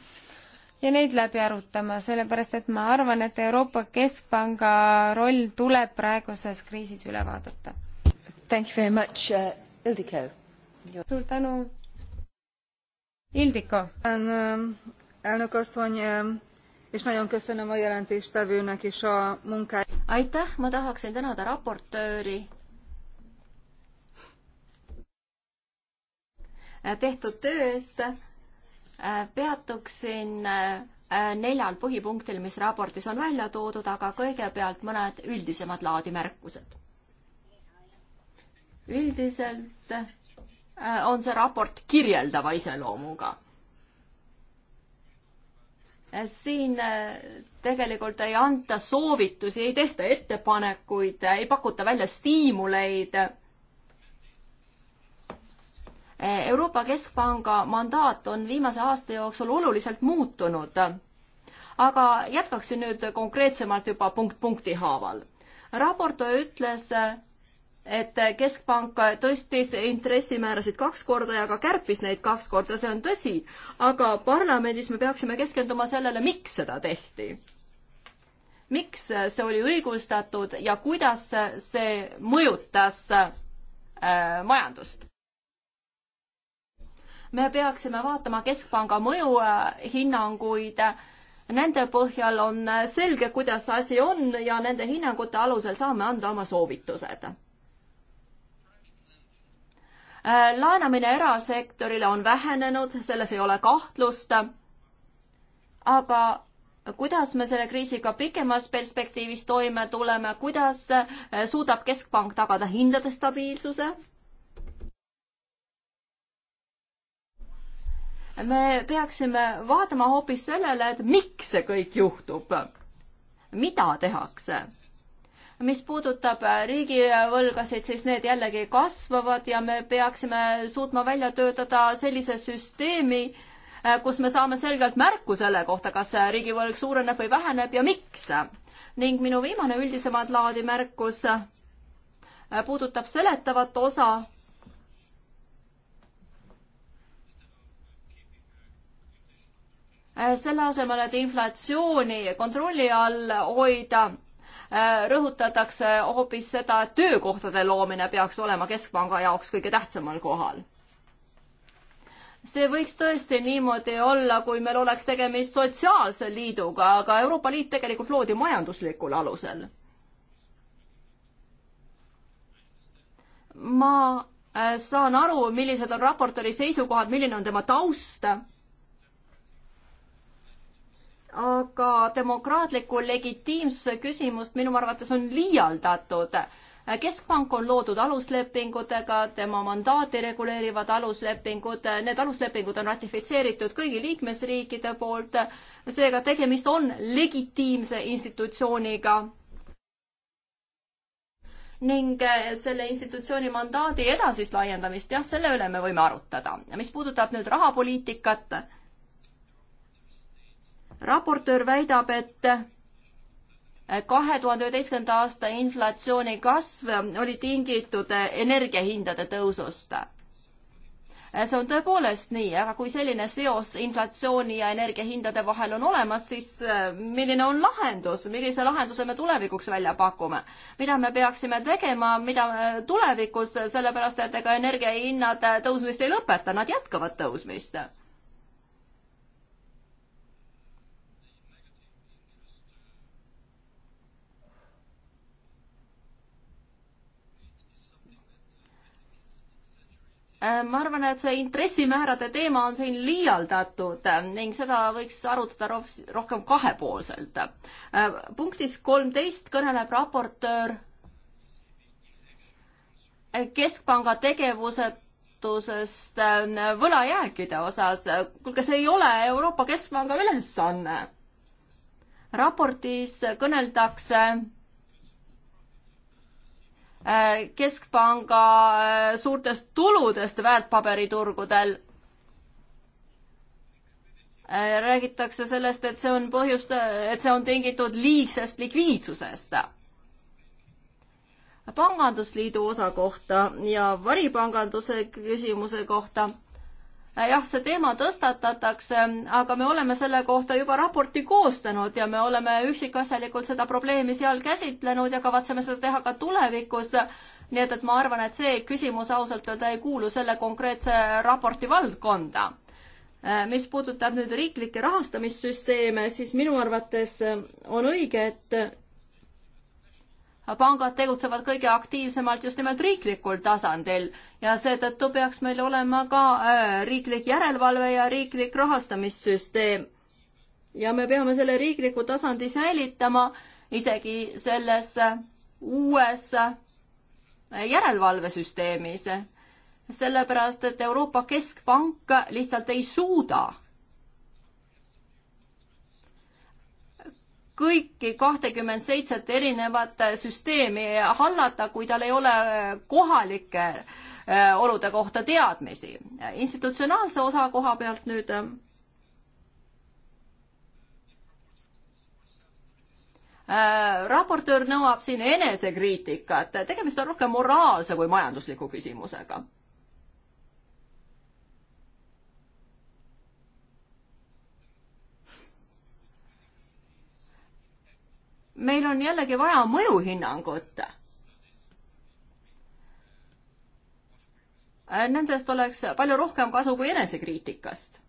ja neid läbi arutama, sellepärast et ma arvan, et Euroopa Keskpanga roll tuleb praeguses kriisis üle vaadata. Thank you very much uh,, Ildiko. suur tänu. Ildiko. elnök asszony, um, és nagyon köszönöm a jelentéstevőnek is a munkáját. aitäh, ma tahaksin tänada raportööri tehtud töö eest. peatuksin äh, neljal põhipunktil, mis raportis on välja toodud, aga kõigepealt mõned üldisemad laadi märkused. üldiselt äh, on see raport kirjeldava iseloomuga siin äh, tegelikult ei anta soovitusi, ei tehta ettepanekuid, äh, ei pakuta välja stiimuleid. Äh, Euroopa Keskpanga mandaat on viimase aasta jooksul oluliselt muutunud. aga jätkaksin nüüd konkreetsemalt juba punkt punkti haaval. raportöö ütles, et keskpank tõstis intressimäärasid kaks korda ja ka kärpis neid kaks korda, see on tõsi, aga parlamendis me peaksime keskenduma sellele, miks seda tehti. miks see oli õigustatud ja kuidas see mõjutas äh, majandust? me peaksime vaatama keskpanga mõjuhinnanguid äh, nende põhjal on selge, kuidas asi on ja nende hinnangute alusel saame anda oma soovitused Äh, laenamine erasektorile on vähenenud, selles ei ole kahtlust. aga kuidas me selle kriisiga pikemas perspektiivis toime tuleme, kuidas äh, suudab Keskpank tagada hindade stabiilsuse? me peaksime vaatama hoopis sellele, et miks see kõik juhtub, mida tehakse mis puudutab äh, riigivõlgasid, siis need jällegi kasvavad ja me peaksime suutma välja töötada sellise süsteemi, äh, kus me saame selgelt märku selle kohta, kas äh, riigivõlg suureneb või väheneb ja miks. ning minu viimane üldisemat laadi märkus puudutab seletavat osa. selle asemel, et inflatsiooni kontrolli all hoida Äh, rõhutatakse hoopis seda, et töökohtade loomine peaks olema Keskpanga jaoks kõige tähtsamal kohal see võiks tõesti niimoodi olla, kui meil oleks tegemist sotsiaalse liiduga, aga Euroopa Liit tegelikult loodi majanduslikul alusel. ma äh, saan aru, millised on raportööri seisukohad, milline on tema taust aga demokraatliku legitiimsuse küsimust minu arvates on liialdatud. keskpank on loodud aluslepingutega, tema mandaati reguleerivad aluslepingud, need aluslepingud on ratifitseeritud kõigi liikmesriikide poolt, seega tegemist on legitiimse institutsiooniga ning eh, selle institutsiooni mandaadi edasist laiendamist, jah, selle üle me võime arutada. mis puudutab nüüd rahapoliitikat, raportöör väidab, et kahe tuhande üheteistkümnenda aasta inflatsiooni kasv oli tingitud energiahindade tõusust. see on tõepoolest nii, aga kui selline seos inflatsiooni ja energiahindade vahel on olemas, siis äh, milline on lahendus, millise lahenduse me tulevikuks välja pakume? mida me peaksime tegema, mida äh, tulevikus, sellepärast et ega energiahinnad äh, tõusmist ei lõpeta, nad jätkavad tõusmist Äh, ma arvan, et see intressimäärade teema on siin liialdatud äh, ning seda võiks arutada rohkem kahepoolselt. Äh, punktis kolmteist kõneleb raportöör keskpanga tegevusetusest võlajääkide osas. kuulge, see ei ole Euroopa Keskpanga ülesanne. raportis kõneldakse Äh, keskpanga äh, suurtest tuludest väärtpaberiturgudel. Äh, räägitakse sellest, et see on põhjust, et see on tingitud liigsest likviidsusest. pangandusliidu osa kohta ja varipanganduse küsimuse kohta jah, see teema tõstatatakse, aga me oleme selle kohta juba raporti koostanud ja me oleme üksikasjalikult seda probleemi seal käsitlenud ja kavatseme seda teha ka tulevikus. nii et, et ma arvan, et see küsimus ausalt öelda ei kuulu selle konkreetse raporti valdkonda. mis puudutab nüüd riiklikke rahastamissüsteeme, siis minu arvates on õige, et pangad tegutsevad kõige aktiivsemalt just nimelt riiklikul tasandil ja seetõttu peaks meil olema ka äh, riiklik järelevalve ja riiklik rahastamissüsteem. ja me peame selle riikliku tasandi säilitama isegi selles äh, uues äh, järelevalvesüsteemis, sellepärast et Euroopa Keskpank lihtsalt ei suuda kõiki kahtekümmet seitset erinevat süsteemi hallata, kui tal ei ole kohalike äh, olude kohta teadmisi. institutsionaalse osa koha pealt nüüd Äh, raportöör nõuab siin enesekriitikat, tegemist on rohkem moraalse kui majandusliku küsimusega meil on jällegi vaja mõjuhinnangut. Nendest oleks palju rohkem kasu kui enesekriitikast.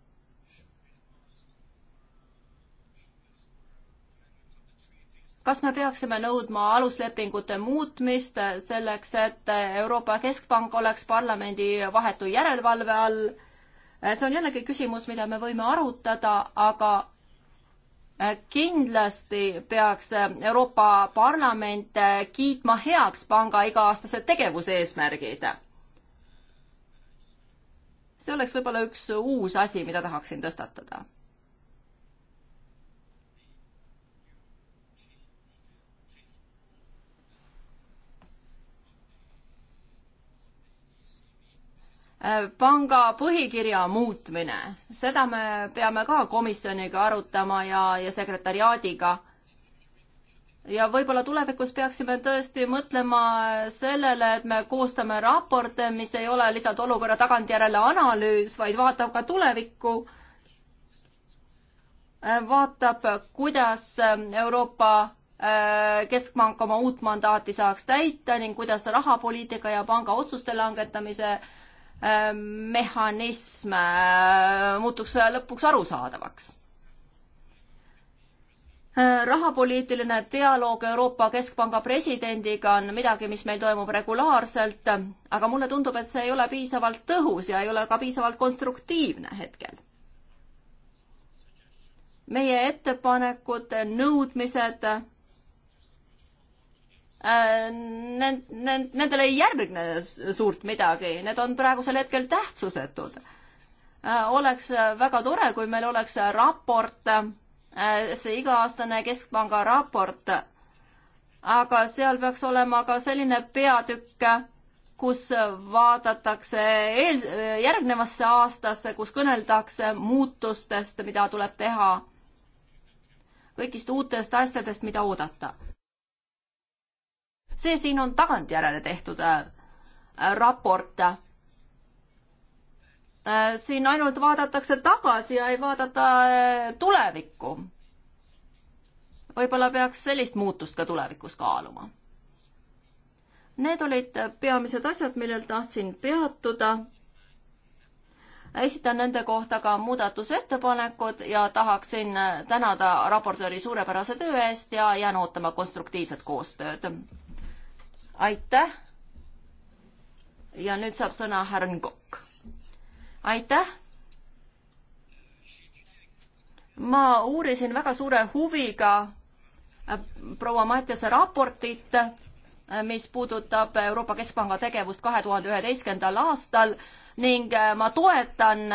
kas me peaksime nõudma aluslepingute muutmist selleks, et Euroopa Keskpank oleks parlamendi vahetu järelevalve all? see on jällegi küsimus, mida me võime arutada, aga kindlasti peaks Euroopa Parlament kiitma heaks panga iga-aastased tegevuseesmärgid. see oleks võib-olla üks uus asi, mida tahaksin tõstatada Äh, panga põhikirja muutmine, seda me peame ka komisjoniga arutama ja, ja sekretariaadiga. ja võib-olla tulevikus peaksime tõesti mõtlema sellele, et me koostame raporte, mis ei ole lihtsalt olukorra tagantjärele analüüs, vaid vaatab ka tulevikku, äh, vaatab, kuidas Euroopa äh, Keskpank oma uut mandaati saaks täita ning kuidas rahapoliitika ja panga otsuste langetamise äh, Äh, mehhanism äh, muutuks äh, lõpuks arusaadavaks. rahapoliitiline dialoog Euroopa Keskpanga presidendiga on midagi, mis meil toimub regulaarselt, aga mulle tundub, et see ei ole piisavalt tõhus ja ei ole ka piisavalt konstruktiivne hetkel. meie ettepanekud, nõudmised Nend-, äh, nend-, nendel ei järgne suurt midagi, need on praegusel hetkel tähtsusetud. Äh, oleks äh, väga tore, kui meil oleks raport, see iga-aastane Keskpanga raport, aga seal peaks olema ka selline peatükk, kus vaadatakse eel, järgnevasse aastasse, kus kõneldakse muutustest, mida tuleb teha, kõigist uutest asjadest, mida oodata see siin on tagantjärele tehtud äh, äh, raport. Äh, siin ainult vaadatakse tagasi ja ei vaadata tulevikku. võib-olla peaks sellist muutust ka tulevikus kaaluma. Need olid peamised asjad, millel tahtsin peatuda esitan nende kohta ka muudatusettepanekud ja tahaksin tänada raportööri suurepärase töö eest ja jään ootama konstruktiivset koostööd aitäh. ja nüüd saab sõna härra Nkokk. aitäh. ma uurisin väga suure huviga äh, proua Mattiase raportit, äh, mis puudutab Euroopa Keskpanga tegevust kahe tuhande üheteistkümnendal aastal ning äh, ma toetan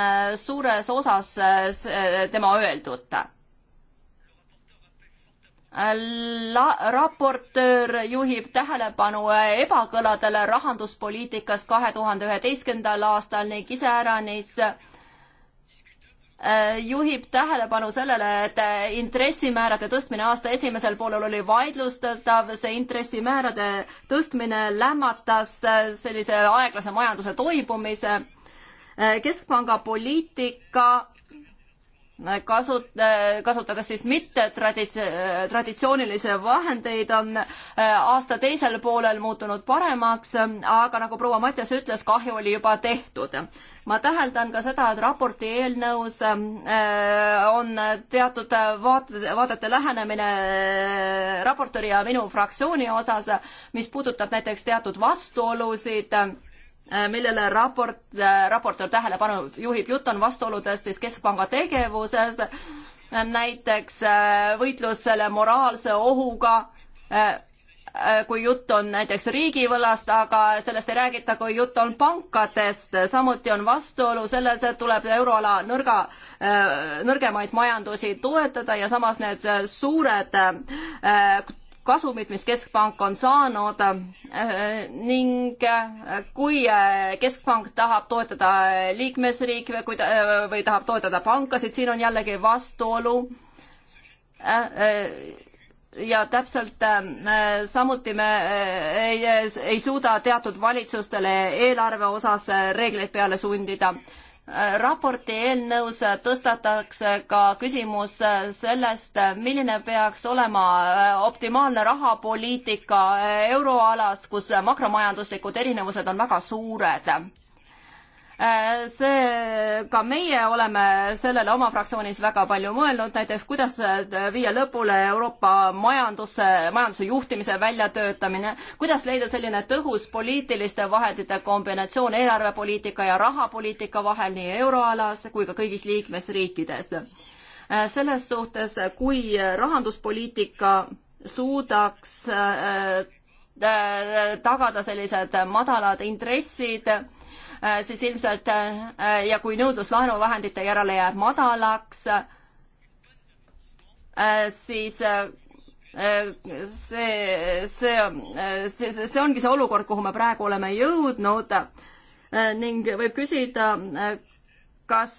suures osas tema öeldut La-, raportöör juhib tähelepanu ebakõladele rahanduspoliitikas kahe tuhande üheteistkümnendal aastal ning iseäranis äh, juhib tähelepanu sellele, et intressimäärade tõstmine aasta esimesel poolel oli vaidlustatav, see intressimäärade tõstmine lämmatas äh, sellise aeglase majanduse toibumise. Äh, keskpanga poliitika kasut-, äh, kasutades siis mitte traditsi-, äh, traditsioonilisi vahendeid, on äh, aasta teisel poolel muutunud paremaks, aga nagu proua Matjas ütles, kahju oli juba tehtud. ma täheldan ka seda, et raporti eelnõus on teatud vaate, vaadete lähenemine raportööri ja minu fraktsiooni osas, mis puudutab näiteks teatud vastuolusid Äh, millele raport, äh, raportöör tähelepanu juhib, jutt on vastuoludest siis Keskpanga tegevuses, äh, näiteks võitlus selle moraalse ohuga, kui jutt on näiteks riigivõlast, aga sellest ei räägita, kui jutt on pankadest. samuti on vastuolu selles, et tuleb euroala nõrga, nõrgemaid majandusi toetada ja samas need suured kasumid, mis keskpank on saanud äh, ning äh, kui äh, keskpank tahab toetada liikmesriike või kui ta või tahab toetada pankasid, siin on jällegi vastuolu. ja täpselt samuti me ei, ei suuda teatud valitsustele eelarve osas reegleid peale sundida raporti eelnõus tõstatakse ka küsimus sellest, milline peaks olema äh, optimaalne rahapoliitika euroalas, kus makromajanduslikud erinevused on väga suured Äh, see, ka meie oleme sellele oma fraktsioonis väga palju mõelnud, näiteks kuidas äh, viia lõpule Euroopa majanduse, majanduse juhtimise väljatöötamine, kuidas leida selline tõhus poliitiliste vahendite kombinatsioon eelarvepoliitika ja rahapoliitika vahel nii euroalas kui ka kõigis liikmesriikides. Äh, selles suhtes, kui rahanduspoliitika suudaks tagada sellised madalad intressid, Äh, siis ilmselt äh, ja kui nõudlus laenuvahendite järele jääb madalaks, äh, siis see, see, see, see ongi see olukord, kuhu me praegu oleme jõudnud ning võib küsida, kas,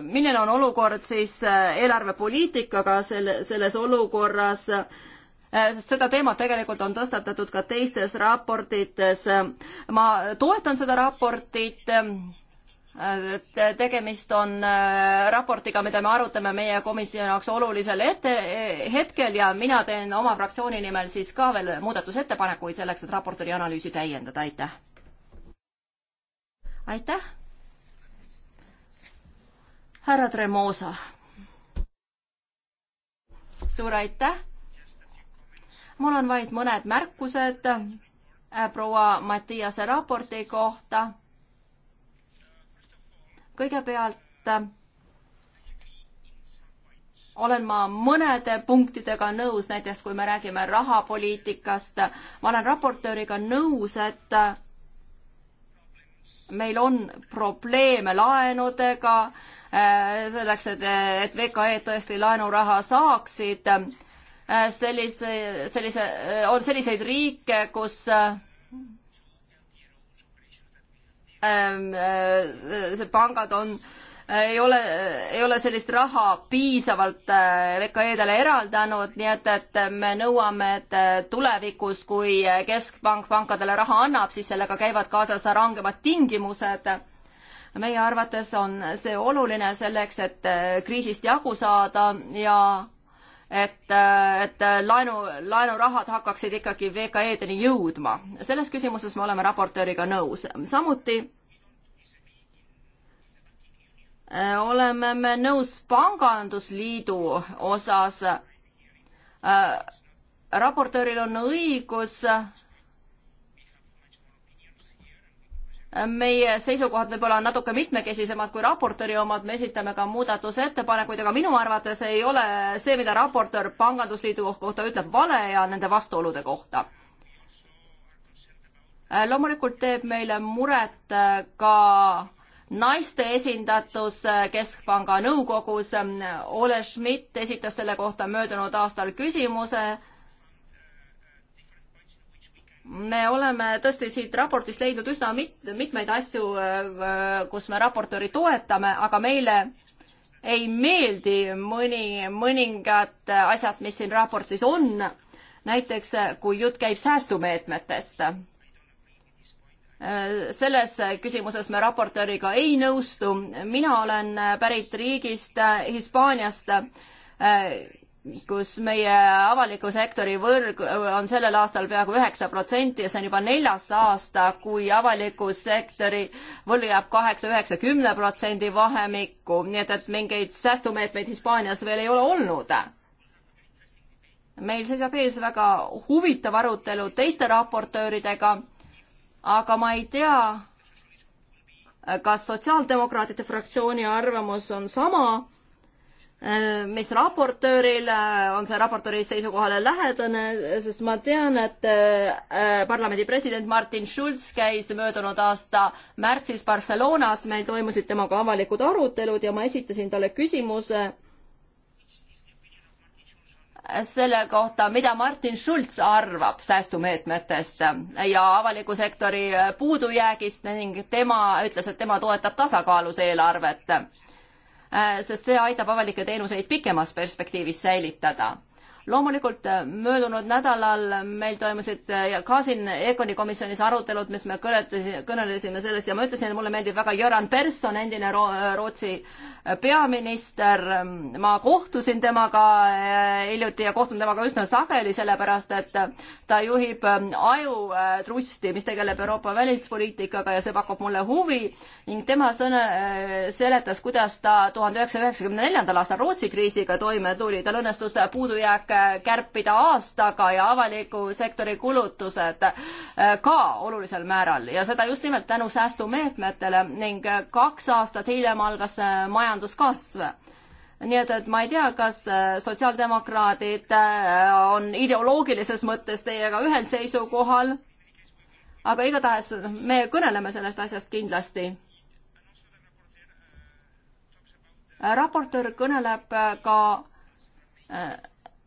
milline on olukord siis eelarvepoliitikaga selle, selles olukorras Äh, sest seda teemat tegelikult on tõstatatud ka teistes raportites. ma toetan seda raportit äh, et tegemist on äh, raportiga, mida me arutame meie komisjoni jaoks olulisel ette, hetkel ja mina teen oma fraktsiooni nimel siis ka veel muudatusettepanekuid selleks, et raportori analüüsi täiendada, aitäh. aitäh. härra Tremosa. suur aitäh mul on vaid mõned märkused äh, proua Mattiase raporti kohta. kõigepealt äh, olen ma mõnede punktidega nõus, näiteks kui me räägime rahapoliitikast, ma olen raportööriga nõus, et äh, meil on probleeme laenudega, selleks, et, et VKE-d tõesti laenuraha saaksid Äh, sellise, sellise, äh, on selliseid riike, kus äh, ähm, see pangad on, ei ole, ei ole sellist raha piisavalt VKE-dele eraldanud, nii et, et me nõuame, et tulevikus, kui Keskpank pankadele raha annab, siis sellega käivad kaasas rangemad tingimused meie arvates on see oluline selleks, et kriisist jagu saada ja et, äh, et äh, laenu, laenurahad hakkaksid ikkagi VKE-deni jõudma. selles küsimuses me oleme raportööriga nõus. samuti äh, oleme me nõus Pangandusliidu osas. raportööril on õigus meie seisukohad võib-olla on natuke mitmekesisemad kui raportööri omad, me esitame ka muudatusettepanekuid, aga minu arvates ei ole see, mida raportöör Pangandusliidu kohta ütleb, vale ja nende vastuolude kohta. loomulikult teeb meile muret ka naiste esindatus Keskpanga nõukogus. Ole Schmidt esitas selle kohta möödunud aastal küsimuse me oleme tõesti siit raportist leidnud üsna mit-, mitmeid asju, äh, kus me raportööri toetame, aga meile ei meeldi mõni, mõningad asjad, mis siin raportis on. näiteks kui jutt käib säästumeetmetest. Äh, selles küsimuses me raportööriga ei nõustu. mina olen pärit riigist Hispaaniast, äh, kus meie avaliku sektori võrg äh, on sellel aastal peaaegu üheksa protsenti ja see on juba neljas aasta, kui avaliku sektori võlg jääb kaheksa, üheksa, kümne protsendi vahemikku, nii et, et mingeid säästumeetmeid Hispaanias veel ei ole olnud. meil seisab ees väga huvitav arutelu teiste raportööridega, aga ma ei tea, kas sotsiaaldemokraatide fraktsiooni arvamus on sama Äh, mis raportöörile, äh, on see raportööri seisukohale lähedane, sest ma tean, et äh, parlamendi president Martin Schulz käis möödunud aasta märtsis Barcelonas, meil toimusid temaga avalikud arutelud ja ma esitasin talle küsimuse selle kohta, mida Martin Schulz arvab säästumeetmetest ja avaliku sektori puudujäägist ning tema ütles, et tema toetab tasakaalus eelarvet Äh, sest see aitab avalikke teenuseid pikemas perspektiivis säilitada loomulikult äh, möödunud nädalal meil toimusid äh, ka siin EKONi komisjonis arutelud, mis me kõnetasime, kõnelesime sellest ja ma ütlesin, et mulle meeldib väga Göran Persson, endine Ro äh, Rootsi peaminister. ma kohtusin temaga hiljuti ja kohtun temaga üsna sageli, sellepärast et ta juhib ähm, ajutrusti, mis tegeleb Euroopa välispoliitikaga ja see pakub mulle huvi ning tema sõna seletas, kuidas ta tuhande üheksasaja üheksakümne neljandal aastal Rootsi kriisiga toime tuli, tal õnnestus puudujääk kärpida aastaga ja avaliku sektori kulutused äh, ka olulisel määral ja seda just nimelt tänu säästumeetmetele ning äh, kaks aastat hiljem algas äh, majanduskasv nii et, et ma ei tea, kas sotsiaaldemokraadid on ideoloogilises mõttes teiega ühel seisukohal, aga igatahes me kõneleme sellest asjast kindlasti raportöör kõneleb ka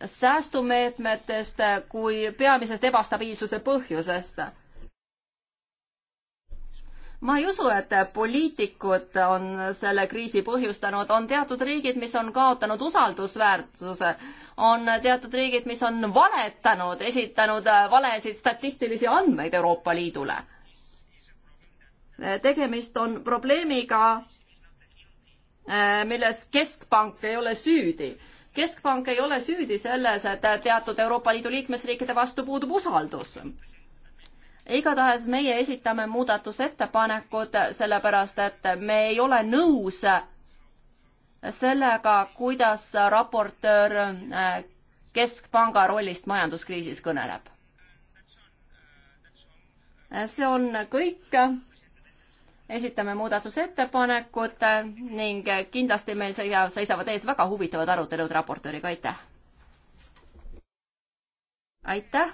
säästumeetmetest kui peamisest ebastabiilsuse põhjusest. ma ei usu, et poliitikud on selle kriisi põhjustanud, on teatud riigid, mis on kaotanud usaldusväärtuse, on teatud riigid, mis on valetanud, esitanud valesid statistilisi andmeid Euroopa Liidule. tegemist on probleemiga, milles keskpank ei ole süüdi keskpank ei ole süüdi selles, et teatud Euroopa Liidu liikmesriikide vastu puudub usaldus. igatahes meie esitame muudatusettepanekud, sellepärast et me ei ole nõus sellega, kuidas raportöör äh, keskpanga rollist majanduskriisis kõneleb. see on kõik esitame muudatusettepanekud ning kindlasti meil seisavad ees väga huvitavad arutelud raportööriga, aitäh! aitäh!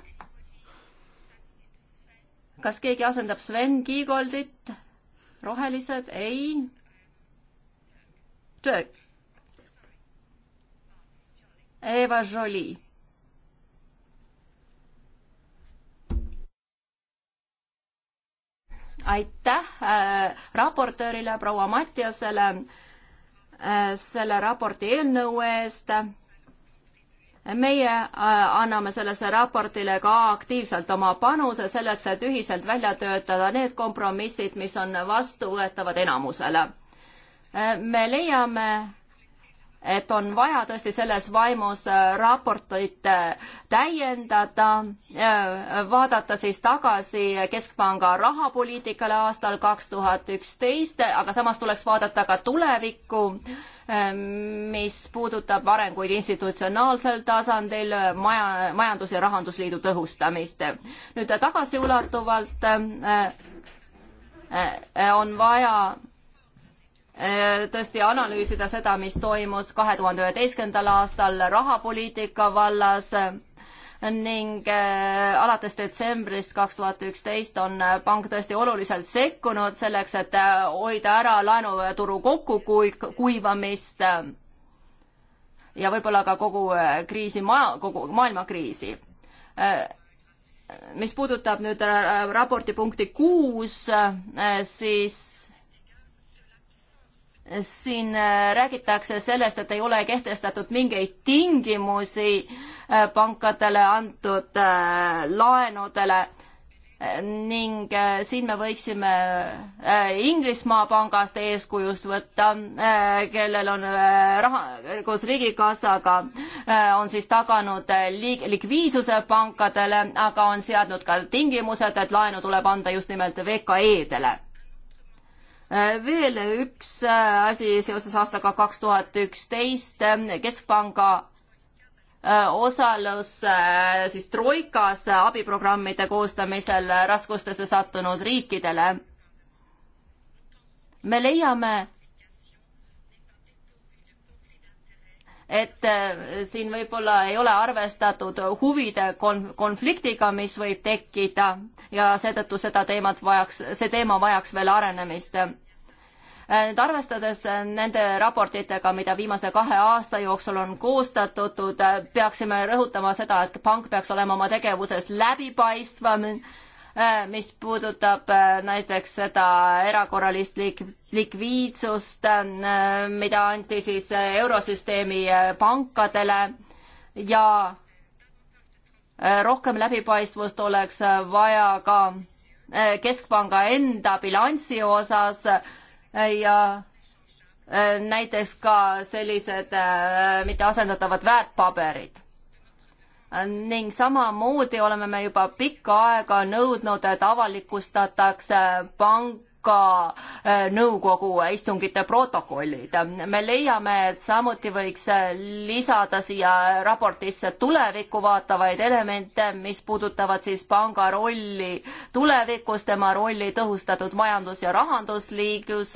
kas keegi asendab Sven Kiigoldit? rohelised, ei? Dirk. Eva Jolie. aitäh äh, raportöörile proua Mattiasele äh, selle raporti eelnõu eest meie äh, anname sellesse raportile ka aktiivselt oma panuse selleks, et ühiselt välja töötada need kompromissid, mis on vastuvõetavad enamusele. me leiame, et on vaja tõesti selles vaimus äh, raportit äh, täiendada, äh, vaadata siis tagasi Keskpanga rahapoliitikale aastal kaks tuhat üksteist, aga samas tuleks vaadata ka tulevikku, mis puudutab arenguid institutsionaalsel tasandil, maja, majandus- ja rahandusliidu tõhustamist. nüüd tagasiulatuvalt on vaja Äh, tõesti analüüsida seda, mis toimus kahe tuhande üheteistkümnendal aastal rahapoliitika vallas ning äh, alates detsembrist kaks tuhat üksteist on pank tõesti oluliselt sekkunud selleks, et äh, hoida ära laenuturu kokkukuivamist ja võib-olla ka kogu kriisi, kogu maailmakriisi mis puudutab nüüd raporti punkti kuus, siis siin äh, räägitakse sellest, et ei ole kehtestatud mingeid tingimusi äh, pankadele antud äh, laenudele ning siin me võiksime Inglismaa pangast eeskujust võtta, kellel on raha, koos Riigikassaga on siis taganud liik-, likviidsuse pankadele, aga on seadnud ka tingimused, et laenu tuleb anda just nimelt VKE-dele Äh, veel üks äh, asi seoses aastaga kaks tuhat üksteist, äh, Keskpanga osalus siis Troikas abiprogrammide koostamisel raskustesse sattunud riikidele. me leiame, et äh, siin võib-olla ei ole arvestatud huvide kon-, konfliktiga, mis võib tekkida ja seetõttu seda teemat vajaks, see teema vajaks veel arenemist. Äh, nüüd arvestades nende raportitega, mida viimase kahe aasta jooksul on koostatud, äh, peaksime rõhutama seda, et pank peaks olema oma tegevuses läbipaistvam Äh, mis puudutab äh, näiteks seda erakorralist lik-, likviidsust, äh, mida anti siis eurosüsteemi pankadele ja rohkem läbipaistvust oleks vaja ka keskpanga enda bilansi osas ja näiteks ka sellised mitteasendatavad väärtpaberid ning samamoodi oleme me juba pikka aega nõudnud, et avalikustatakse pank ka äh, nõukogu istungite protokollid. me leiame, et samuti võiks lisada siia raportisse tulevikku vaatavaid elemente, mis puudutavad siis panga rolli tulevikus, tema rolli tõhustatud majandus- ja rahandusliiklus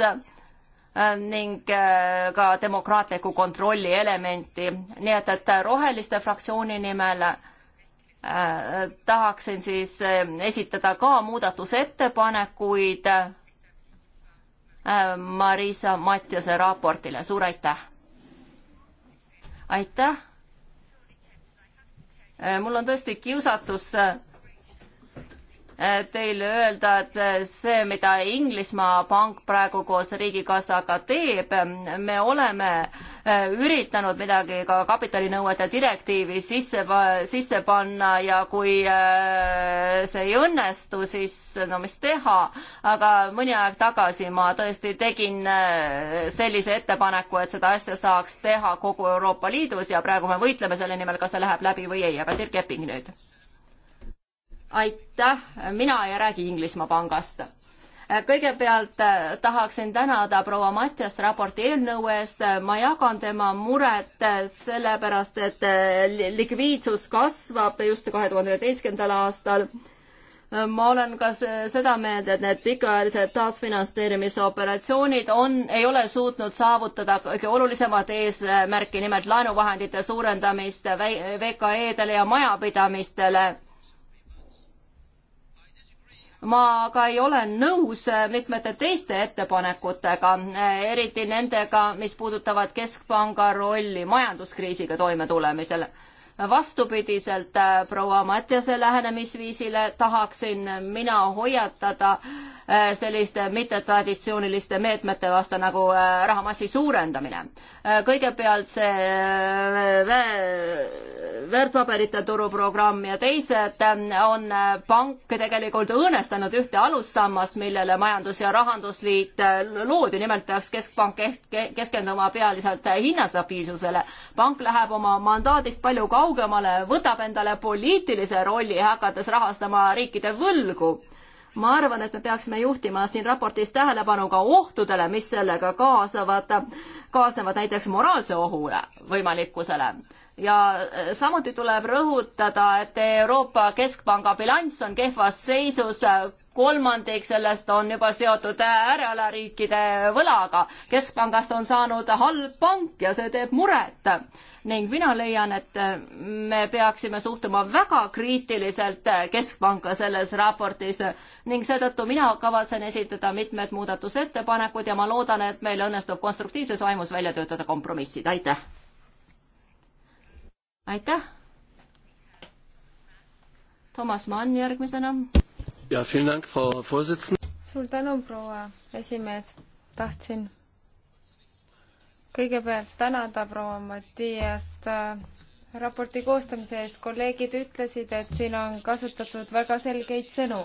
Äh, ning äh, ka demokraatliku kontrolli elementi. nii et, et Roheliste fraktsiooni nimel äh, tahaksin siis esitada ka muudatusettepanekuid Marisa Mattiase raportile, suur aitäh! aitäh! mul on tõesti kiusatus teile öelda, et see, mida Inglismaa pank praegu koos Riigikassaga teeb, me oleme äh, üritanud midagi ka kapitalinõuete direktiivi sisse, sisse panna ja kui äh, see ei õnnestu, siis no mis teha, aga mõni aeg tagasi ma tõesti tegin äh, sellise ettepaneku, et seda asja saaks teha kogu Euroopa Liidus ja praegu me võitleme selle nimel, kas see läheb läbi või ei, aga Dirk Epping nüüd aitäh, mina ei räägi Inglismaa pangast kõigepealt eh, tahaksin tänada proua Mattiast raporti eelnõu eest, ma jagan tema muret eh, sellepärast, et eh, likviidsus kasvab just kahe tuhande üheteistkümnendal aastal. ma olen ka seda meelt, et need pikaajalised taasfinantseerimisoperatsioonid on, ei ole suutnud saavutada kõige olulisemat eesmärki, nimelt laenuvahendite suurendamist VKE-dele ja majapidamistele ma aga ei ole nõus äh, mitmete teiste ettepanekutega, äh, eriti nendega, mis puudutavad keskpanga rolli majanduskriisiga toimetulemisel. vastupidiselt äh, proua Mattiase lähenemisviisile tahaksin mina hoiatada äh, Äh, selliste mittetraditsiooniliste meetmete vastu nagu äh, rahamassi suurendamine. Äh, kõigepealt see väärtpaberite turuprogramm ja teised on pank tegelikult õõnestanud ühte alussammast, millele Majandus- ja Rahandusliit loodi, nimelt peaks Keskpank keskenduma pealiselt hinnastabiilsusele. pank läheb oma mandaadist palju kaugemale, võtab endale poliitilise rolli, hakates rahastama riikide võlgu ma arvan, et me peaksime juhtima siin raportis tähelepanu ka ohtudele, mis sellega kaasavad, kaasnevad näiteks moraalse ohule võimalikkusele. ja eh, samuti tuleb rõhutada, et Euroopa Keskpanga bilanss on kehvas seisus, kolmandik sellest on juba seotud äärealariikide võlaga. keskpangast on saanud halb pank ja see teeb muret ning mina leian, et äh, me peaksime suhtuma väga kriitiliselt äh, Keskpanka selles raportis ning seetõttu mina kavatsen esitada mitmed muudatusettepanekud ja ma loodan, et meil õnnestub konstruktiivses vaimus välja töötada kompromissid, aitäh! aitäh! Toomas Mann järgmisena. ja, suur tänu, proua esimees, tahtsin kõigepealt tänada proua Mattiast äh, raporti koostamise eest. kolleegid ütlesid, et siin on kasutatud väga selgeid sõnu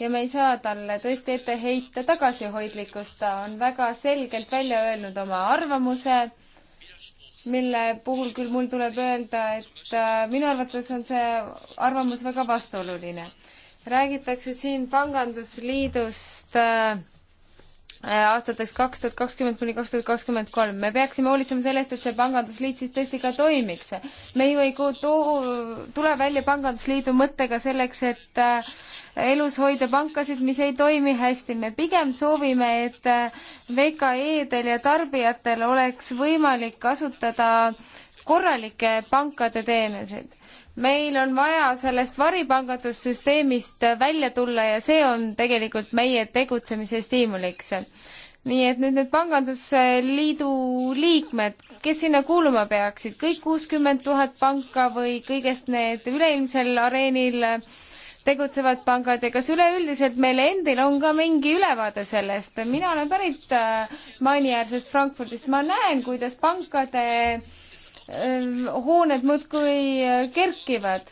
ja me ei saa talle tõesti ette heita tagasihoidlikkust. ta on väga selgelt välja öelnud oma arvamuse, mille puhul küll mul tuleb öelda, et äh, minu arvates on see arvamus väga vastuoluline. räägitakse siin pangandusliidust äh, Äh, aastateks kaks tuhat kakskümmend kuni kaks tuhat kakskümmend kolm. me peaksime hoolitsema selle eest, et see pangandusliit siis tõesti ka toimiks. me ju ei too, tule välja pangandusliidu mõttega selleks, et äh, elus hoida pankasid, mis ei toimi hästi. me pigem soovime, et äh, VKE-del ja tarbijatel oleks võimalik kasutada korralikke pankade teenuseid meil on vaja sellest varipangandussüsteemist välja tulla ja see on tegelikult meie tegutsemise stiimuliks. nii et nüüd need pangandusliidu liikmed, kes sinna kuuluma peaksid, kõik kuuskümmend tuhat panka või kõigest need üleilmsel areenil tegutsevad pangad ja kas üleüldiselt meil endil on ka mingi ülevaade sellest? mina olen pärit äh, Maani äärsest Frankfurdist, ma näen, kuidas pankade äh, Äh, hooned muudkui kerkivad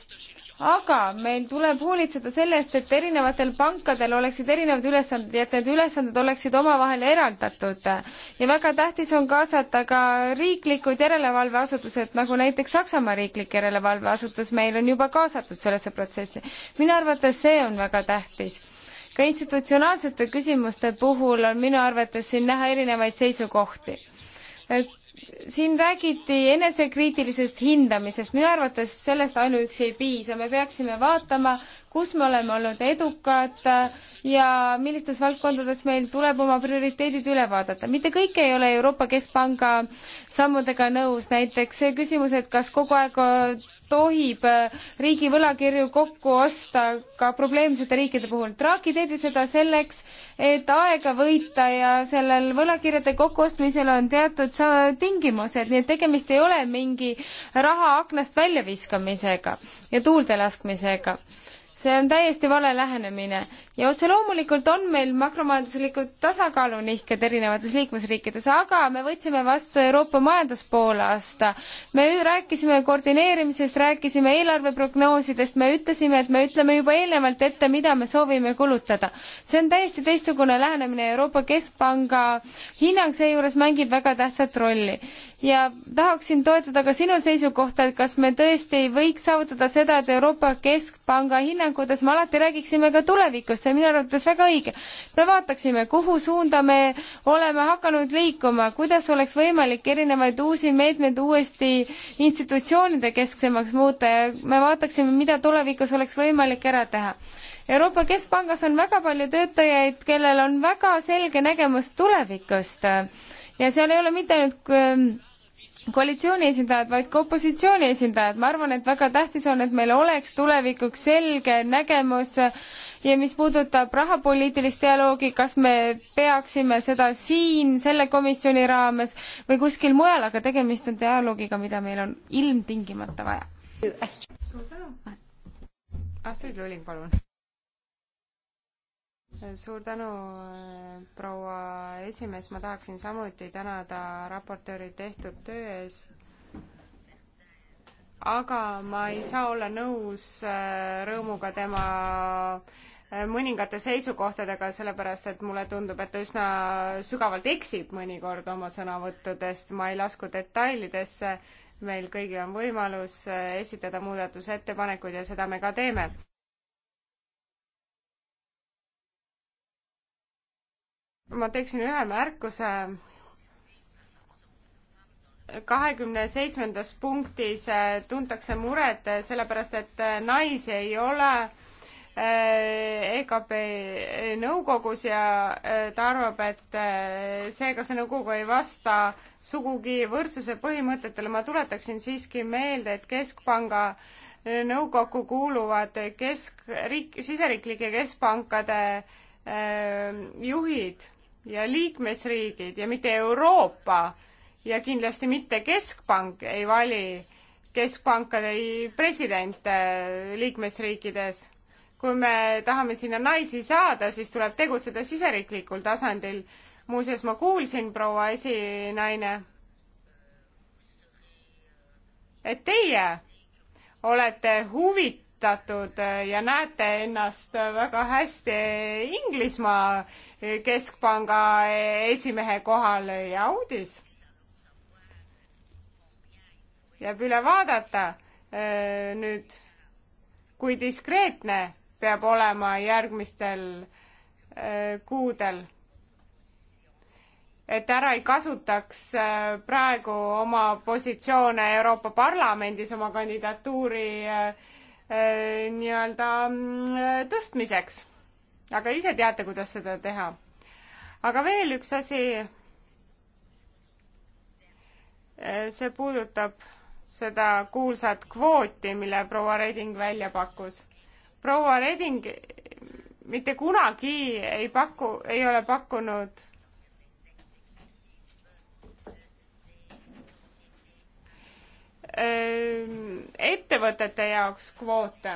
aga meil tuleb hoolitseda selle eest, et erinevatel pankadel oleksid erinevad ülesanded ja et need ülesanded oleksid omavahel eraldatud. ja väga tähtis on kaasata ka riiklikud järelevalveasutused, nagu näiteks Saksamaa riiklik järelevalveasutus meil on juba kaasatud sellesse protsessi. minu arvates see on väga tähtis ka institutsionaalsete küsimuste puhul on minu arvates siin näha erinevaid seisukohti siin räägiti enesekriitilisest hindamisest, minu arvates sellest ainuüksi ei piisa, me peaksime vaatama, kus me oleme olnud edukad ja millistes valdkondades meil tuleb oma prioriteedid üle vaadata. mitte kõik ei ole Euroopa Keskpanga sammudega nõus, näiteks see küsimus, et kas kogu aeg tohib äh, riigi võlakirju kokku osta ka probleemsete riikide puhul. Draghi teeb ju seda selleks, et aega võita ja sellel võlakirjade kokkuostmisel on teatud tingimused, nii et tegemist ei ole mingi raha aknast väljaviskamisega ja tuulde laskmisega see on täiesti vale lähenemine ja otse loomulikult on meil makromajanduslikud tasakaalunihked erinevates liikmesriikides, aga me võtsime vastu Euroopa majandus poolaasta. me rääkisime koordineerimisest, rääkisime eelarveprognoosidest, me ütlesime, et me ütleme juba eelnevalt ette, mida me soovime kulutada. see on täiesti teistsugune lähenemine, Euroopa Keskpanga hinnang seejuures mängib väga tähtsat rolli ja tahaksin toetada ka sinu seisukohta, et kas me tõesti ei võiks saavutada seda, et Euroopa Keskpanga hinnangutes me alati räägiksime ka tulevikust, see on minu arvates väga õige. me vaataksime, kuhu suunda me oleme hakanud liikuma, kuidas oleks võimalik erinevaid uusi meetmeid uuesti institutsioonide kesksemaks muuta ja me vaataksime, mida tulevikus oleks võimalik ära teha Euroopa Keskpangas on väga palju töötajaid, kellel on väga selge nägemus tulevikust ja seal ei ole mitte ainult ähm, koalitsiooni esindajad, vaid ka opositsiooni esindajad. ma arvan, et väga tähtis on, et meil oleks tulevikuks selge nägemus ja mis puudutab rahapoliitilist dialoogi, kas me peaksime seda siin selle komisjoni raames või kuskil mujal, aga tegemist on dialoogiga, mida meil on ilmtingimata vaja. suur tänu. Astrid Luling, palun suur tänu, proua esimees, ma tahaksin samuti tänada raportööri tehtud töö eest. aga ma ei saa olla nõus äh, rõõmuga tema äh, mõningate seisukohtadega, sellepärast et mulle tundub, et ta üsna sügavalt eksib mõnikord oma sõnavõttudest, ma ei lasku detailidesse, meil kõigil on võimalus äh, esitada muudatusettepanekuid ja seda me ka teeme ma teeksin ühe märkuse. kahekümne seitsmendas punktis eh, tuntakse muret eh, sellepärast, et eh, naisi ei ole EKP e nõukogus ja ta arvab, et seega see nõukogu ei vasta sugugi võrdsuse põhimõtetele. ma tuletaksin siiski meelde, et Keskpanga nõukokku kuuluvad kesk, riik, siseriiklike keskpankade juhid ja liikmesriigid ja mitte Euroopa ja kindlasti mitte keskpank ei vali keskpankade presidente liikmesriikides. kui me tahame sinna naisi saada, siis tuleb tegutseda siseriiklikul tasandil. muuseas, ma kuulsin, proua esinaine, et teie olete huvitatud huvitatud eh, ja näete ennast väga hästi Inglismaa eh, keskpanga eh, esimehe kohal ja audis. jääb üle vaadata nüüd, kui diskreetne peab olema järgmistel kuudel et ära ei kasutaks praegu oma positsioone Euroopa Parlamendis oma kandidatuuri Äh, nii-öelda mm, tõstmiseks. aga ise teate, kuidas seda teha. aga veel üks asi. Äh, see puudutab seda kuulsat kvooti, mille proua Reding välja pakkus. proua Reding mitte kunagi ei paku, ei ole pakkunud Ähm, ettevõtete jaoks kvoote.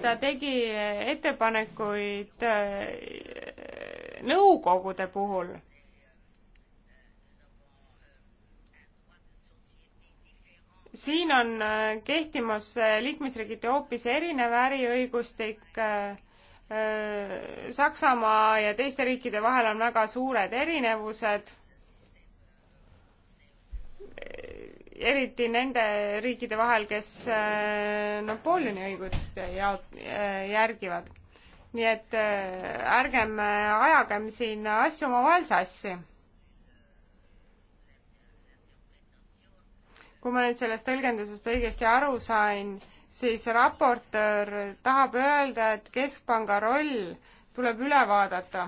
ta tegi ettepanekuid äh, nõukogude puhul. siin on äh, kehtimas äh, liikmesriigiti hoopis erinev äriõigustik Saksamaa ja teiste riikide vahel on väga suured erinevused eriti nende riikide vahel, kes äh, Napoleoni õigust jaot-, äh, järgivad. nii et äh, ärgem ajagem siin asju omavahel sassi. kui ma nüüd sellest tõlgendusest õigesti aru sain, siis raportöör tahab öelda, et keskpanga roll tuleb üle vaadata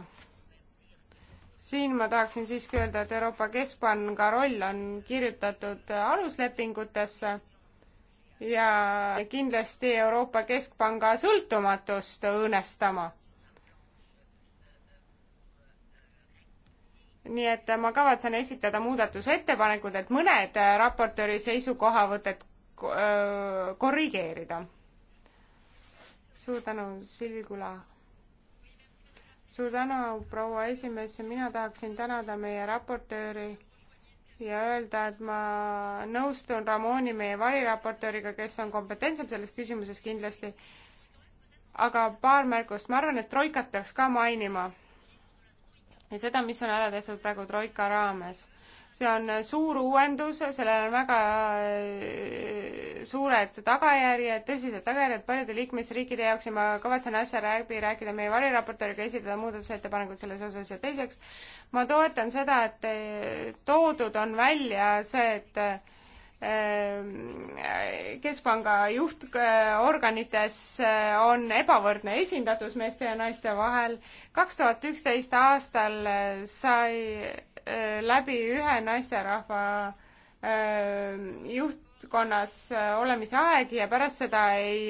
siin ma tahaksin siiski öelda, et Euroopa Keskpanga roll on kirjutatud aluslepingutesse ja kindlasti Euroopa Keskpanga sõltumatust õõnestama. nii et ma kavatsen esitada muudatusettepanekud, et mõned raportööri seisukohavõtted korrigeerida. suur tänu, Silvi Kula suur tänu, proua esimees, mina tahaksin tänada meie raportööri ja öelda, et ma nõustun Ramoni, meie variraportööriga, kes on kompetentsem selles küsimuses kindlasti. aga paar märkust, ma arvan, et troikat peaks ka mainima. ja seda, mis on ära tehtud praegu troika raames see on suur uuendus, sellel on väga äh, suured tagajärjed, tõsised tagajärjed paljude liikmesriikide jaoks ja ma kavatsen asja läbi rääkida meie variraportööriga, esitada muudatusettepanekud selles osas ja teiseks ma toetan seda, et äh, toodud on välja see, et äh, keskpanga juhtorganites on ebavõrdne esindatus meeste ja naiste vahel. kaks tuhat üksteist aastal sai Äh, läbi ühe naisterahva äh, juhtkonnas äh, olemise aeg ja pärast seda ei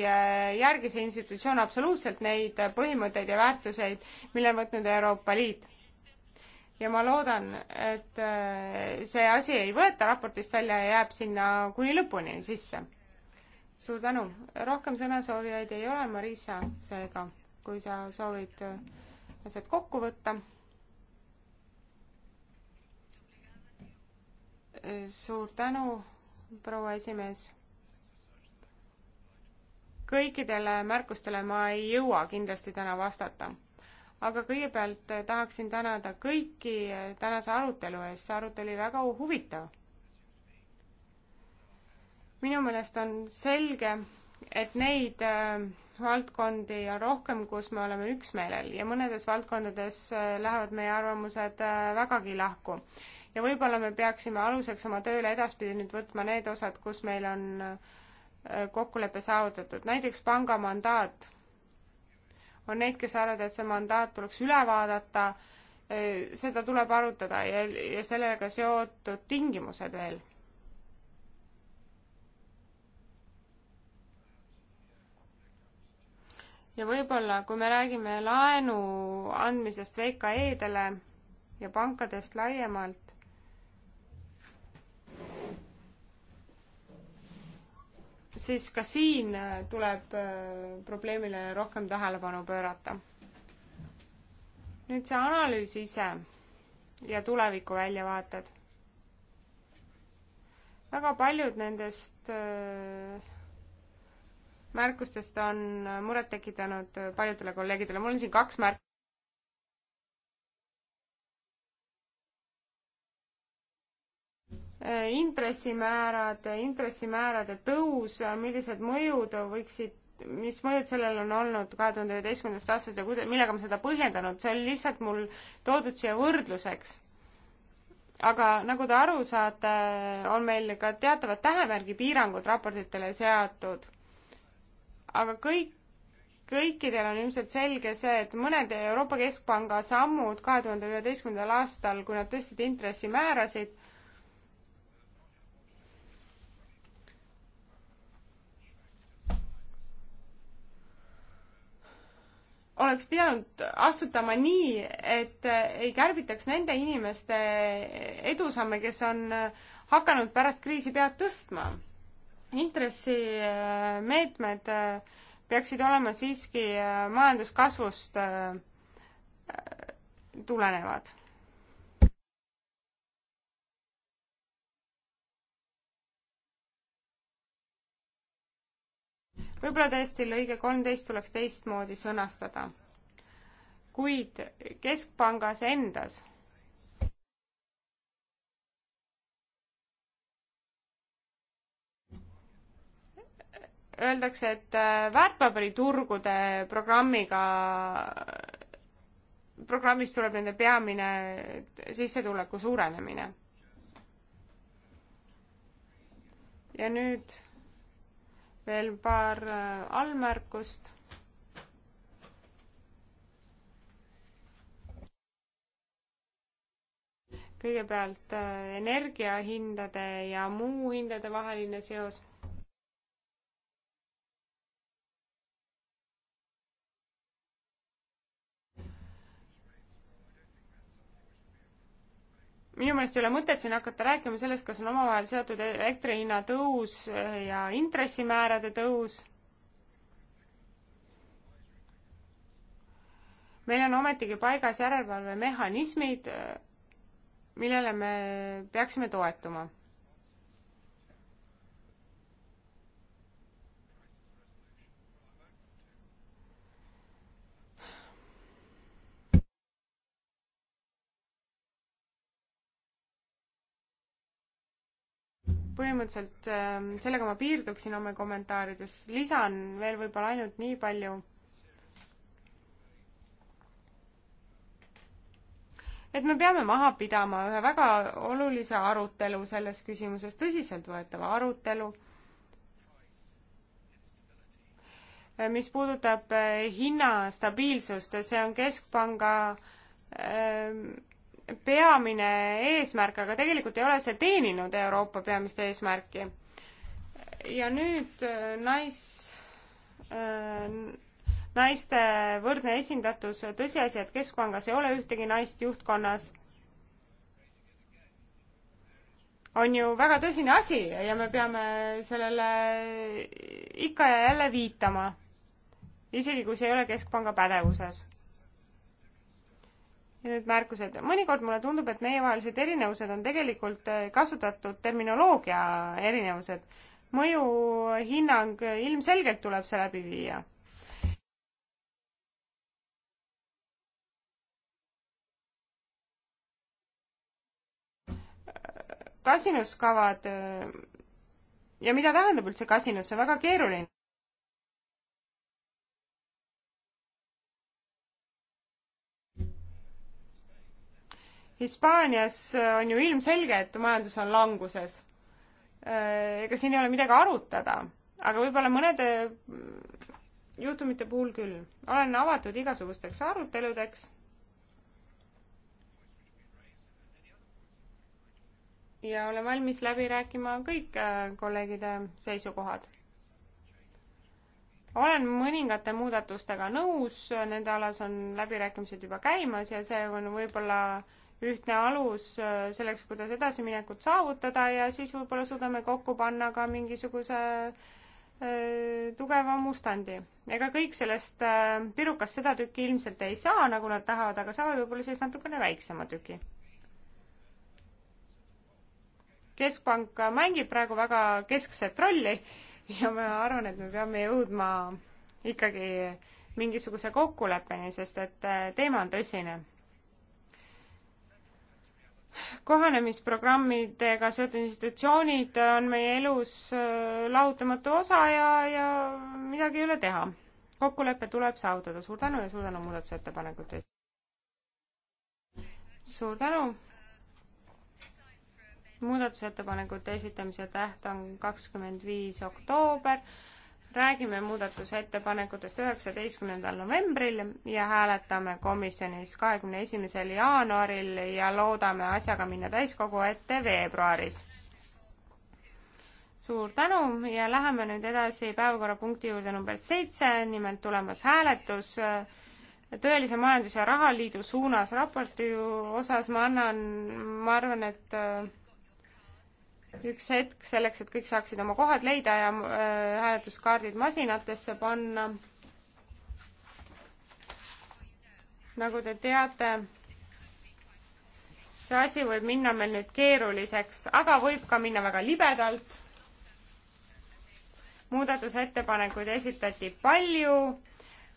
järgi see institutsioon absoluutselt neid põhimõtteid ja väärtuseid, mille on võtnud Euroopa Liit. ja ma loodan, et see asi ei võeta raportist välja ja jääb sinna kuni lõpuni sisse. suur tänu, rohkem sõnasoovijaid ei ole, Marisa, seega kui sa soovid asjad kokku võtta suur tänu, proua esimees. kõikidele märkustele ma ei jõua kindlasti täna vastata aga kõigepealt tahaksin tänada kõiki tänase arutelu eest, see arutelu oli väga huvitav. minu meelest on selge, et neid äh, valdkondi on rohkem, kus me oleme üksmeelel ja mõnedes valdkondades äh, lähevad meie arvamused äh, vägagi lahku ja võib-olla me peaksime aluseks oma tööle edaspidi nüüd võtma need osad, kus meil on äh, kokkulepe saavutatud, näiteks panga mandaat. on neid, kes arvavad, et see mandaat tuleks üle vaadata, äh, seda tuleb arutada ja, ja sellega seotud tingimused veel. ja võib-olla, kui me räägime laenu andmisest VKE-dele ja pankadest laiemalt, siis ka siin äh, tuleb äh, probleemile rohkem tähelepanu pöörata. nüüd see analüüs ise ja tuleviku väljavaated. väga paljud nendest äh, märkustest on muret tekitanud paljudele kolleegidele, mul on siin kaks märk-. Eh, intressimäärad, intressimäärade tõus, eh, millised mõjud võiksid, mis mõjud sellel on olnud kahe tuhande üheteistkümnendast aastast ja kuida-, millega ma seda põhjendanud, see oli lihtsalt mul toodud siia võrdluseks. aga nagu te aru saate, on meil ka teatavad tähemärgipiirangud raportitele seatud. aga kõik kõikidel on ilmselt selge see, et mõned Euroopa Keskpanga sammud kahe tuhande üheteistkümnendal aastal, kui nad tõstsid intressimäärasid, oleks pidanud astutama nii, et ei kärbitaks nende inimeste edusamme, kes on hakanud pärast kriisi pead tõstma. intressimeetmed peaksid olema siiski majanduskasvust tulenevad võib-olla tõesti lõige kolmteist tuleks teistmoodi sõnastada. kuid Keskpangas endas öeldakse, et äh, väärtpaberiturgude programmiga, programmist tuleb nende peamine sissetuleku suurenemine. ja nüüd veel paar äh, allmärkust. kõigepealt äh, energiahindade ja muu hindade vaheline seos minu meelest ei ole mõtet siin hakata rääkima sellest, kas on omavahel seotud elektri hinna tõus ja intressimäärade tõus. meil on ometigi paigas järelevalvemehhanismid, millele me peaksime toetuma põhimõtteliselt ähm, sellega ma piirduksin oma kommentaarides, lisan veel võib-olla ainult nii palju, et me peame maha pidama ühe väga olulise arutelu selles küsimuses, tõsiseltvõetava arutelu, äh, mis puudutab äh, hinna stabiilsust ja see on Keskpanga ähm, peamine eesmärk, aga tegelikult ei ole see teeninud Euroopa peamist eesmärki. ja nüüd äh, nais, äh, naiste võrdne esindatus, tõsiasi, et Keskpangas ei ole ühtegi naist juhtkonnas, on ju väga tõsine asi ja me peame sellele ikka ja jälle viitama, isegi kui see ei ole Keskpanga pädevuses ja nüüd märkused. mõnikord mulle tundub, et meievahelised erinevused on tegelikult äh, kasutatud terminoloogia erinevused. mõjuhinnang ilmselgelt tuleb see läbi viia äh, kasinuskavad äh, ja mida tähendab üldse kasinus, see on väga keeruline. Hispaanias äh, on ju ilmselge, et majandus on languses. Äh, ega siin ei ole midagi arutada, aga võib-olla mõnede mm, juhtumite puhul küll. olen avatud igasugusteks aruteludeks. ja olen valmis läbi rääkima kõik äh, kolleegide seisukohad olen mõningate muudatustega nõus, nende alas on läbirääkimised juba käimas ja see on võib-olla äh, ühtne alus äh, selleks, kuidas edasiminekut saavutada ja siis võib-olla suudame kokku panna ka mingisuguse äh, tugeva mustandi. ega kõik sellest äh, pirukast seda tükki ilmselt ei saa, nagu nad tahavad, aga saavad võib-olla siis natukene väiksema tüki. keskpank mängib praegu väga keskset rolli ja ma arvan, et me peame jõudma ikkagi mingisuguse kokkuleppeni, sest et teema on tõsine kohanemisprogrammidega seotud institutsioonid on meie elus äh, lahutamatu osa ja, ja midagi ei ole teha. kokkulepe tuleb saavutada. suur tänu ja suur tänu muudatusettepanekute eest. suur tänu. muudatusettepanekute esitamise täht on kakskümmend viis oktoober räägime muudatusettepanekutest üheksateistkümnendal novembril ja hääletame komisjonis kahekümne esimesel jaanuaril ja loodame asjaga minna täiskogu ette veebruaris. suur tänu ja läheme nüüd edasi päevakorrapunkti juurde number seitse, nimelt tulemas hääletus tõelise majandus- ja rahaliidu suunas raporti osas ma annan, ma arvan, et üks hetk selleks, et kõik saaksid oma kohad leida ja äh, hääletuskaardid masinatesse panna. nagu te teate, see asi võib minna meil nüüd keeruliseks, aga võib ka minna väga libedalt. muudatusettepanekuid esitati palju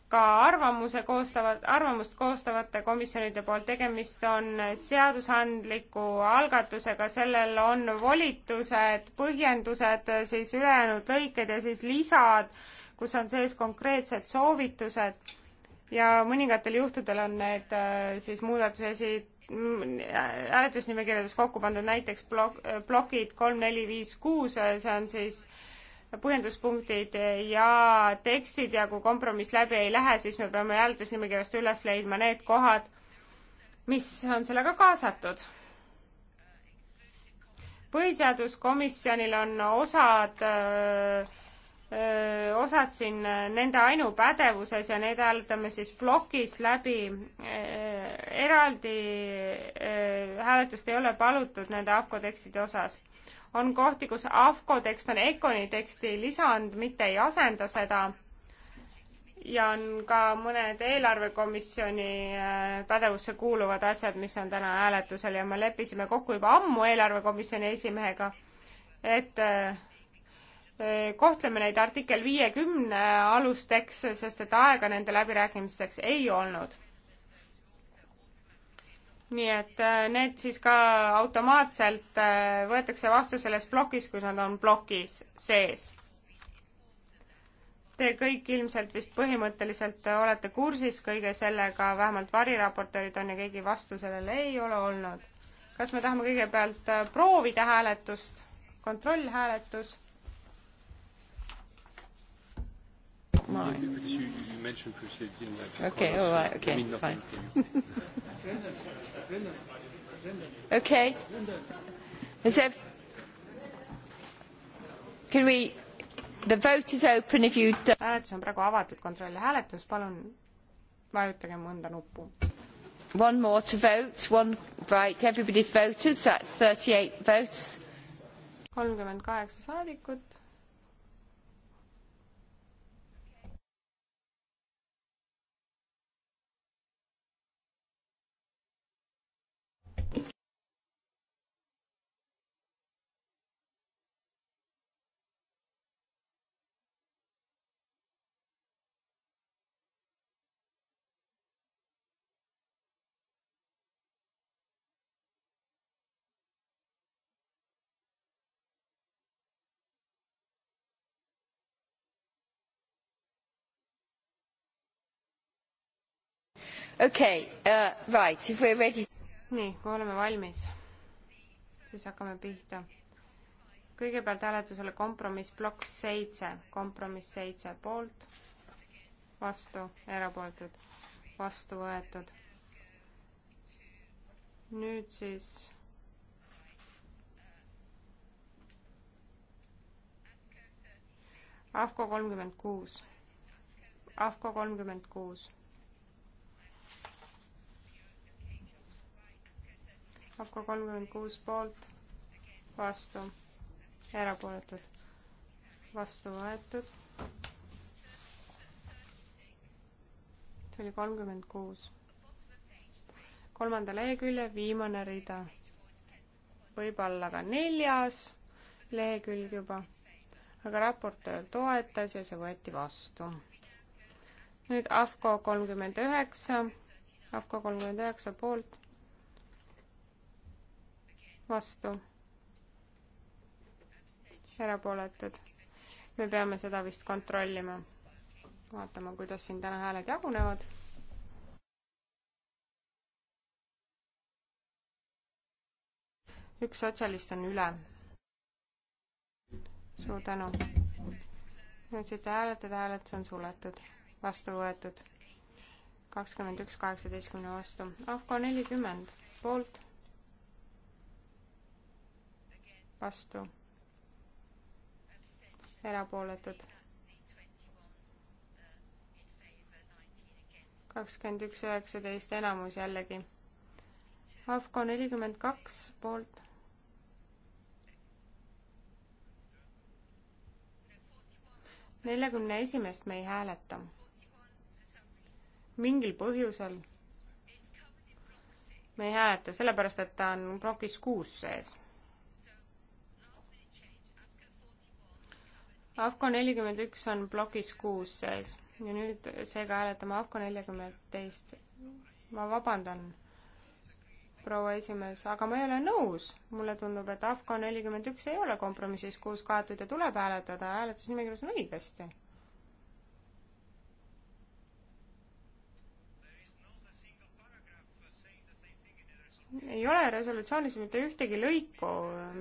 ka arvamuse koostavad, arvamust koostavate komisjonide poolt, tegemist on seadusandliku algatusega, sellel on volitused, põhjendused, siis ülejäänud lõiked ja siis lisad, kus on sees konkreetsed soovitused ja mõningatel juhtudel on need äh, siis muudatuse hääletusnimekirjades kokku pandud näiteks plok-, plokid äh, kolm, neli, viis, kuus, äh, see on siis põhjenduspunktid ja tekstid ja kui kompromiss läbi ei lähe, siis me peame hääletusnimekirjast üles leidma need kohad, mis on sellega kaasatud. põhiseaduskomisjonil on osad öö, osad siin nende ainupädevuses ja need hääletame siis plokis läbi. eraldi hääletust ei ole palutud nende AFCO tekstide osas on kohti, kus AFCO tekst on ECONi teksti lisand, mitte ei asenda seda. ja on ka mõned eelarvekomisjoni äh, pädevusse kuuluvad asjad, mis on täna hääletusel ja me leppisime kokku juba ammu eelarvekomisjoni esimehega, et äh, äh, kohtleme neid artikkel viiekümne alustekse, sest et aega nende läbirääkimisteks ei olnud nii et äh, need siis ka automaatselt äh, võetakse vastu selles plokis, kui nad on plokis sees. Te kõik ilmselt vist põhimõtteliselt äh, olete kursis kõige sellega, vähemalt variraportöörid on ja keegi vastu sellele ei ole olnud. kas me tahame kõigepealt proovida hääletust, kontrollhääletus? ma okei, okei, fine Okay. Is there, can we, the vote is open if you do... hääletus on praegu avatud, kontrolli hääletus, palun vajutage mõnda nuppu. One more to vote, one right, everybody's voted, so that's thirty eight votes. kolmkümmend kaheksa saadikut okei okay, uh,, right, if we are ready. nii, kui oleme valmis, siis hakkame pihta. kõigepealt hääletusele kompromissplokk seitse, kompromiss seitse poolt, vastu, erapooletud, vastu võetud. nüüd siis AFCO kolmkümmend kuus, AFCO kolmkümmend kuus Afko kolmkümmend kuus poolt, vastu, erapooletud, vastu võetud. see oli kolmkümmend kuus. kolmanda lehekülje viimane rida, võib-olla ka neljas lehekülg juba, aga raportöör toetas ja see võeti vastu. nüüd AFCO kolmkümmend üheksa, AFCO kolmkümmend üheksa poolt vastu, erapooletud. me peame seda vist kontrollima. vaatame, kuidas siin täna hääled jagunevad. üks sotsialist on üle. suur tänu. nüüd siit hääletada, hääletus on suletud, vastu võetud kakskümmend üks kaheksateistkümne vastu. Afko nelikümmend poolt vastu, erapooletud. kakskümmend üks, üheksateist, enamus jällegi. AFCO nelikümmend kaks poolt. neljakümne esimest me ei hääleta. mingil põhjusel me ei hääleta, sellepärast et ta on plokis kuus sees AFCO nelikümmend üks on plokis kuus sees ja nüüd seega hääletame AFCO neljakümmet teist. ma vabandan, proua esimees, aga ma ei ole nõus. mulle tundub, et AFCO nelikümmend üks ei ole kompromissis kuus kaetud ja tuleb hääletada, hääletusnimekirjas on õigesti. ei ole resolutsioonis mitte ühtegi lõiku,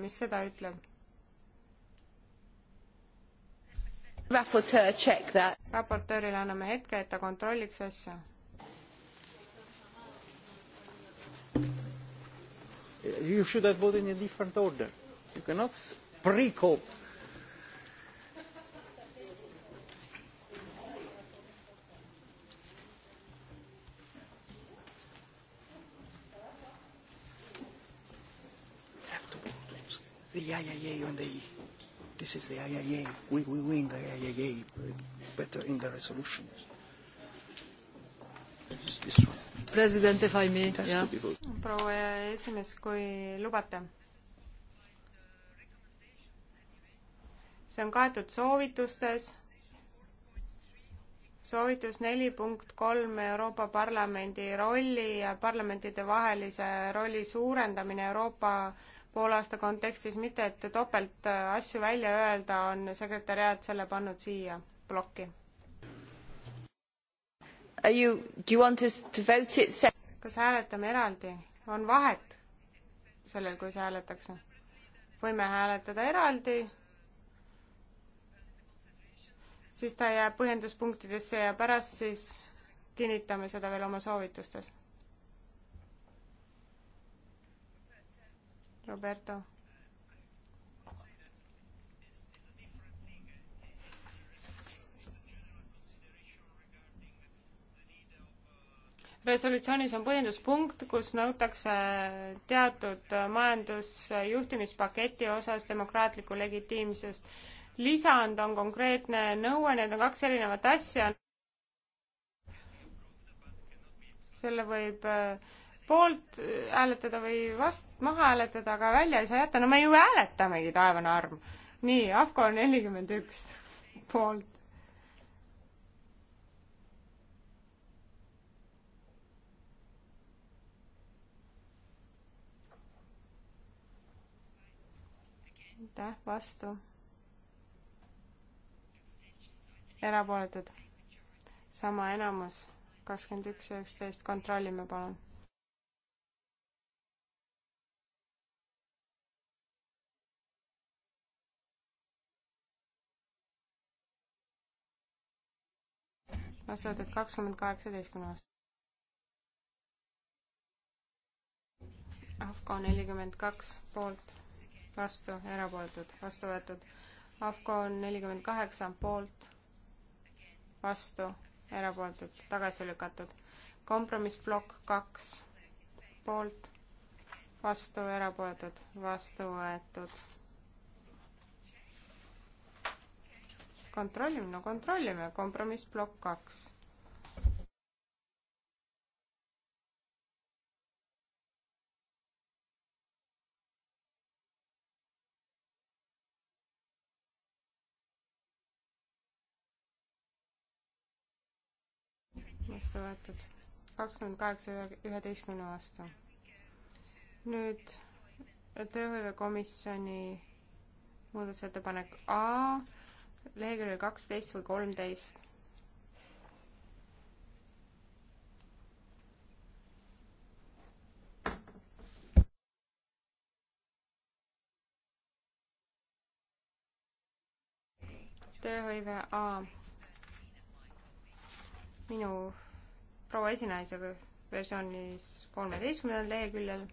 mis seda ütleb raportöörile anname hetke, et ta kontrolliks asja. You should have voted in a different order. You cannot pre-call. The IIA on the E. This is the IIA. We, we win the IIA better in the resolutions. This one. President, if I may. Yeah. proua esimees, kui lubate. see on kaetud soovitustes soovitus neli punkt kolm Euroopa Parlamendi rolli ja parlamentide vahelise rolli suurendamine Euroopa poolaasta kontekstis, mitte et topelt äh, asju välja öelda, on sekretäriaat selle pannud siia plokki. kas hääletame eraldi? on vahet sellel, kui see hääletakse? võime hääletada eraldi, siis ta jääb põhjenduspunktidesse ja pärast siis kinnitame seda veel oma soovitustes Roberto. resolutsioonis on põhjenduspunkt, kus nõutakse teatud majandusjuhtimispaketi osas demokraatlikku legitiimsust. lisand on konkreetne nõue, need on kaks erinevat asja. selle võib äh, poolt hääletada või vast-, maha hääletada, aga välja ei saa jätta, no me ju hääletamegi, taevane arm. nii, AFCO nelikümmend üks poolt. aitäh, vastu. erapooletud. sama enamus, kakskümmend üks ja üksteist, kontrollime palun. vastu võetud kakskümmend kaheksateistkümne vastu. AFCO nelikümmend kaks poolt, vastu, erapooletud, vastu võetud. AFCO nelikümmend kaheksa poolt, vastu, erapooletud, tagasi lükatud. kompromissplokk kaks poolt, vastu, erapooletud, vastu võetud kontrollime, no kontrollime, kompromiss plokk kaks. vastu võetud kakskümmend kaheksa üheteistkümne vastu. nüüd tööhõivekomisjoni muudatusettepanek A leheküljel kaksteist või kolmteist. tööhõive A. minu proua esinaise versioonis kolmeteistkümnendal leheküljel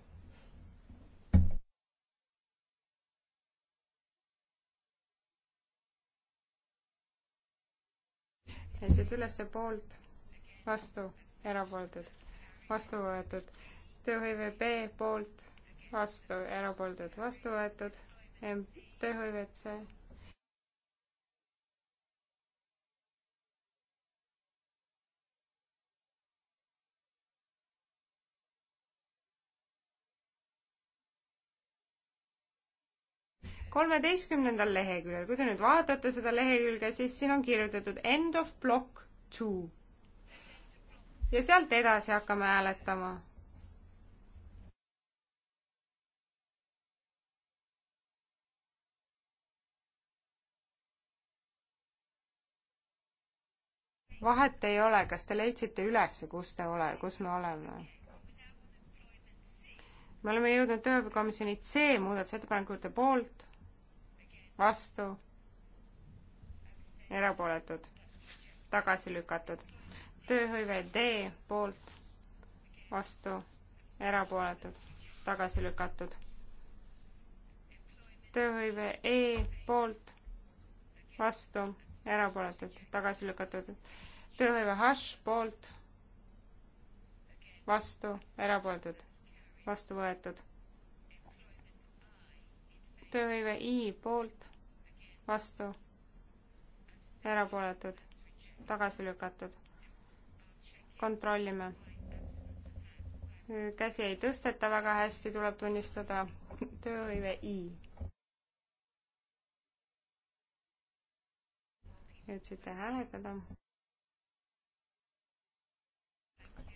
siit ülesse poolt, vastu, erapooletud, vastu võetud. tööhõive B poolt, vastu, erapooletud, vastu võetud. tööhõive C kolmeteistkümnendal leheküljel, kui te nüüd vaatate seda lehekülge, siis siin on kirjutatud end of block two. ja sealt edasi hakkame hääletama. vahet ei ole, kas te leidsite üles, kus te ole, kus me oleme me oleme jõudnud töökomisjoni C muudatusettepaneku juurde poolt, vastu, erapooletud, tagasi lükatud. tööhõive D poolt, vastu, erapooletud, tagasi lükatud. tööhõive E poolt, vastu, erapooletud, tagasi lükatud. tööhõive H poolt, vastu, erapooletud, vastu võetud tööhõive I poolt, vastu, erapooletud, tagasi lükatud. kontrollime. käsi ei tõsteta väga hästi, tuleb tunnistada, tööhõive I. jõudsite hääletada.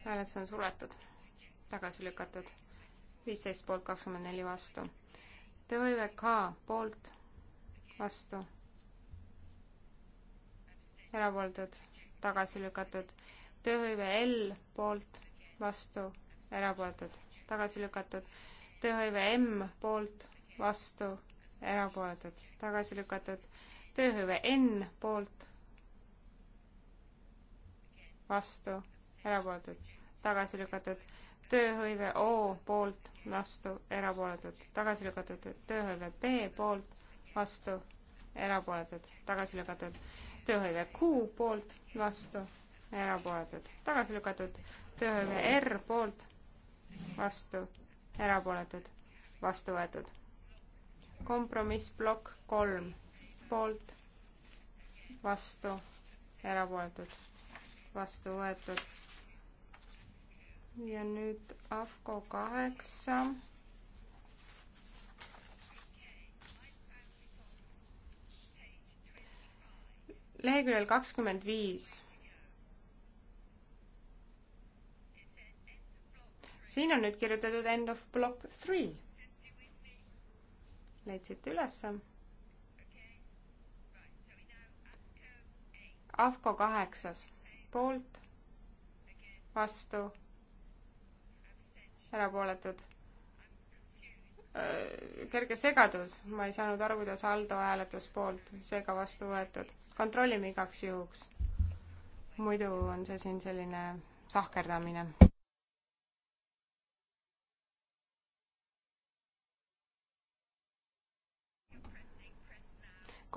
hääletus on suletud, tagasi lükatud, viisteist poolt kakskümmend neli vastu tööhõive K poolt, vastu, erapooletud, tagasi lükatud. tööhõive L poolt, vastu, erapooletud, tagasi lükatud. tööhõive M poolt, vastu, erapooletud, tagasi lükatud. tööhõive N poolt, vastu, erapooletud, tagasi lükatud tööhõive O poolt, vastu, erapooletud, tagasi lükatud, tööhõive B poolt, vastu, erapooletud, tagasi lükatud, tööhõive Q poolt, vastu, erapooletud, tagasi lükatud, tööhõive R poolt, vastu, erapooletud, vastu võetud. kompromissplokk kolm, poolt, vastu, erapooletud, vastu võetud ja nüüd AFCO kaheksa. leheküljel kakskümmend viis. siin on nüüd kirjutatud end of block three. leidsite ülesse? AFCO kaheksas, poolt, vastu erapooletud. Äh, kerge segadus, ma ei saanud aru, kuidas Aldo hääletas poolt, seega vastu võetud. kontrollime igaks juhuks. muidu on see siin selline sahkerdamine.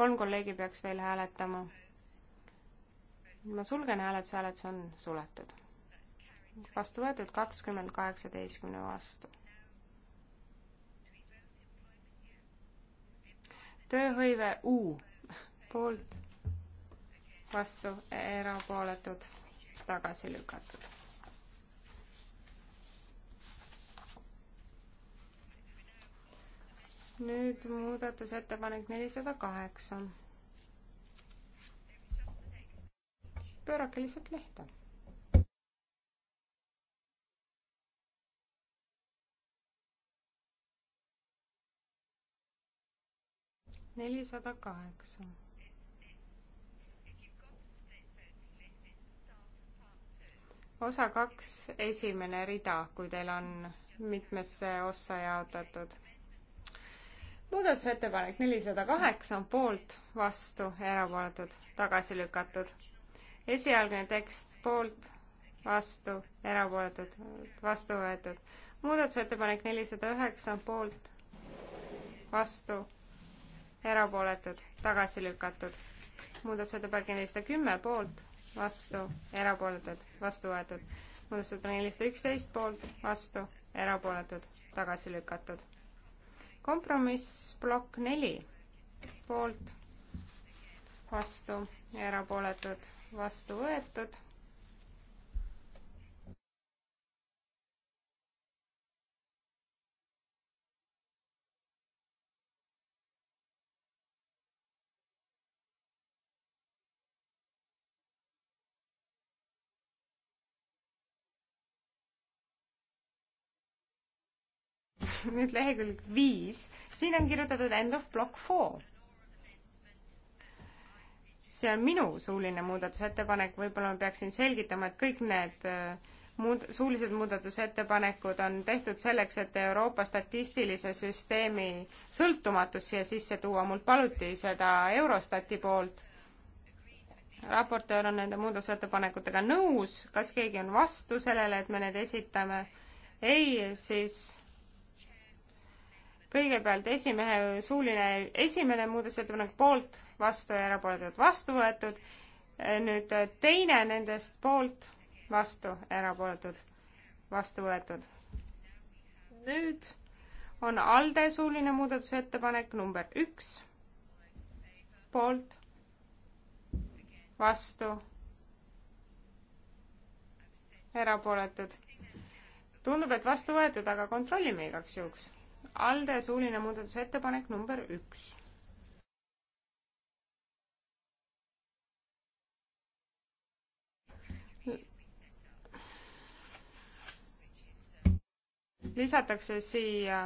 kolm kolleegi peaks veel hääletama. ma sulgen hääletuse, hääletus on suletud vastu võetud, kakskümmend kaheksateistkümne vastu. tööhõive U poolt, vastu, erapooletud, tagasi lükatud. nüüd muudatusettepanek nelisada kaheksa. pöörake lihtsalt lehte nelisada kaheksa. osa kaks, esimene rida, kui teil on mitmesse ossa jaotatud. muudatusettepanek nelisada kaheksa on poolt, vastu, erapooletud, tagasi lükatud. esialgne tekst poolt, vastu, erapooletud, vastu võetud. muudatusettepanek nelisada üheksa on poolt, vastu erapooletud, tagasi lükatud. muudatusettepanek nelisada kümme poolt, vastu, erapooletud, vastu võetud. muudatusettepanek nelisada üksteist poolt, vastu, erapooletud, tagasi lükatud. kompromissplokk neli poolt, vastu, erapooletud, vastu võetud nüüd lehekülg viis, siin on kirjutatud end of block four. see on minu suuline muudatusettepanek, võib-olla ma peaksin selgitama, et kõik need äh, muud-, suulised muudatusettepanekud on tehtud selleks, et Euroopa statistilise süsteemi sõltumatus siia sisse tuua, mult paluti seda Eurostati poolt. raportöör on nende muudatusettepanekutega nõus, kas keegi on vastu sellele, et me need esitame? ei, siis kõigepealt esimehe suuline esimene muudatusettepanek poolt, vastu ja erapooletud vastu võetud. Äh, nüüd äh, teine nendest poolt, vastu, erapooletud, vastu võetud. nüüd on ALDE suuline muudatusettepanek number üks, poolt, vastu, erapooletud. tundub, et vastu võetud, aga kontrollime igaks juhuks ALDE suuline muudatusettepanek number üks. lisatakse siia,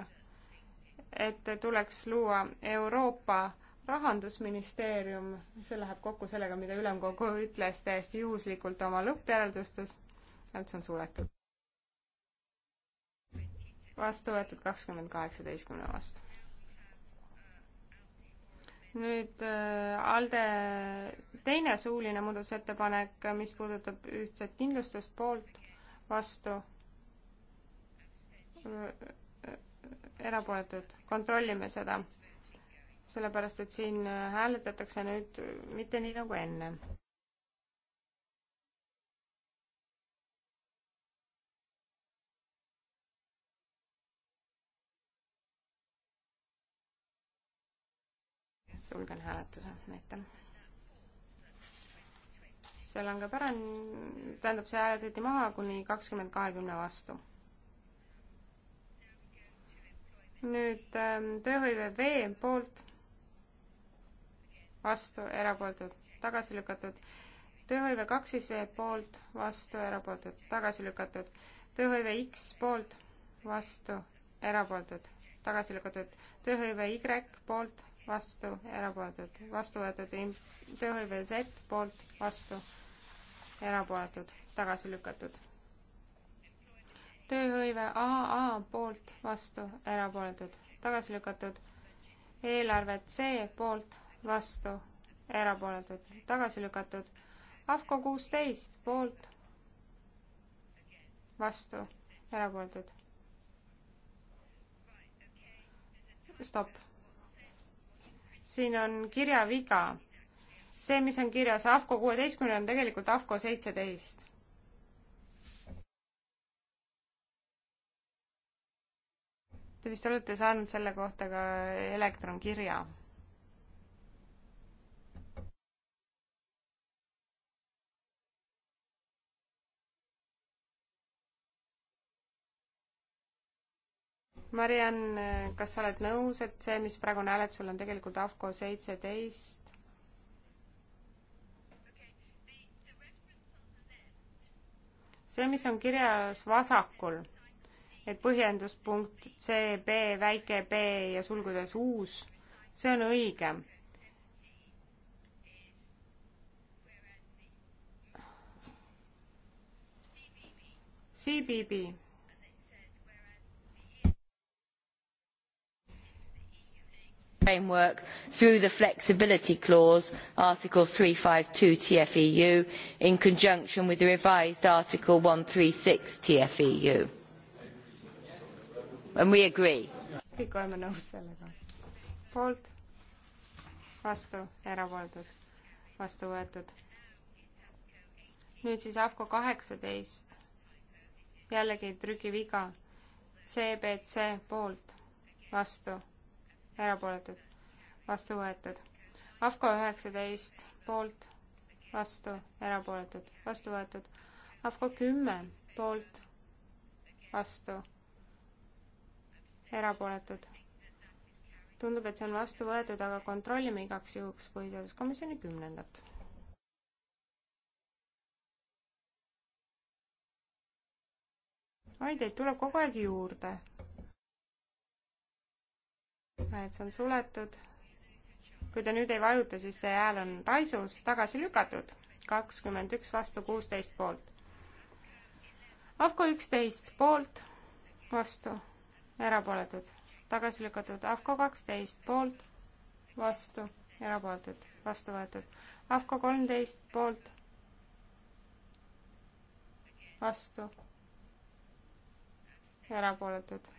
et tuleks luua Euroopa rahandusministeerium, see läheb kokku sellega, mida ülemkogu ütles täiesti juhuslikult oma lõppjäreldustes, et see on suletud vastu võetud kakskümmend kaheksateistkümne vastu. nüüd äh, ALDE teine suuline muudatusettepanek, mis puudutab ühtset kindlustust poolt, vastu, äh, äh, erapooletud, kontrollime seda. sellepärast, et siin hääletatakse nüüd mitte nii nagu enne. sulgen hääletuse, näitan. see langeb ära, tähendab, see hääletati maha kuni kakskümmend kahekümne vastu. nüüd ähm, tööhõive V poolt, vastu, erapooletud, tagasi lükatud. tööhõive kaks siis V poolt, vastu, erapooletud, tagasi lükatud. tööhõive X poolt, vastu, erapooletud, tagasi lükatud. tööhõive Y poolt, vastu, erapooletud, vastu võetud, tööhõive Z poolt, vastu, erapooletud, tagasi lükatud. tööhõive AA poolt, vastu, erapooletud, tagasi lükatud. eelarve C poolt, vastu, erapooletud, tagasi lükatud. AFCO kuusteist poolt, vastu, erapooletud. stopp siin on kirjaviga. see, mis on kirjas AFCO kuueteistkümnel, on tegelikult AFCO seitseteist. Te vist olete saanud selle kohta ka elektronkirja Mariann, kas sa oled nõus, et see, mis praegu on hääletusel, on tegelikult AFCO seitseteist? see, mis on kirjas vasakul, et põhjenduspunkt C, B, väike B ja sulgudes uus, see on õige. CBB framework through the flexibility clause article three hundred and fifty two tfeu in conjunction with the revised article one hundred and thirty six tfeu and we agree kõik oleme nõus sellega poolt vastu erapooletud vastu võetud nüüd siis AFCO kaheksateist jällegi trükiviga CBC poolt vastu erapooletud, vastu võetud. AFCO üheksateist poolt, vastu, erapooletud, vastu võetud. AFCO kümme poolt, vastu, erapooletud. tundub, et see on vastu võetud, aga kontrollime igaks juhuks põhiseaduskomisjoni kümnendat. oi, teid tuleb kogu aeg juurde hääled on suletud. kui te nüüd ei vajuta, siis see hääl on raisus, tagasi lükatud. kakskümmend üks vastu kuusteist poolt. Avko üksteist poolt, vastu, erapooletud, tagasi lükatud. Avko kaksteist poolt, vastu, erapooletud, vastu võetud. Avko kolmteist poolt, vastu, erapooletud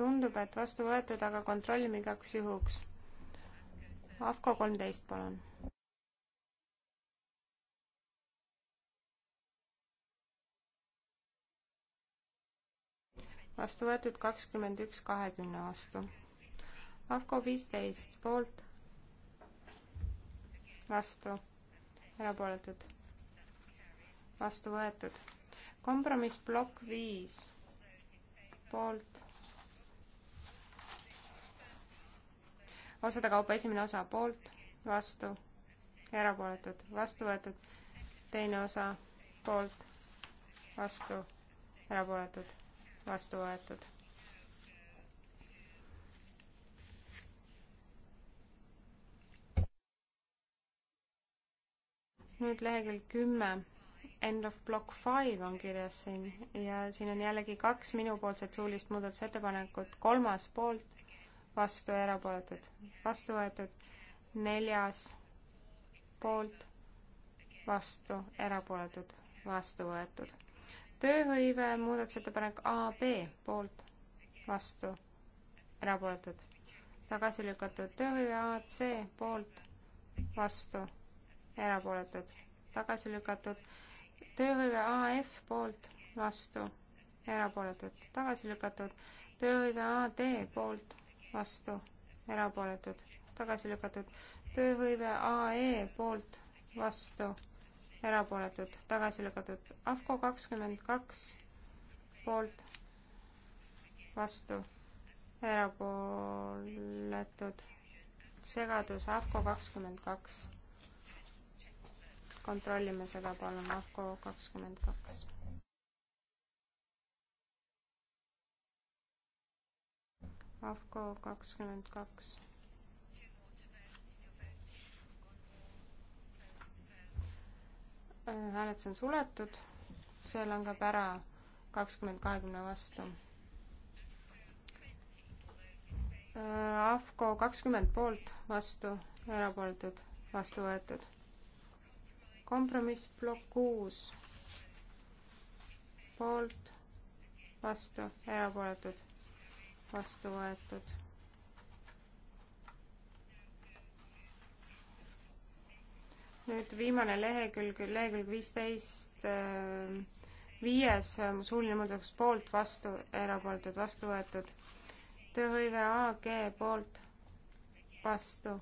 tundub, et vastu võetud, aga kontrollime igaks juhuks. AFCO kolmteist, palun. vastu võetud kakskümmend üks kahekümne vastu. AFCO viisteist poolt, vastu, erapooletud, vastu võetud. kompromissplokk viis poolt osade kaupa esimene osa poolt, vastu, erapooletud, vastu võetud, teine osa poolt, vastu, erapooletud, vastu võetud. nüüd lehekülg kümme end of block five on kirjas siin ja siin on jällegi kaks minupoolset suulist muudatusettepanekut, kolmas poolt, vastu ja erapooletud, vastu võetud. neljas poolt, vastu, erapooletud, vastu võetud. tööhõive muudatusettepanek AB poolt, vastu, erapooletud, tagasi lükatud. tööhõive AC poolt, vastu, erapooletud, tagasi lükatud. tööhõive AF poolt, vastu, erapooletud, tagasi lükatud. tööhõive AD poolt vastu, erapooletud, tagasi lükatud. tööhõive AE poolt, vastu, erapooletud, tagasi lükatud. AFCO kakskümmend kaks poolt, vastu, erapooletud, segadus AFCO kakskümmend kaks kontrollime seda palun, Ahko kakskümmend kaks. AFCO kakskümmend kaks. Äh, hääletus on suletud, see langeb ära kakskümmend kahekümne vastu. Äh, AFCO kakskümmend poolt, vastu, erapooletud, vastu võetud. kompromiss plokk kuus, poolt, vastu, erapooletud vastu võetud. nüüd viimane lehekülg, lehekülg viisteist, äh, viies äh, suuline muudatus poolt, vastu, erapooletud, vastu võetud. tööhõive AG poolt, vastu,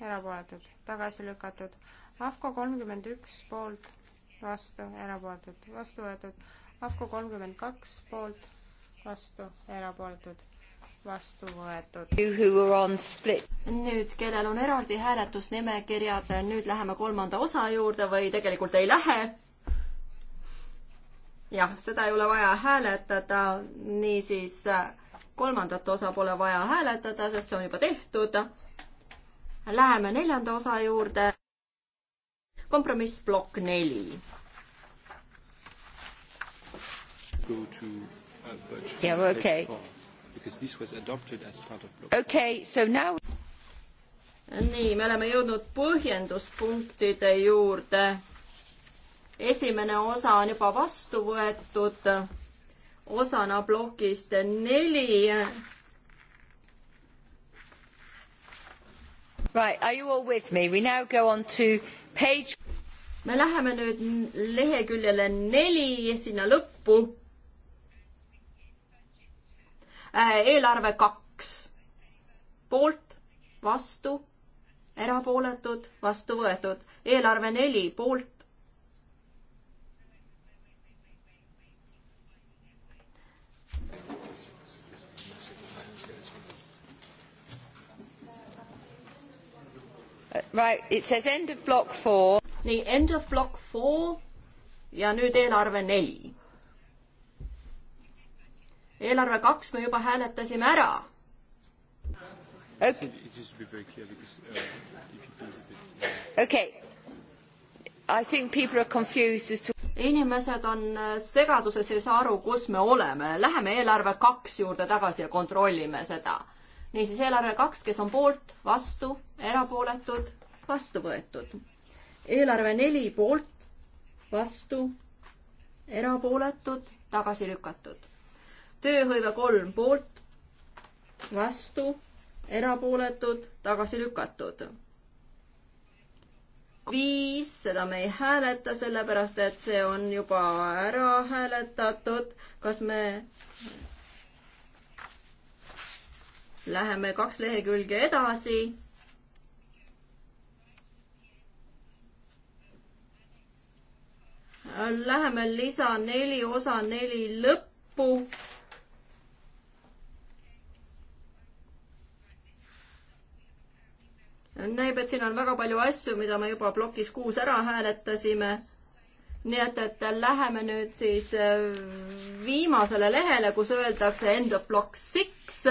erapooletud, tagasi lükatud. AFCO kolmkümmend üks poolt, vastu, erapooletud, vastu võetud. AFCO kolmkümmend kaks poolt vastu, erapooletud, vastu võetud. nüüd, kellel on eraldi hääletusnimekirjad, nüüd läheme kolmanda osa juurde või tegelikult ei lähe. jah, seda ei ole vaja hääletada, niisiis kolmandat osa pole vaja hääletada, sest see on juba tehtud. Läheme neljanda osa juurde. kompromissplokk neli. Go to Yeah, okay. Because this was adopted as part of block. Okay, so now nii, me oleme jõudnud põhjenduspunktide juurde. esimene osa on juba vastu võetud osana plokist neli. Right, are you all with me? We now go on to page. me läheme nüüd leheküljele neli, sinna lõppu Äh, eelarve kaks, poolt, vastu, erapooletud, vastu võetud. eelarve neli, poolt, Right, it says end of block four. nii, end of block four ja nüüd eelarve neli eelarve kaks me juba hääletasime ära. Uh, uh, okei. I think people are confused as to inimesed on äh, segaduses, ei saa aru, kus me oleme. Läheme eelarve kaks juurde tagasi ja kontrollime seda. niisiis, eelarve kaks, kes on poolt, vastu, erapooletud, vastu võetud. eelarve neli poolt, vastu, erapooletud, tagasi lükatud tööhõive kolm poolt, vastu, erapooletud, tagasi lükatud. viis, seda me ei hääleta, sellepärast et see on juba ära hääletatud. kas me läheme kaks lehekülge edasi? Läheme lisa neli osa neli lõppu näib, et siin on väga palju asju, mida me juba plokis kuus ära hääletasime. nii et, et läheme nüüd siis äh, viimasele lehele, kus öeldakse end of block six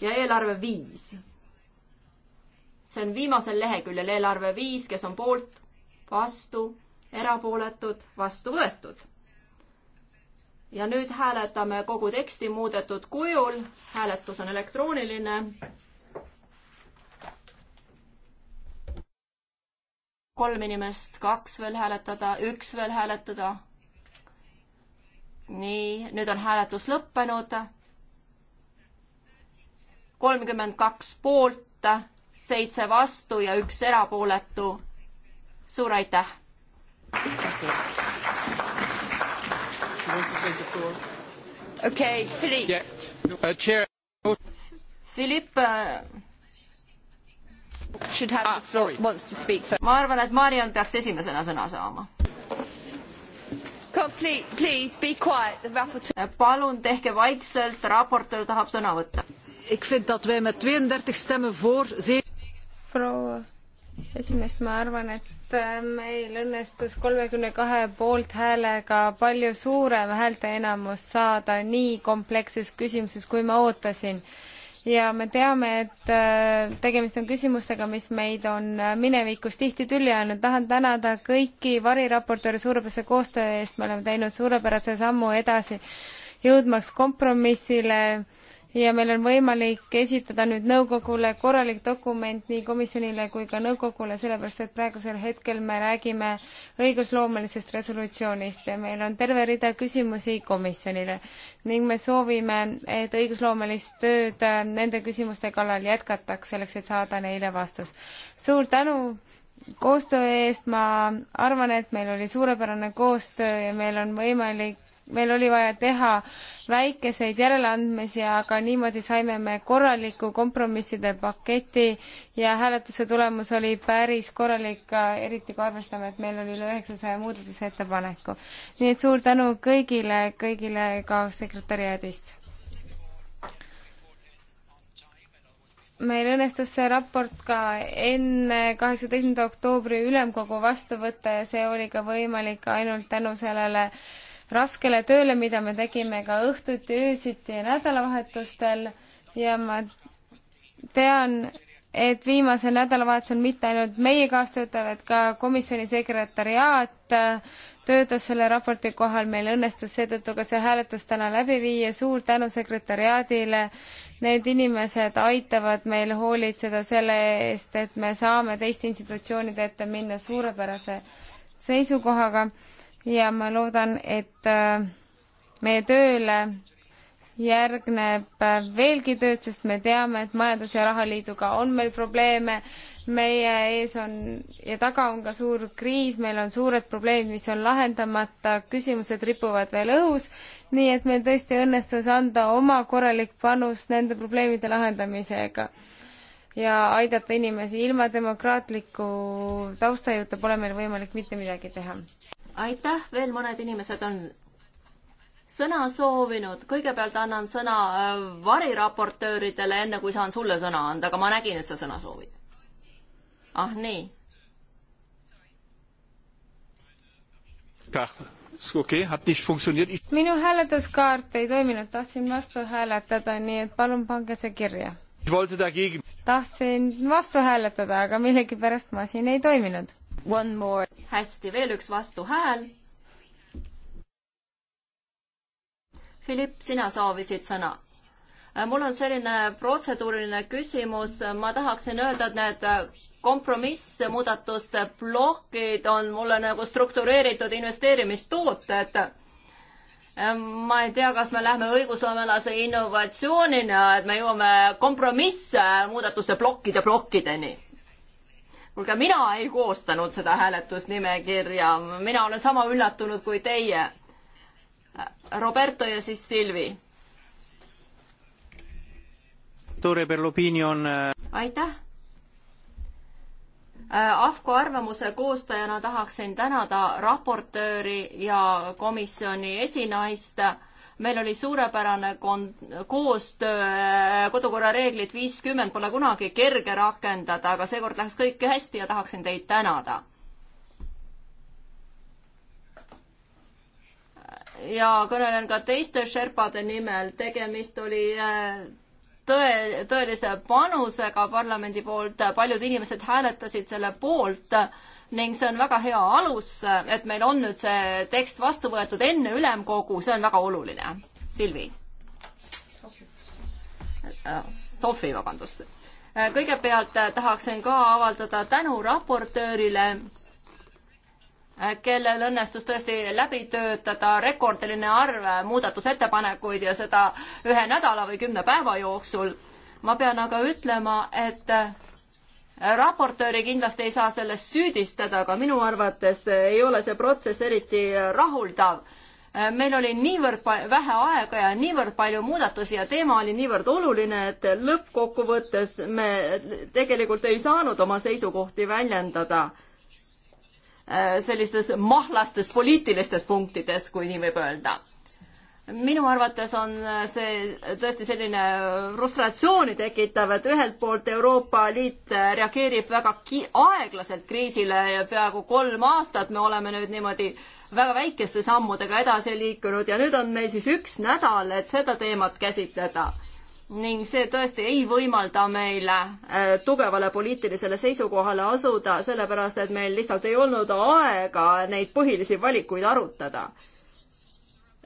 ja eelarve viis. see on viimasel leheküljel eelarve viis, kes on poolt, vastu, erapooletud, vastu võetud. ja nüüd hääletame kogu teksti muudetud kujul, hääletus on elektrooniline kolm inimest, kaks veel hääletada, üks veel hääletada. nii, nüüd on hääletus lõppenud. kolmkümmend kaks poolt, seitse vastu ja üks erapooletu. suur aitäh! okei okay,, Philipp yeah.. Uh, Philipp Ah, ma arvan, et Mariann peaks esimesena sõna saama. palun tehke vaikselt, raportöör tahab sõna võtta. proua esimees, ma arvan, et äh, meil õnnestus kolmekümne kahe poolthäälega palju suurem häälteenamus saada nii kompleksses küsimuses, kui ma ootasin ja me teame, et äh, tegemist on küsimustega, mis meid on äh, minevikus tihti tülli ajanud. tahan tänada kõiki variraportööre suurepärase koostöö eest, me oleme teinud suurepärase sammu edasi, jõudmaks kompromissile ja meil on võimalik esitada nüüd nõukogule korralik dokument nii komisjonile kui ka nõukogule, sellepärast et praegusel hetkel me räägime õigusloomelisest resolutsioonist ja meil on terve rida küsimusi komisjonile ning me soovime, et õigusloomelist tööd äh, nende küsimuste kallal jätkataks, selleks et saada neile vastus. suur tänu koostöö eest, ma arvan, et meil oli suurepärane koostöö ja meil on võimalik meil oli vaja teha väikeseid järeleandmisi, aga niimoodi saime me korraliku kompromisside paketi ja hääletuse tulemus oli päris korralik, eriti kui arvestame, et meil oli üle üheksasaja muudatusettepaneku. nii et suur tänu kõigile, kõigile ka sekretäriaadist. meil õnnestus see raport ka enne kaheksateistkümnenda oktoobri ülemkogu vastu võtta ja see oli ka võimalik ainult tänu sellele äh, raskele tööle, mida me tegime ka õhtuti, öösiti ja nädalavahetustel ja ma tean, et viimasel nädalavahetusel mitte ainult meie kaastöötajad, ka komisjoni sekretariaat äh, töötas selle raporti kohal, meil õnnestus seetõttu ka see hääletus täna läbi viia, suur tänu sekretariaadile. Need inimesed aitavad meil hoolitseda selle eest, et me saame teiste institutsioonide ette minna suurepärase seisukohaga ja ma loodan, et äh, meie tööle järgneb äh, veelgi tööd, sest me teame, et majandus- ja rahaliiduga on meil probleeme, meie ees on ja taga on ka suur kriis, meil on suured probleemid, mis on lahendamata, küsimused ripuvad veel õhus, nii et meil tõesti õnnestus anda oma korralik panus nende probleemide lahendamisega ja aidata inimesi. ilma demokraatliku taustajuta pole meil võimalik mitte midagi teha aitäh, veel mõned inimesed on sõna soovinud, kõigepealt annan sõna äh, variraportööridele, enne kui saan sulle sõna anda, aga ma nägin, et sa sõna soovid. ah nii. minu hääletuskaart ei toiminud, tahtsin vastu hääletada, nii et palun pange see kirja tahtsin vastu hääletada, aga millegipärast masin ei toiminud. One more. hästi, veel üks vastuhääl. Philipp, sina soovisid sõna äh, mul on selline protseduuriline küsimus, äh, ma tahaksin öelda, et need äh, kompromissmuudatuste plokid on mulle nagu struktureeritud investeerimistooted. Ehm, ma ei tea, kas me lähme õigusloomelase innovatsioonina, et me jõuame kompromisse muudatuste plokkide plokkideni. kuulge, mina ei koostanud seda hääletusnimekirja, mina olen sama üllatunud kui teie. Roberto ja siis Silvi. Eh, aitäh Äh, AFCO arvamuse koostajana tahaksin tänada raportööri ja komisjoni esinaist. meil oli suurepärane kon-, koostöö, äh, kodukorrareeglit viiskümmend pole kunagi kerge rakendada, aga seekord läks kõik hästi ja tahaksin teid tänada. ja kõnelen ka teiste Sherpade nimel, tegemist oli äh, tõe, tõelise panusega parlamendi poolt, paljud inimesed hääletasid selle poolt ning see on väga hea alus, et meil on nüüd see tekst vastu võetud enne ülemkogu, see on väga oluline. Silvi. Sofi, vabandust kõigepealt tahaksin ka avaldada tänu raportöörile Äh, kellel õnnestus tõesti läbi töötada rekordiline arv äh, muudatusettepanekuid ja seda ühe nädala või kümne päeva jooksul. ma pean aga ütlema, et äh, raportööri kindlasti ei saa selles süüdistada, aga minu arvates ei ole see protsess eriti rahuldav. meil oli niivõrd vähe aega ja niivõrd palju muudatusi ja teema oli niivõrd oluline, et lõppkokkuvõttes me tegelikult ei saanud oma seisukohti väljendada Äh, sellistes mahlastes poliitilistes punktides, kui nii võib öelda minu arvates on äh, see tõesti selline frustratsiooni tekitav, et ühelt poolt Euroopa Liit äh, reageerib väga ki-, aeglaselt kriisile ja peaaegu kolm aastat me oleme nüüd niimoodi väga väikeste sammudega edasi liikunud ja nüüd on meil siis üks nädal, et seda teemat käsitleda ning see tõesti ei võimalda meile äh, tugevale poliitilisele seisukohale asuda, sellepärast et meil lihtsalt ei olnud aega neid põhilisi valikuid arutada.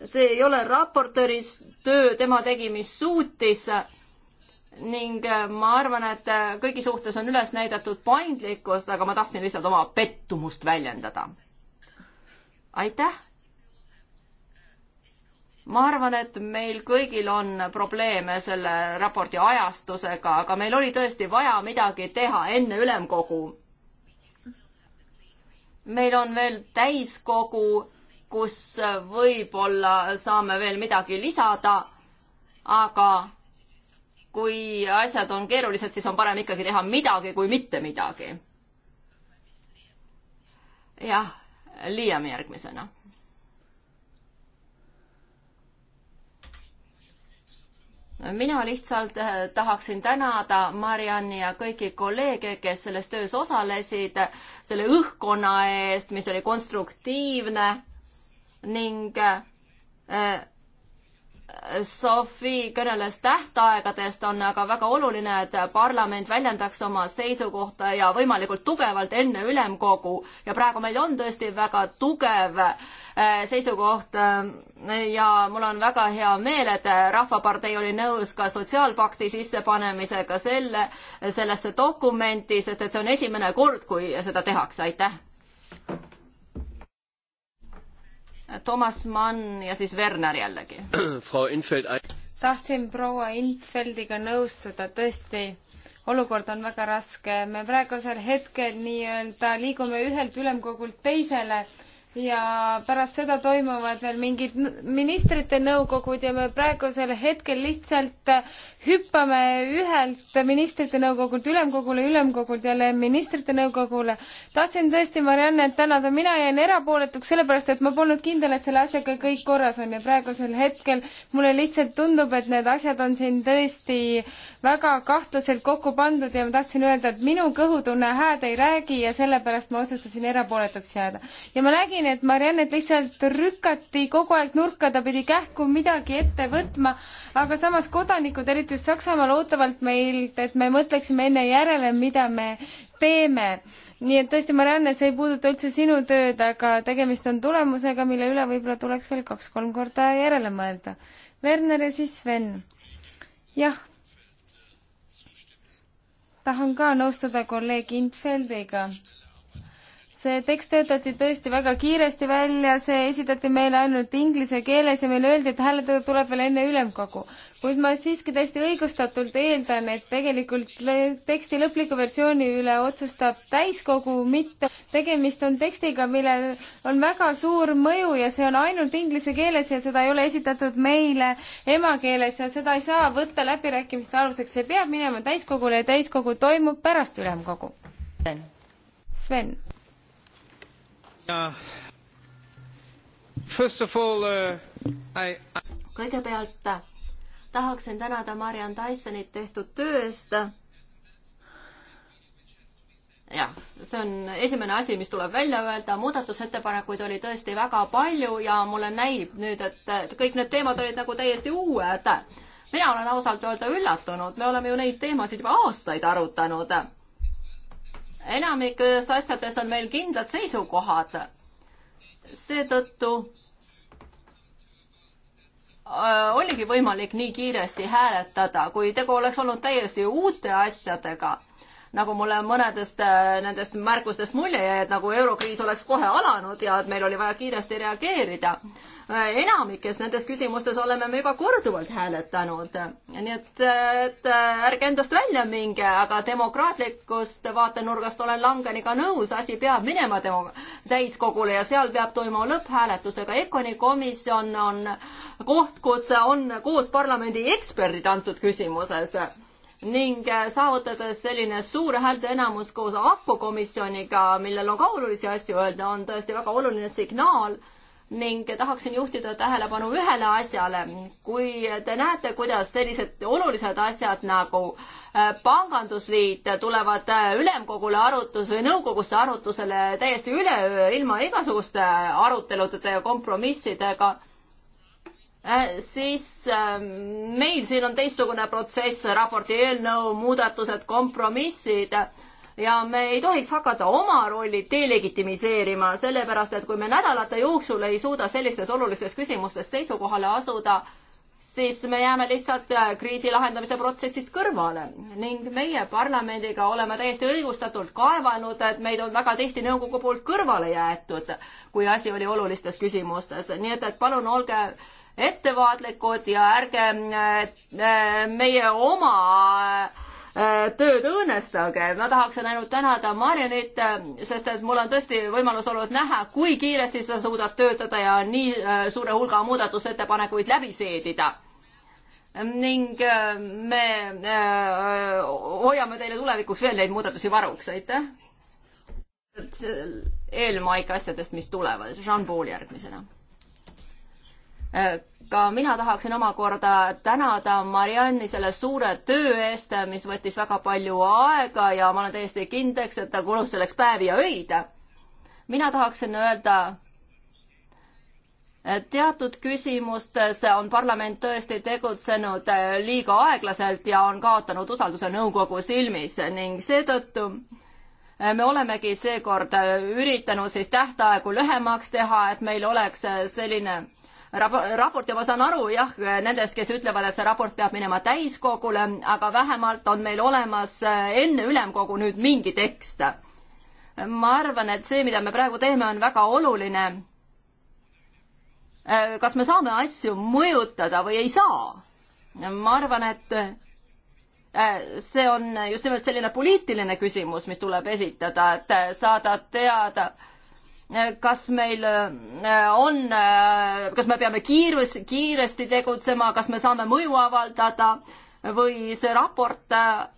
see ei ole raportööri töö, tema tegi, mis suutis ning äh, ma arvan, et äh, kõigi suhtes on üles näidatud paindlikkust, aga ma tahtsin lihtsalt oma pettumust väljendada. aitäh! ma arvan, et meil kõigil on probleeme selle raporti ajastusega, aga meil oli tõesti vaja midagi teha enne ülemkogu. meil on veel täiskogu, kus võib-olla saame veel midagi lisada, aga kui asjad on keerulised, siis on parem ikkagi teha midagi kui mitte midagi. jah, Liam järgmisena mina lihtsalt eh, tahaksin tänada Marianni ja kõiki kolleege, kes selles töös osalesid, selle õhkkonna eest, mis oli konstruktiivne ning eh, Sofi kõneles tähtaegadest, on aga väga oluline, et parlament väljendaks oma seisukohta ja võimalikult tugevalt enne ülemkogu ja praegu meil on tõesti väga tugev äh, seisukoht äh, ja mul on väga hea meel, et Rahvapartei oli nõus ka sotsiaalpakti sissepanemisega selle, sellesse dokumenti, sest et see on esimene kord, kui seda tehakse, aitäh! Toomas Mann ja siis Werner jällegi. tahtsin proua Infeldiga nõustuda, tõesti, olukord on väga raske. me praegusel hetkel nii-öelda liigume ühelt ülemkogult teisele ja pärast seda toimuvad veel mingid ministrite nõukogud ja me praegusel hetkel lihtsalt äh, hüppame ühelt ministrite nõukogult ülemkogule, ülemkogult jälle ministrite nõukogule. tahtsin tõesti Mariannet tänada, mina jäin erapooletuks sellepärast, et ma polnud kindel, et selle asjaga kõik korras on ja praegusel hetkel mulle lihtsalt tundub, et need asjad on siin tõesti väga kahtlaselt kokku pandud ja ma tahtsin öelda, et minu kõhutunne hääd ei räägi ja sellepärast ma otsustasin erapooletuks jääda. ja ma nägin, selline, et Mariannet lihtsalt rükati kogu aeg nurka, ta pidi kähku midagi ette võtma, aga samas kodanikud, eriti just Saksamaal, ootavad meilt, et me mõtleksime enne järele, mida me teeme. nii et tõesti, Marianne, see ei puuduta üldse sinu tööd, aga tegemist on tulemusega, mille üle võib-olla tuleks veel kaks-kolm korda järele mõelda. Werner ja siis Sven. jah. tahan ka nõustuda kolleeg Infeldiga see tekst töötati tõesti väga kiiresti välja, see esitati meile ainult inglise keeles ja meile öeldi, et hääletada tuleb veel enne ülemkogu. kuid ma siiski täiesti õigustatult eeldan, et tegelikult teksti lõpliku versiooni üle otsustab täiskogu, mitte tegemist on tekstiga, millel on väga suur mõju ja see on ainult inglise keeles ja seda ei ole esitatud meile emakeeles ja seda ei saa võtta läbirääkimiste aluseks, see peab minema täiskogule ja täiskogu toimub pärast ülemkogu. Sven. Uh, kõigepealt uh, tahaksin tänada Mariann Tysonit tehtud tööst. jah, see on esimene asi, mis tuleb välja öelda, muudatusettepanekuid oli tõesti väga palju ja mulle näib nüüd, et kõik need teemad olid nagu täiesti uued. mina olen ausalt öelda üllatunud, me oleme ju neid teemasid juba aastaid arutanud enamikes asjades on meil kindlad seisukohad. seetõttu äh, oligi võimalik nii kiiresti hääletada, kui tegu oleks olnud täiesti uute asjadega nagu mulle mõnedest äh, nendest märkustest mulje jäi, et nagu eurokriis oleks kohe alanud ja et meil oli vaja kiiresti reageerida. Äh, enamikes nendes küsimustes oleme me juba korduvalt hääletanud, nii et, äh, et ärge endast välja minge, aga demokraatlikust vaatenurgast olen Langeniga nõus, asi peab minema demo-, täiskogule ja seal peab toimuma lõpphääletus, aga EKONi komisjon on koht, kus on koos parlamendi eksperdid antud küsimuses ning äh, saavutades selline suur häälteenamus koos APO komisjoniga, millel on ka olulisi asju öelda, on tõesti väga oluline signaal ning tahaksin juhtida tähelepanu ühele asjale. kui te näete, kuidas sellised olulised asjad nagu äh, pangandusliit tulevad äh, ülemkogule arutus või nõukogusse arutusele täiesti üleöö, ilma igasuguste aruteludeta ja kompromissidega Äh, siis ähm, meil siin on teistsugune protsess, raporti eelnõu, muudatused, kompromissid ja me ei tohiks hakata oma rolli delegitimiseerima, sellepärast et kui me nädalate jooksul ei suuda sellistes olulistes küsimustes seisukohale asuda, siis me jääme lihtsalt äh, kriisi lahendamise protsessist kõrvale ning meie parlamendiga oleme täiesti õigustatult kaevanud, et meid on väga tihti nõukogu poolt kõrvale jäetud, kui asi oli olulistes küsimustes, nii et, et palun olge ettevaatlikud ja ärge äh, äh, meie oma äh, tööd õõnestage, ma tahaksin ainult tänada Marianit, sest et mul on tõesti võimalus olnud näha, kui kiiresti sa suudad töötada ja nii suure hulga muudatusettepanekuid läbi seedida ning me hoiame teile tulevikuks veel neid muudatusi varuks, aitäh. eelmaik asjadest, mis tulevad, Jean Paul järgmisena ka mina tahaksin omakorda tänada Marianni selle suure töö eest, mis võttis väga palju aega ja ma olen täiesti kindlaks, et ta kulus selleks päevi ja öid. mina tahaksin öelda, et teatud küsimustes on parlament tõesti tegutsenud äh, liiga aeglaselt ja on kaotanud usalduse nõukogu silmis ning seetõttu äh, me olemegi seekord äh, üritanud siis tähtaegu lühemaks teha, et meil oleks selline rap-, raporti ma saan aru jah, nendest, kes ütlevad, et see raport peab minema täiskogule, aga vähemalt on meil olemas eh, enne ülemkogu nüüd mingi tekst. ma arvan, et see, mida me praegu teeme, on väga oluline. Eh, kas me saame asju mõjutada või ei saa? ma arvan, et eh, see on just nimelt selline poliitiline küsimus, mis tuleb esitada, et saada teada äh, kas meil äh, on, äh, kas me peame kiirus, kiiresti tegutsema, kas me saame mõju avaldada või see raport, äh,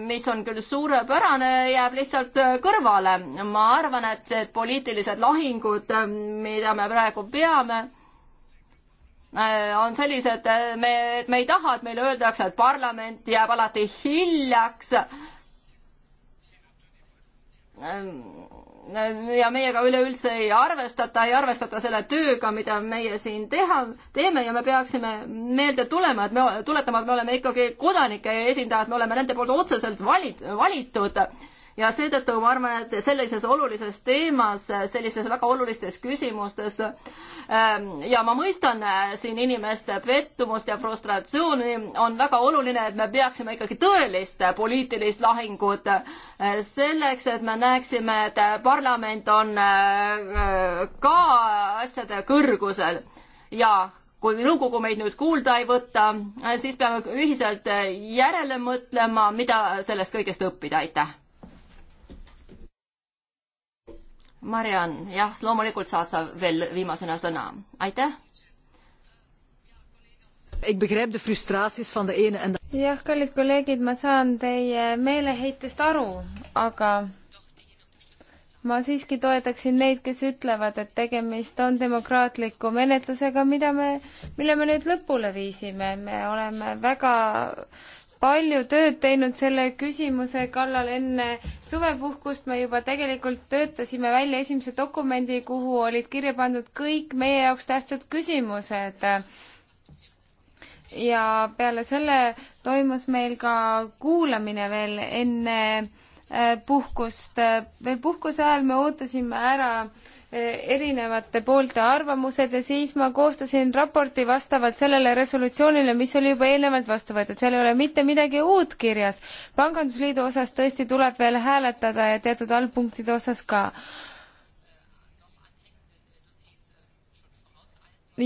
mis on küll suurepärane, jääb lihtsalt kõrvale. ma arvan, et see poliitilised lahingud, mida me praegu peame, on sellised, me, et me ei taha, et meile öeldakse, et parlament jääb alati hiljaks ja meiega üleüldse ei arvestata, ei arvestata selle tööga, mida meie siin teha, teeme ja me peaksime meelde tulema, et me, tuletama, et me oleme ikkagi kodanike esindajad, me oleme nende poolt otseselt valit-, valitud ja seetõttu ma arvan, et sellises olulises teemas, sellises väga olulistes küsimustes ähm, ja ma mõistan äh, siin inimeste pettumust ja frustratsiooni, on väga oluline, et me peaksime ikkagi tõelist poliitilist lahingut äh, selleks, et me näeksime, et parlament on äh, ka asjade kõrgusel ja kui nõukogu meid nüüd kuulda ei võta, siis peame ühiselt järele mõtlema, mida sellest kõigest õppida, aitäh Mariann, jah, loomulikult saad sa veel viimasena sõna. aitäh! jah, kallid kolleegid, ma saan teie meeleheitest aru, aga ma siiski toetaksin neid, kes ütlevad, et tegemist on demokraatliku menetlusega, mida me, mille me nüüd lõpule viisime. me oleme väga äh, palju tööd teinud selle küsimuse kallal enne suvepuhkust. me juba tegelikult töötasime välja esimese dokumendi, kuhu olid kirja pandud kõik meie jaoks tähtsad küsimused. ja peale selle toimus meil ka kuulamine veel enne äh, puhkust. Äh, veel puhkuse ajal me ootasime ära äh, erinevate poolte arvamused ja siis ma koostasin raporti vastavalt sellele resolutsioonile, mis oli juba eelnevalt vastu võetud, seal ei ole mitte midagi uut kirjas. pangandusliidu osas tõesti tuleb veel hääletada ja teatud allpunktide osas ka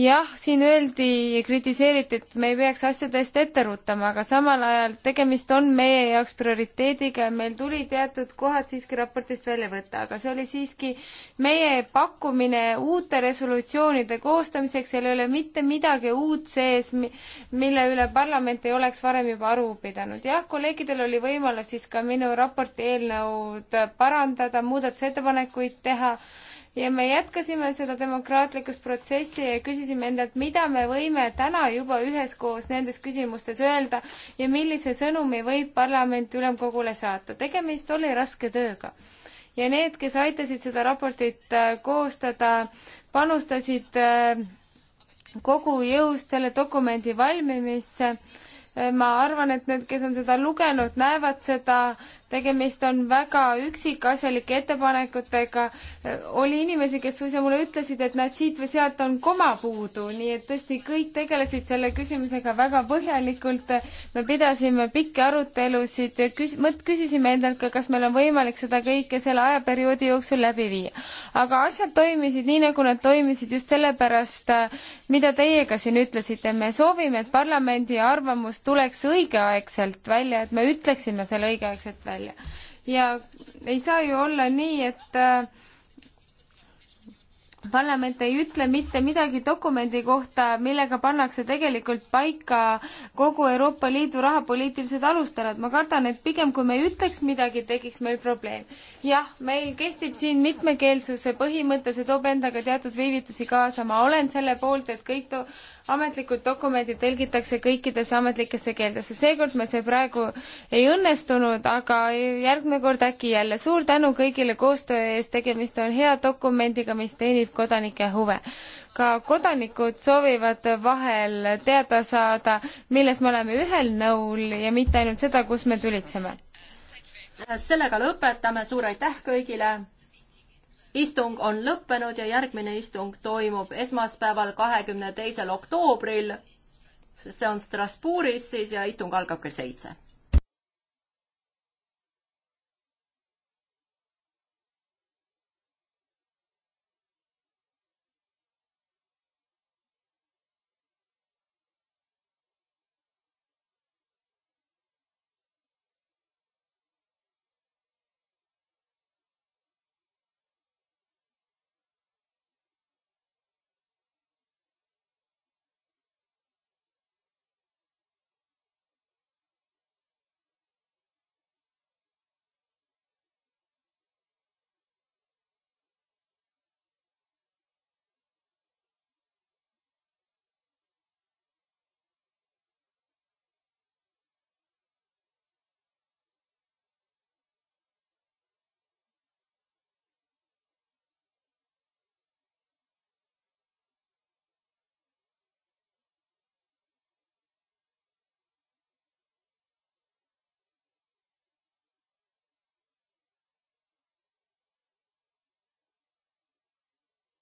jah, siin öeldi, kritiseeriti, et me ei peaks asjadest ette ruttama, aga samal ajal tegemist on meie jaoks prioriteediga ja meil tuli teatud kohad siiski raportist välja võtta, aga see oli siiski meie pakkumine uute resolutsioonide koostamiseks, seal ei ole mitte midagi uut sees, mille üle parlament ei oleks varem juba aru pidanud. jah, kolleegidel oli võimalus siis ka minu raporti eelnõud parandada, muudatusettepanekuid teha ja me jätkasime seda demokraatlikust protsessi ja küsisime endalt, mida me võime täna juba üheskoos nendes küsimustes öelda ja millise sõnumi võib parlament ülemkogule saata. tegemist oli raske tööga ja need, kes aitasid seda raportit äh, koostada, panustasid äh, kogu jõust selle dokumendi valmimisse Äh, ma arvan, et need, kes on seda lugenud, näevad seda, tegemist on väga üksikasjalike ettepanekutega. Äh, oli inimesi, kes suisa mulle ütlesid, et näed, siit või sealt on koma puudu, nii et tõesti kõik tegelesid selle küsimusega väga põhjalikult. me pidasime pikki arutelusid ja küs-, mõt-, küsisime endalt ka, kas meil on võimalik seda kõike selle ajaperioodi jooksul läbi viia. aga asjad toimisid nii, nagu nad toimisid just sellepärast, äh, mida teie ka siin ütlesite, me soovime, et parlamendi arvamust tuleks õigeaegselt välja, et me ütleksime selle õigeaegselt välja. ja ei saa ju olla nii, et äh, parlament ei ütle mitte midagi dokumendi kohta, millega pannakse tegelikult paika kogu Euroopa Liidu rahapoliitilised alustalad. ma kardan, et pigem kui me ei ütleks midagi, tekiks meil probleem. jah, meil kehtib siin mitmekeelsuse põhimõte, see toob endaga teatud viivitusi kaasa, ma olen selle poolt, et kõik to-, ametlikud dokumendid tõlgitakse kõikidesse ametlikesse keeltesse. seekord meil see praegu ei õnnestunud, aga järgmine kord äkki jälle. suur tänu kõigile koostöö eest, tegemist on hea dokumendiga, mis teenib kodanike huve. ka kodanikud soovivad vahel teada saada, milles me oleme ühel nõul ja mitte ainult seda, kus me tülitseme. sellega lõpetame, suur aitäh kõigile istung on lõppenud ja järgmine istung toimub esmaspäeval, kahekümne teisel oktoobril. see on Strasbourgis siis ja istung algab kell seitse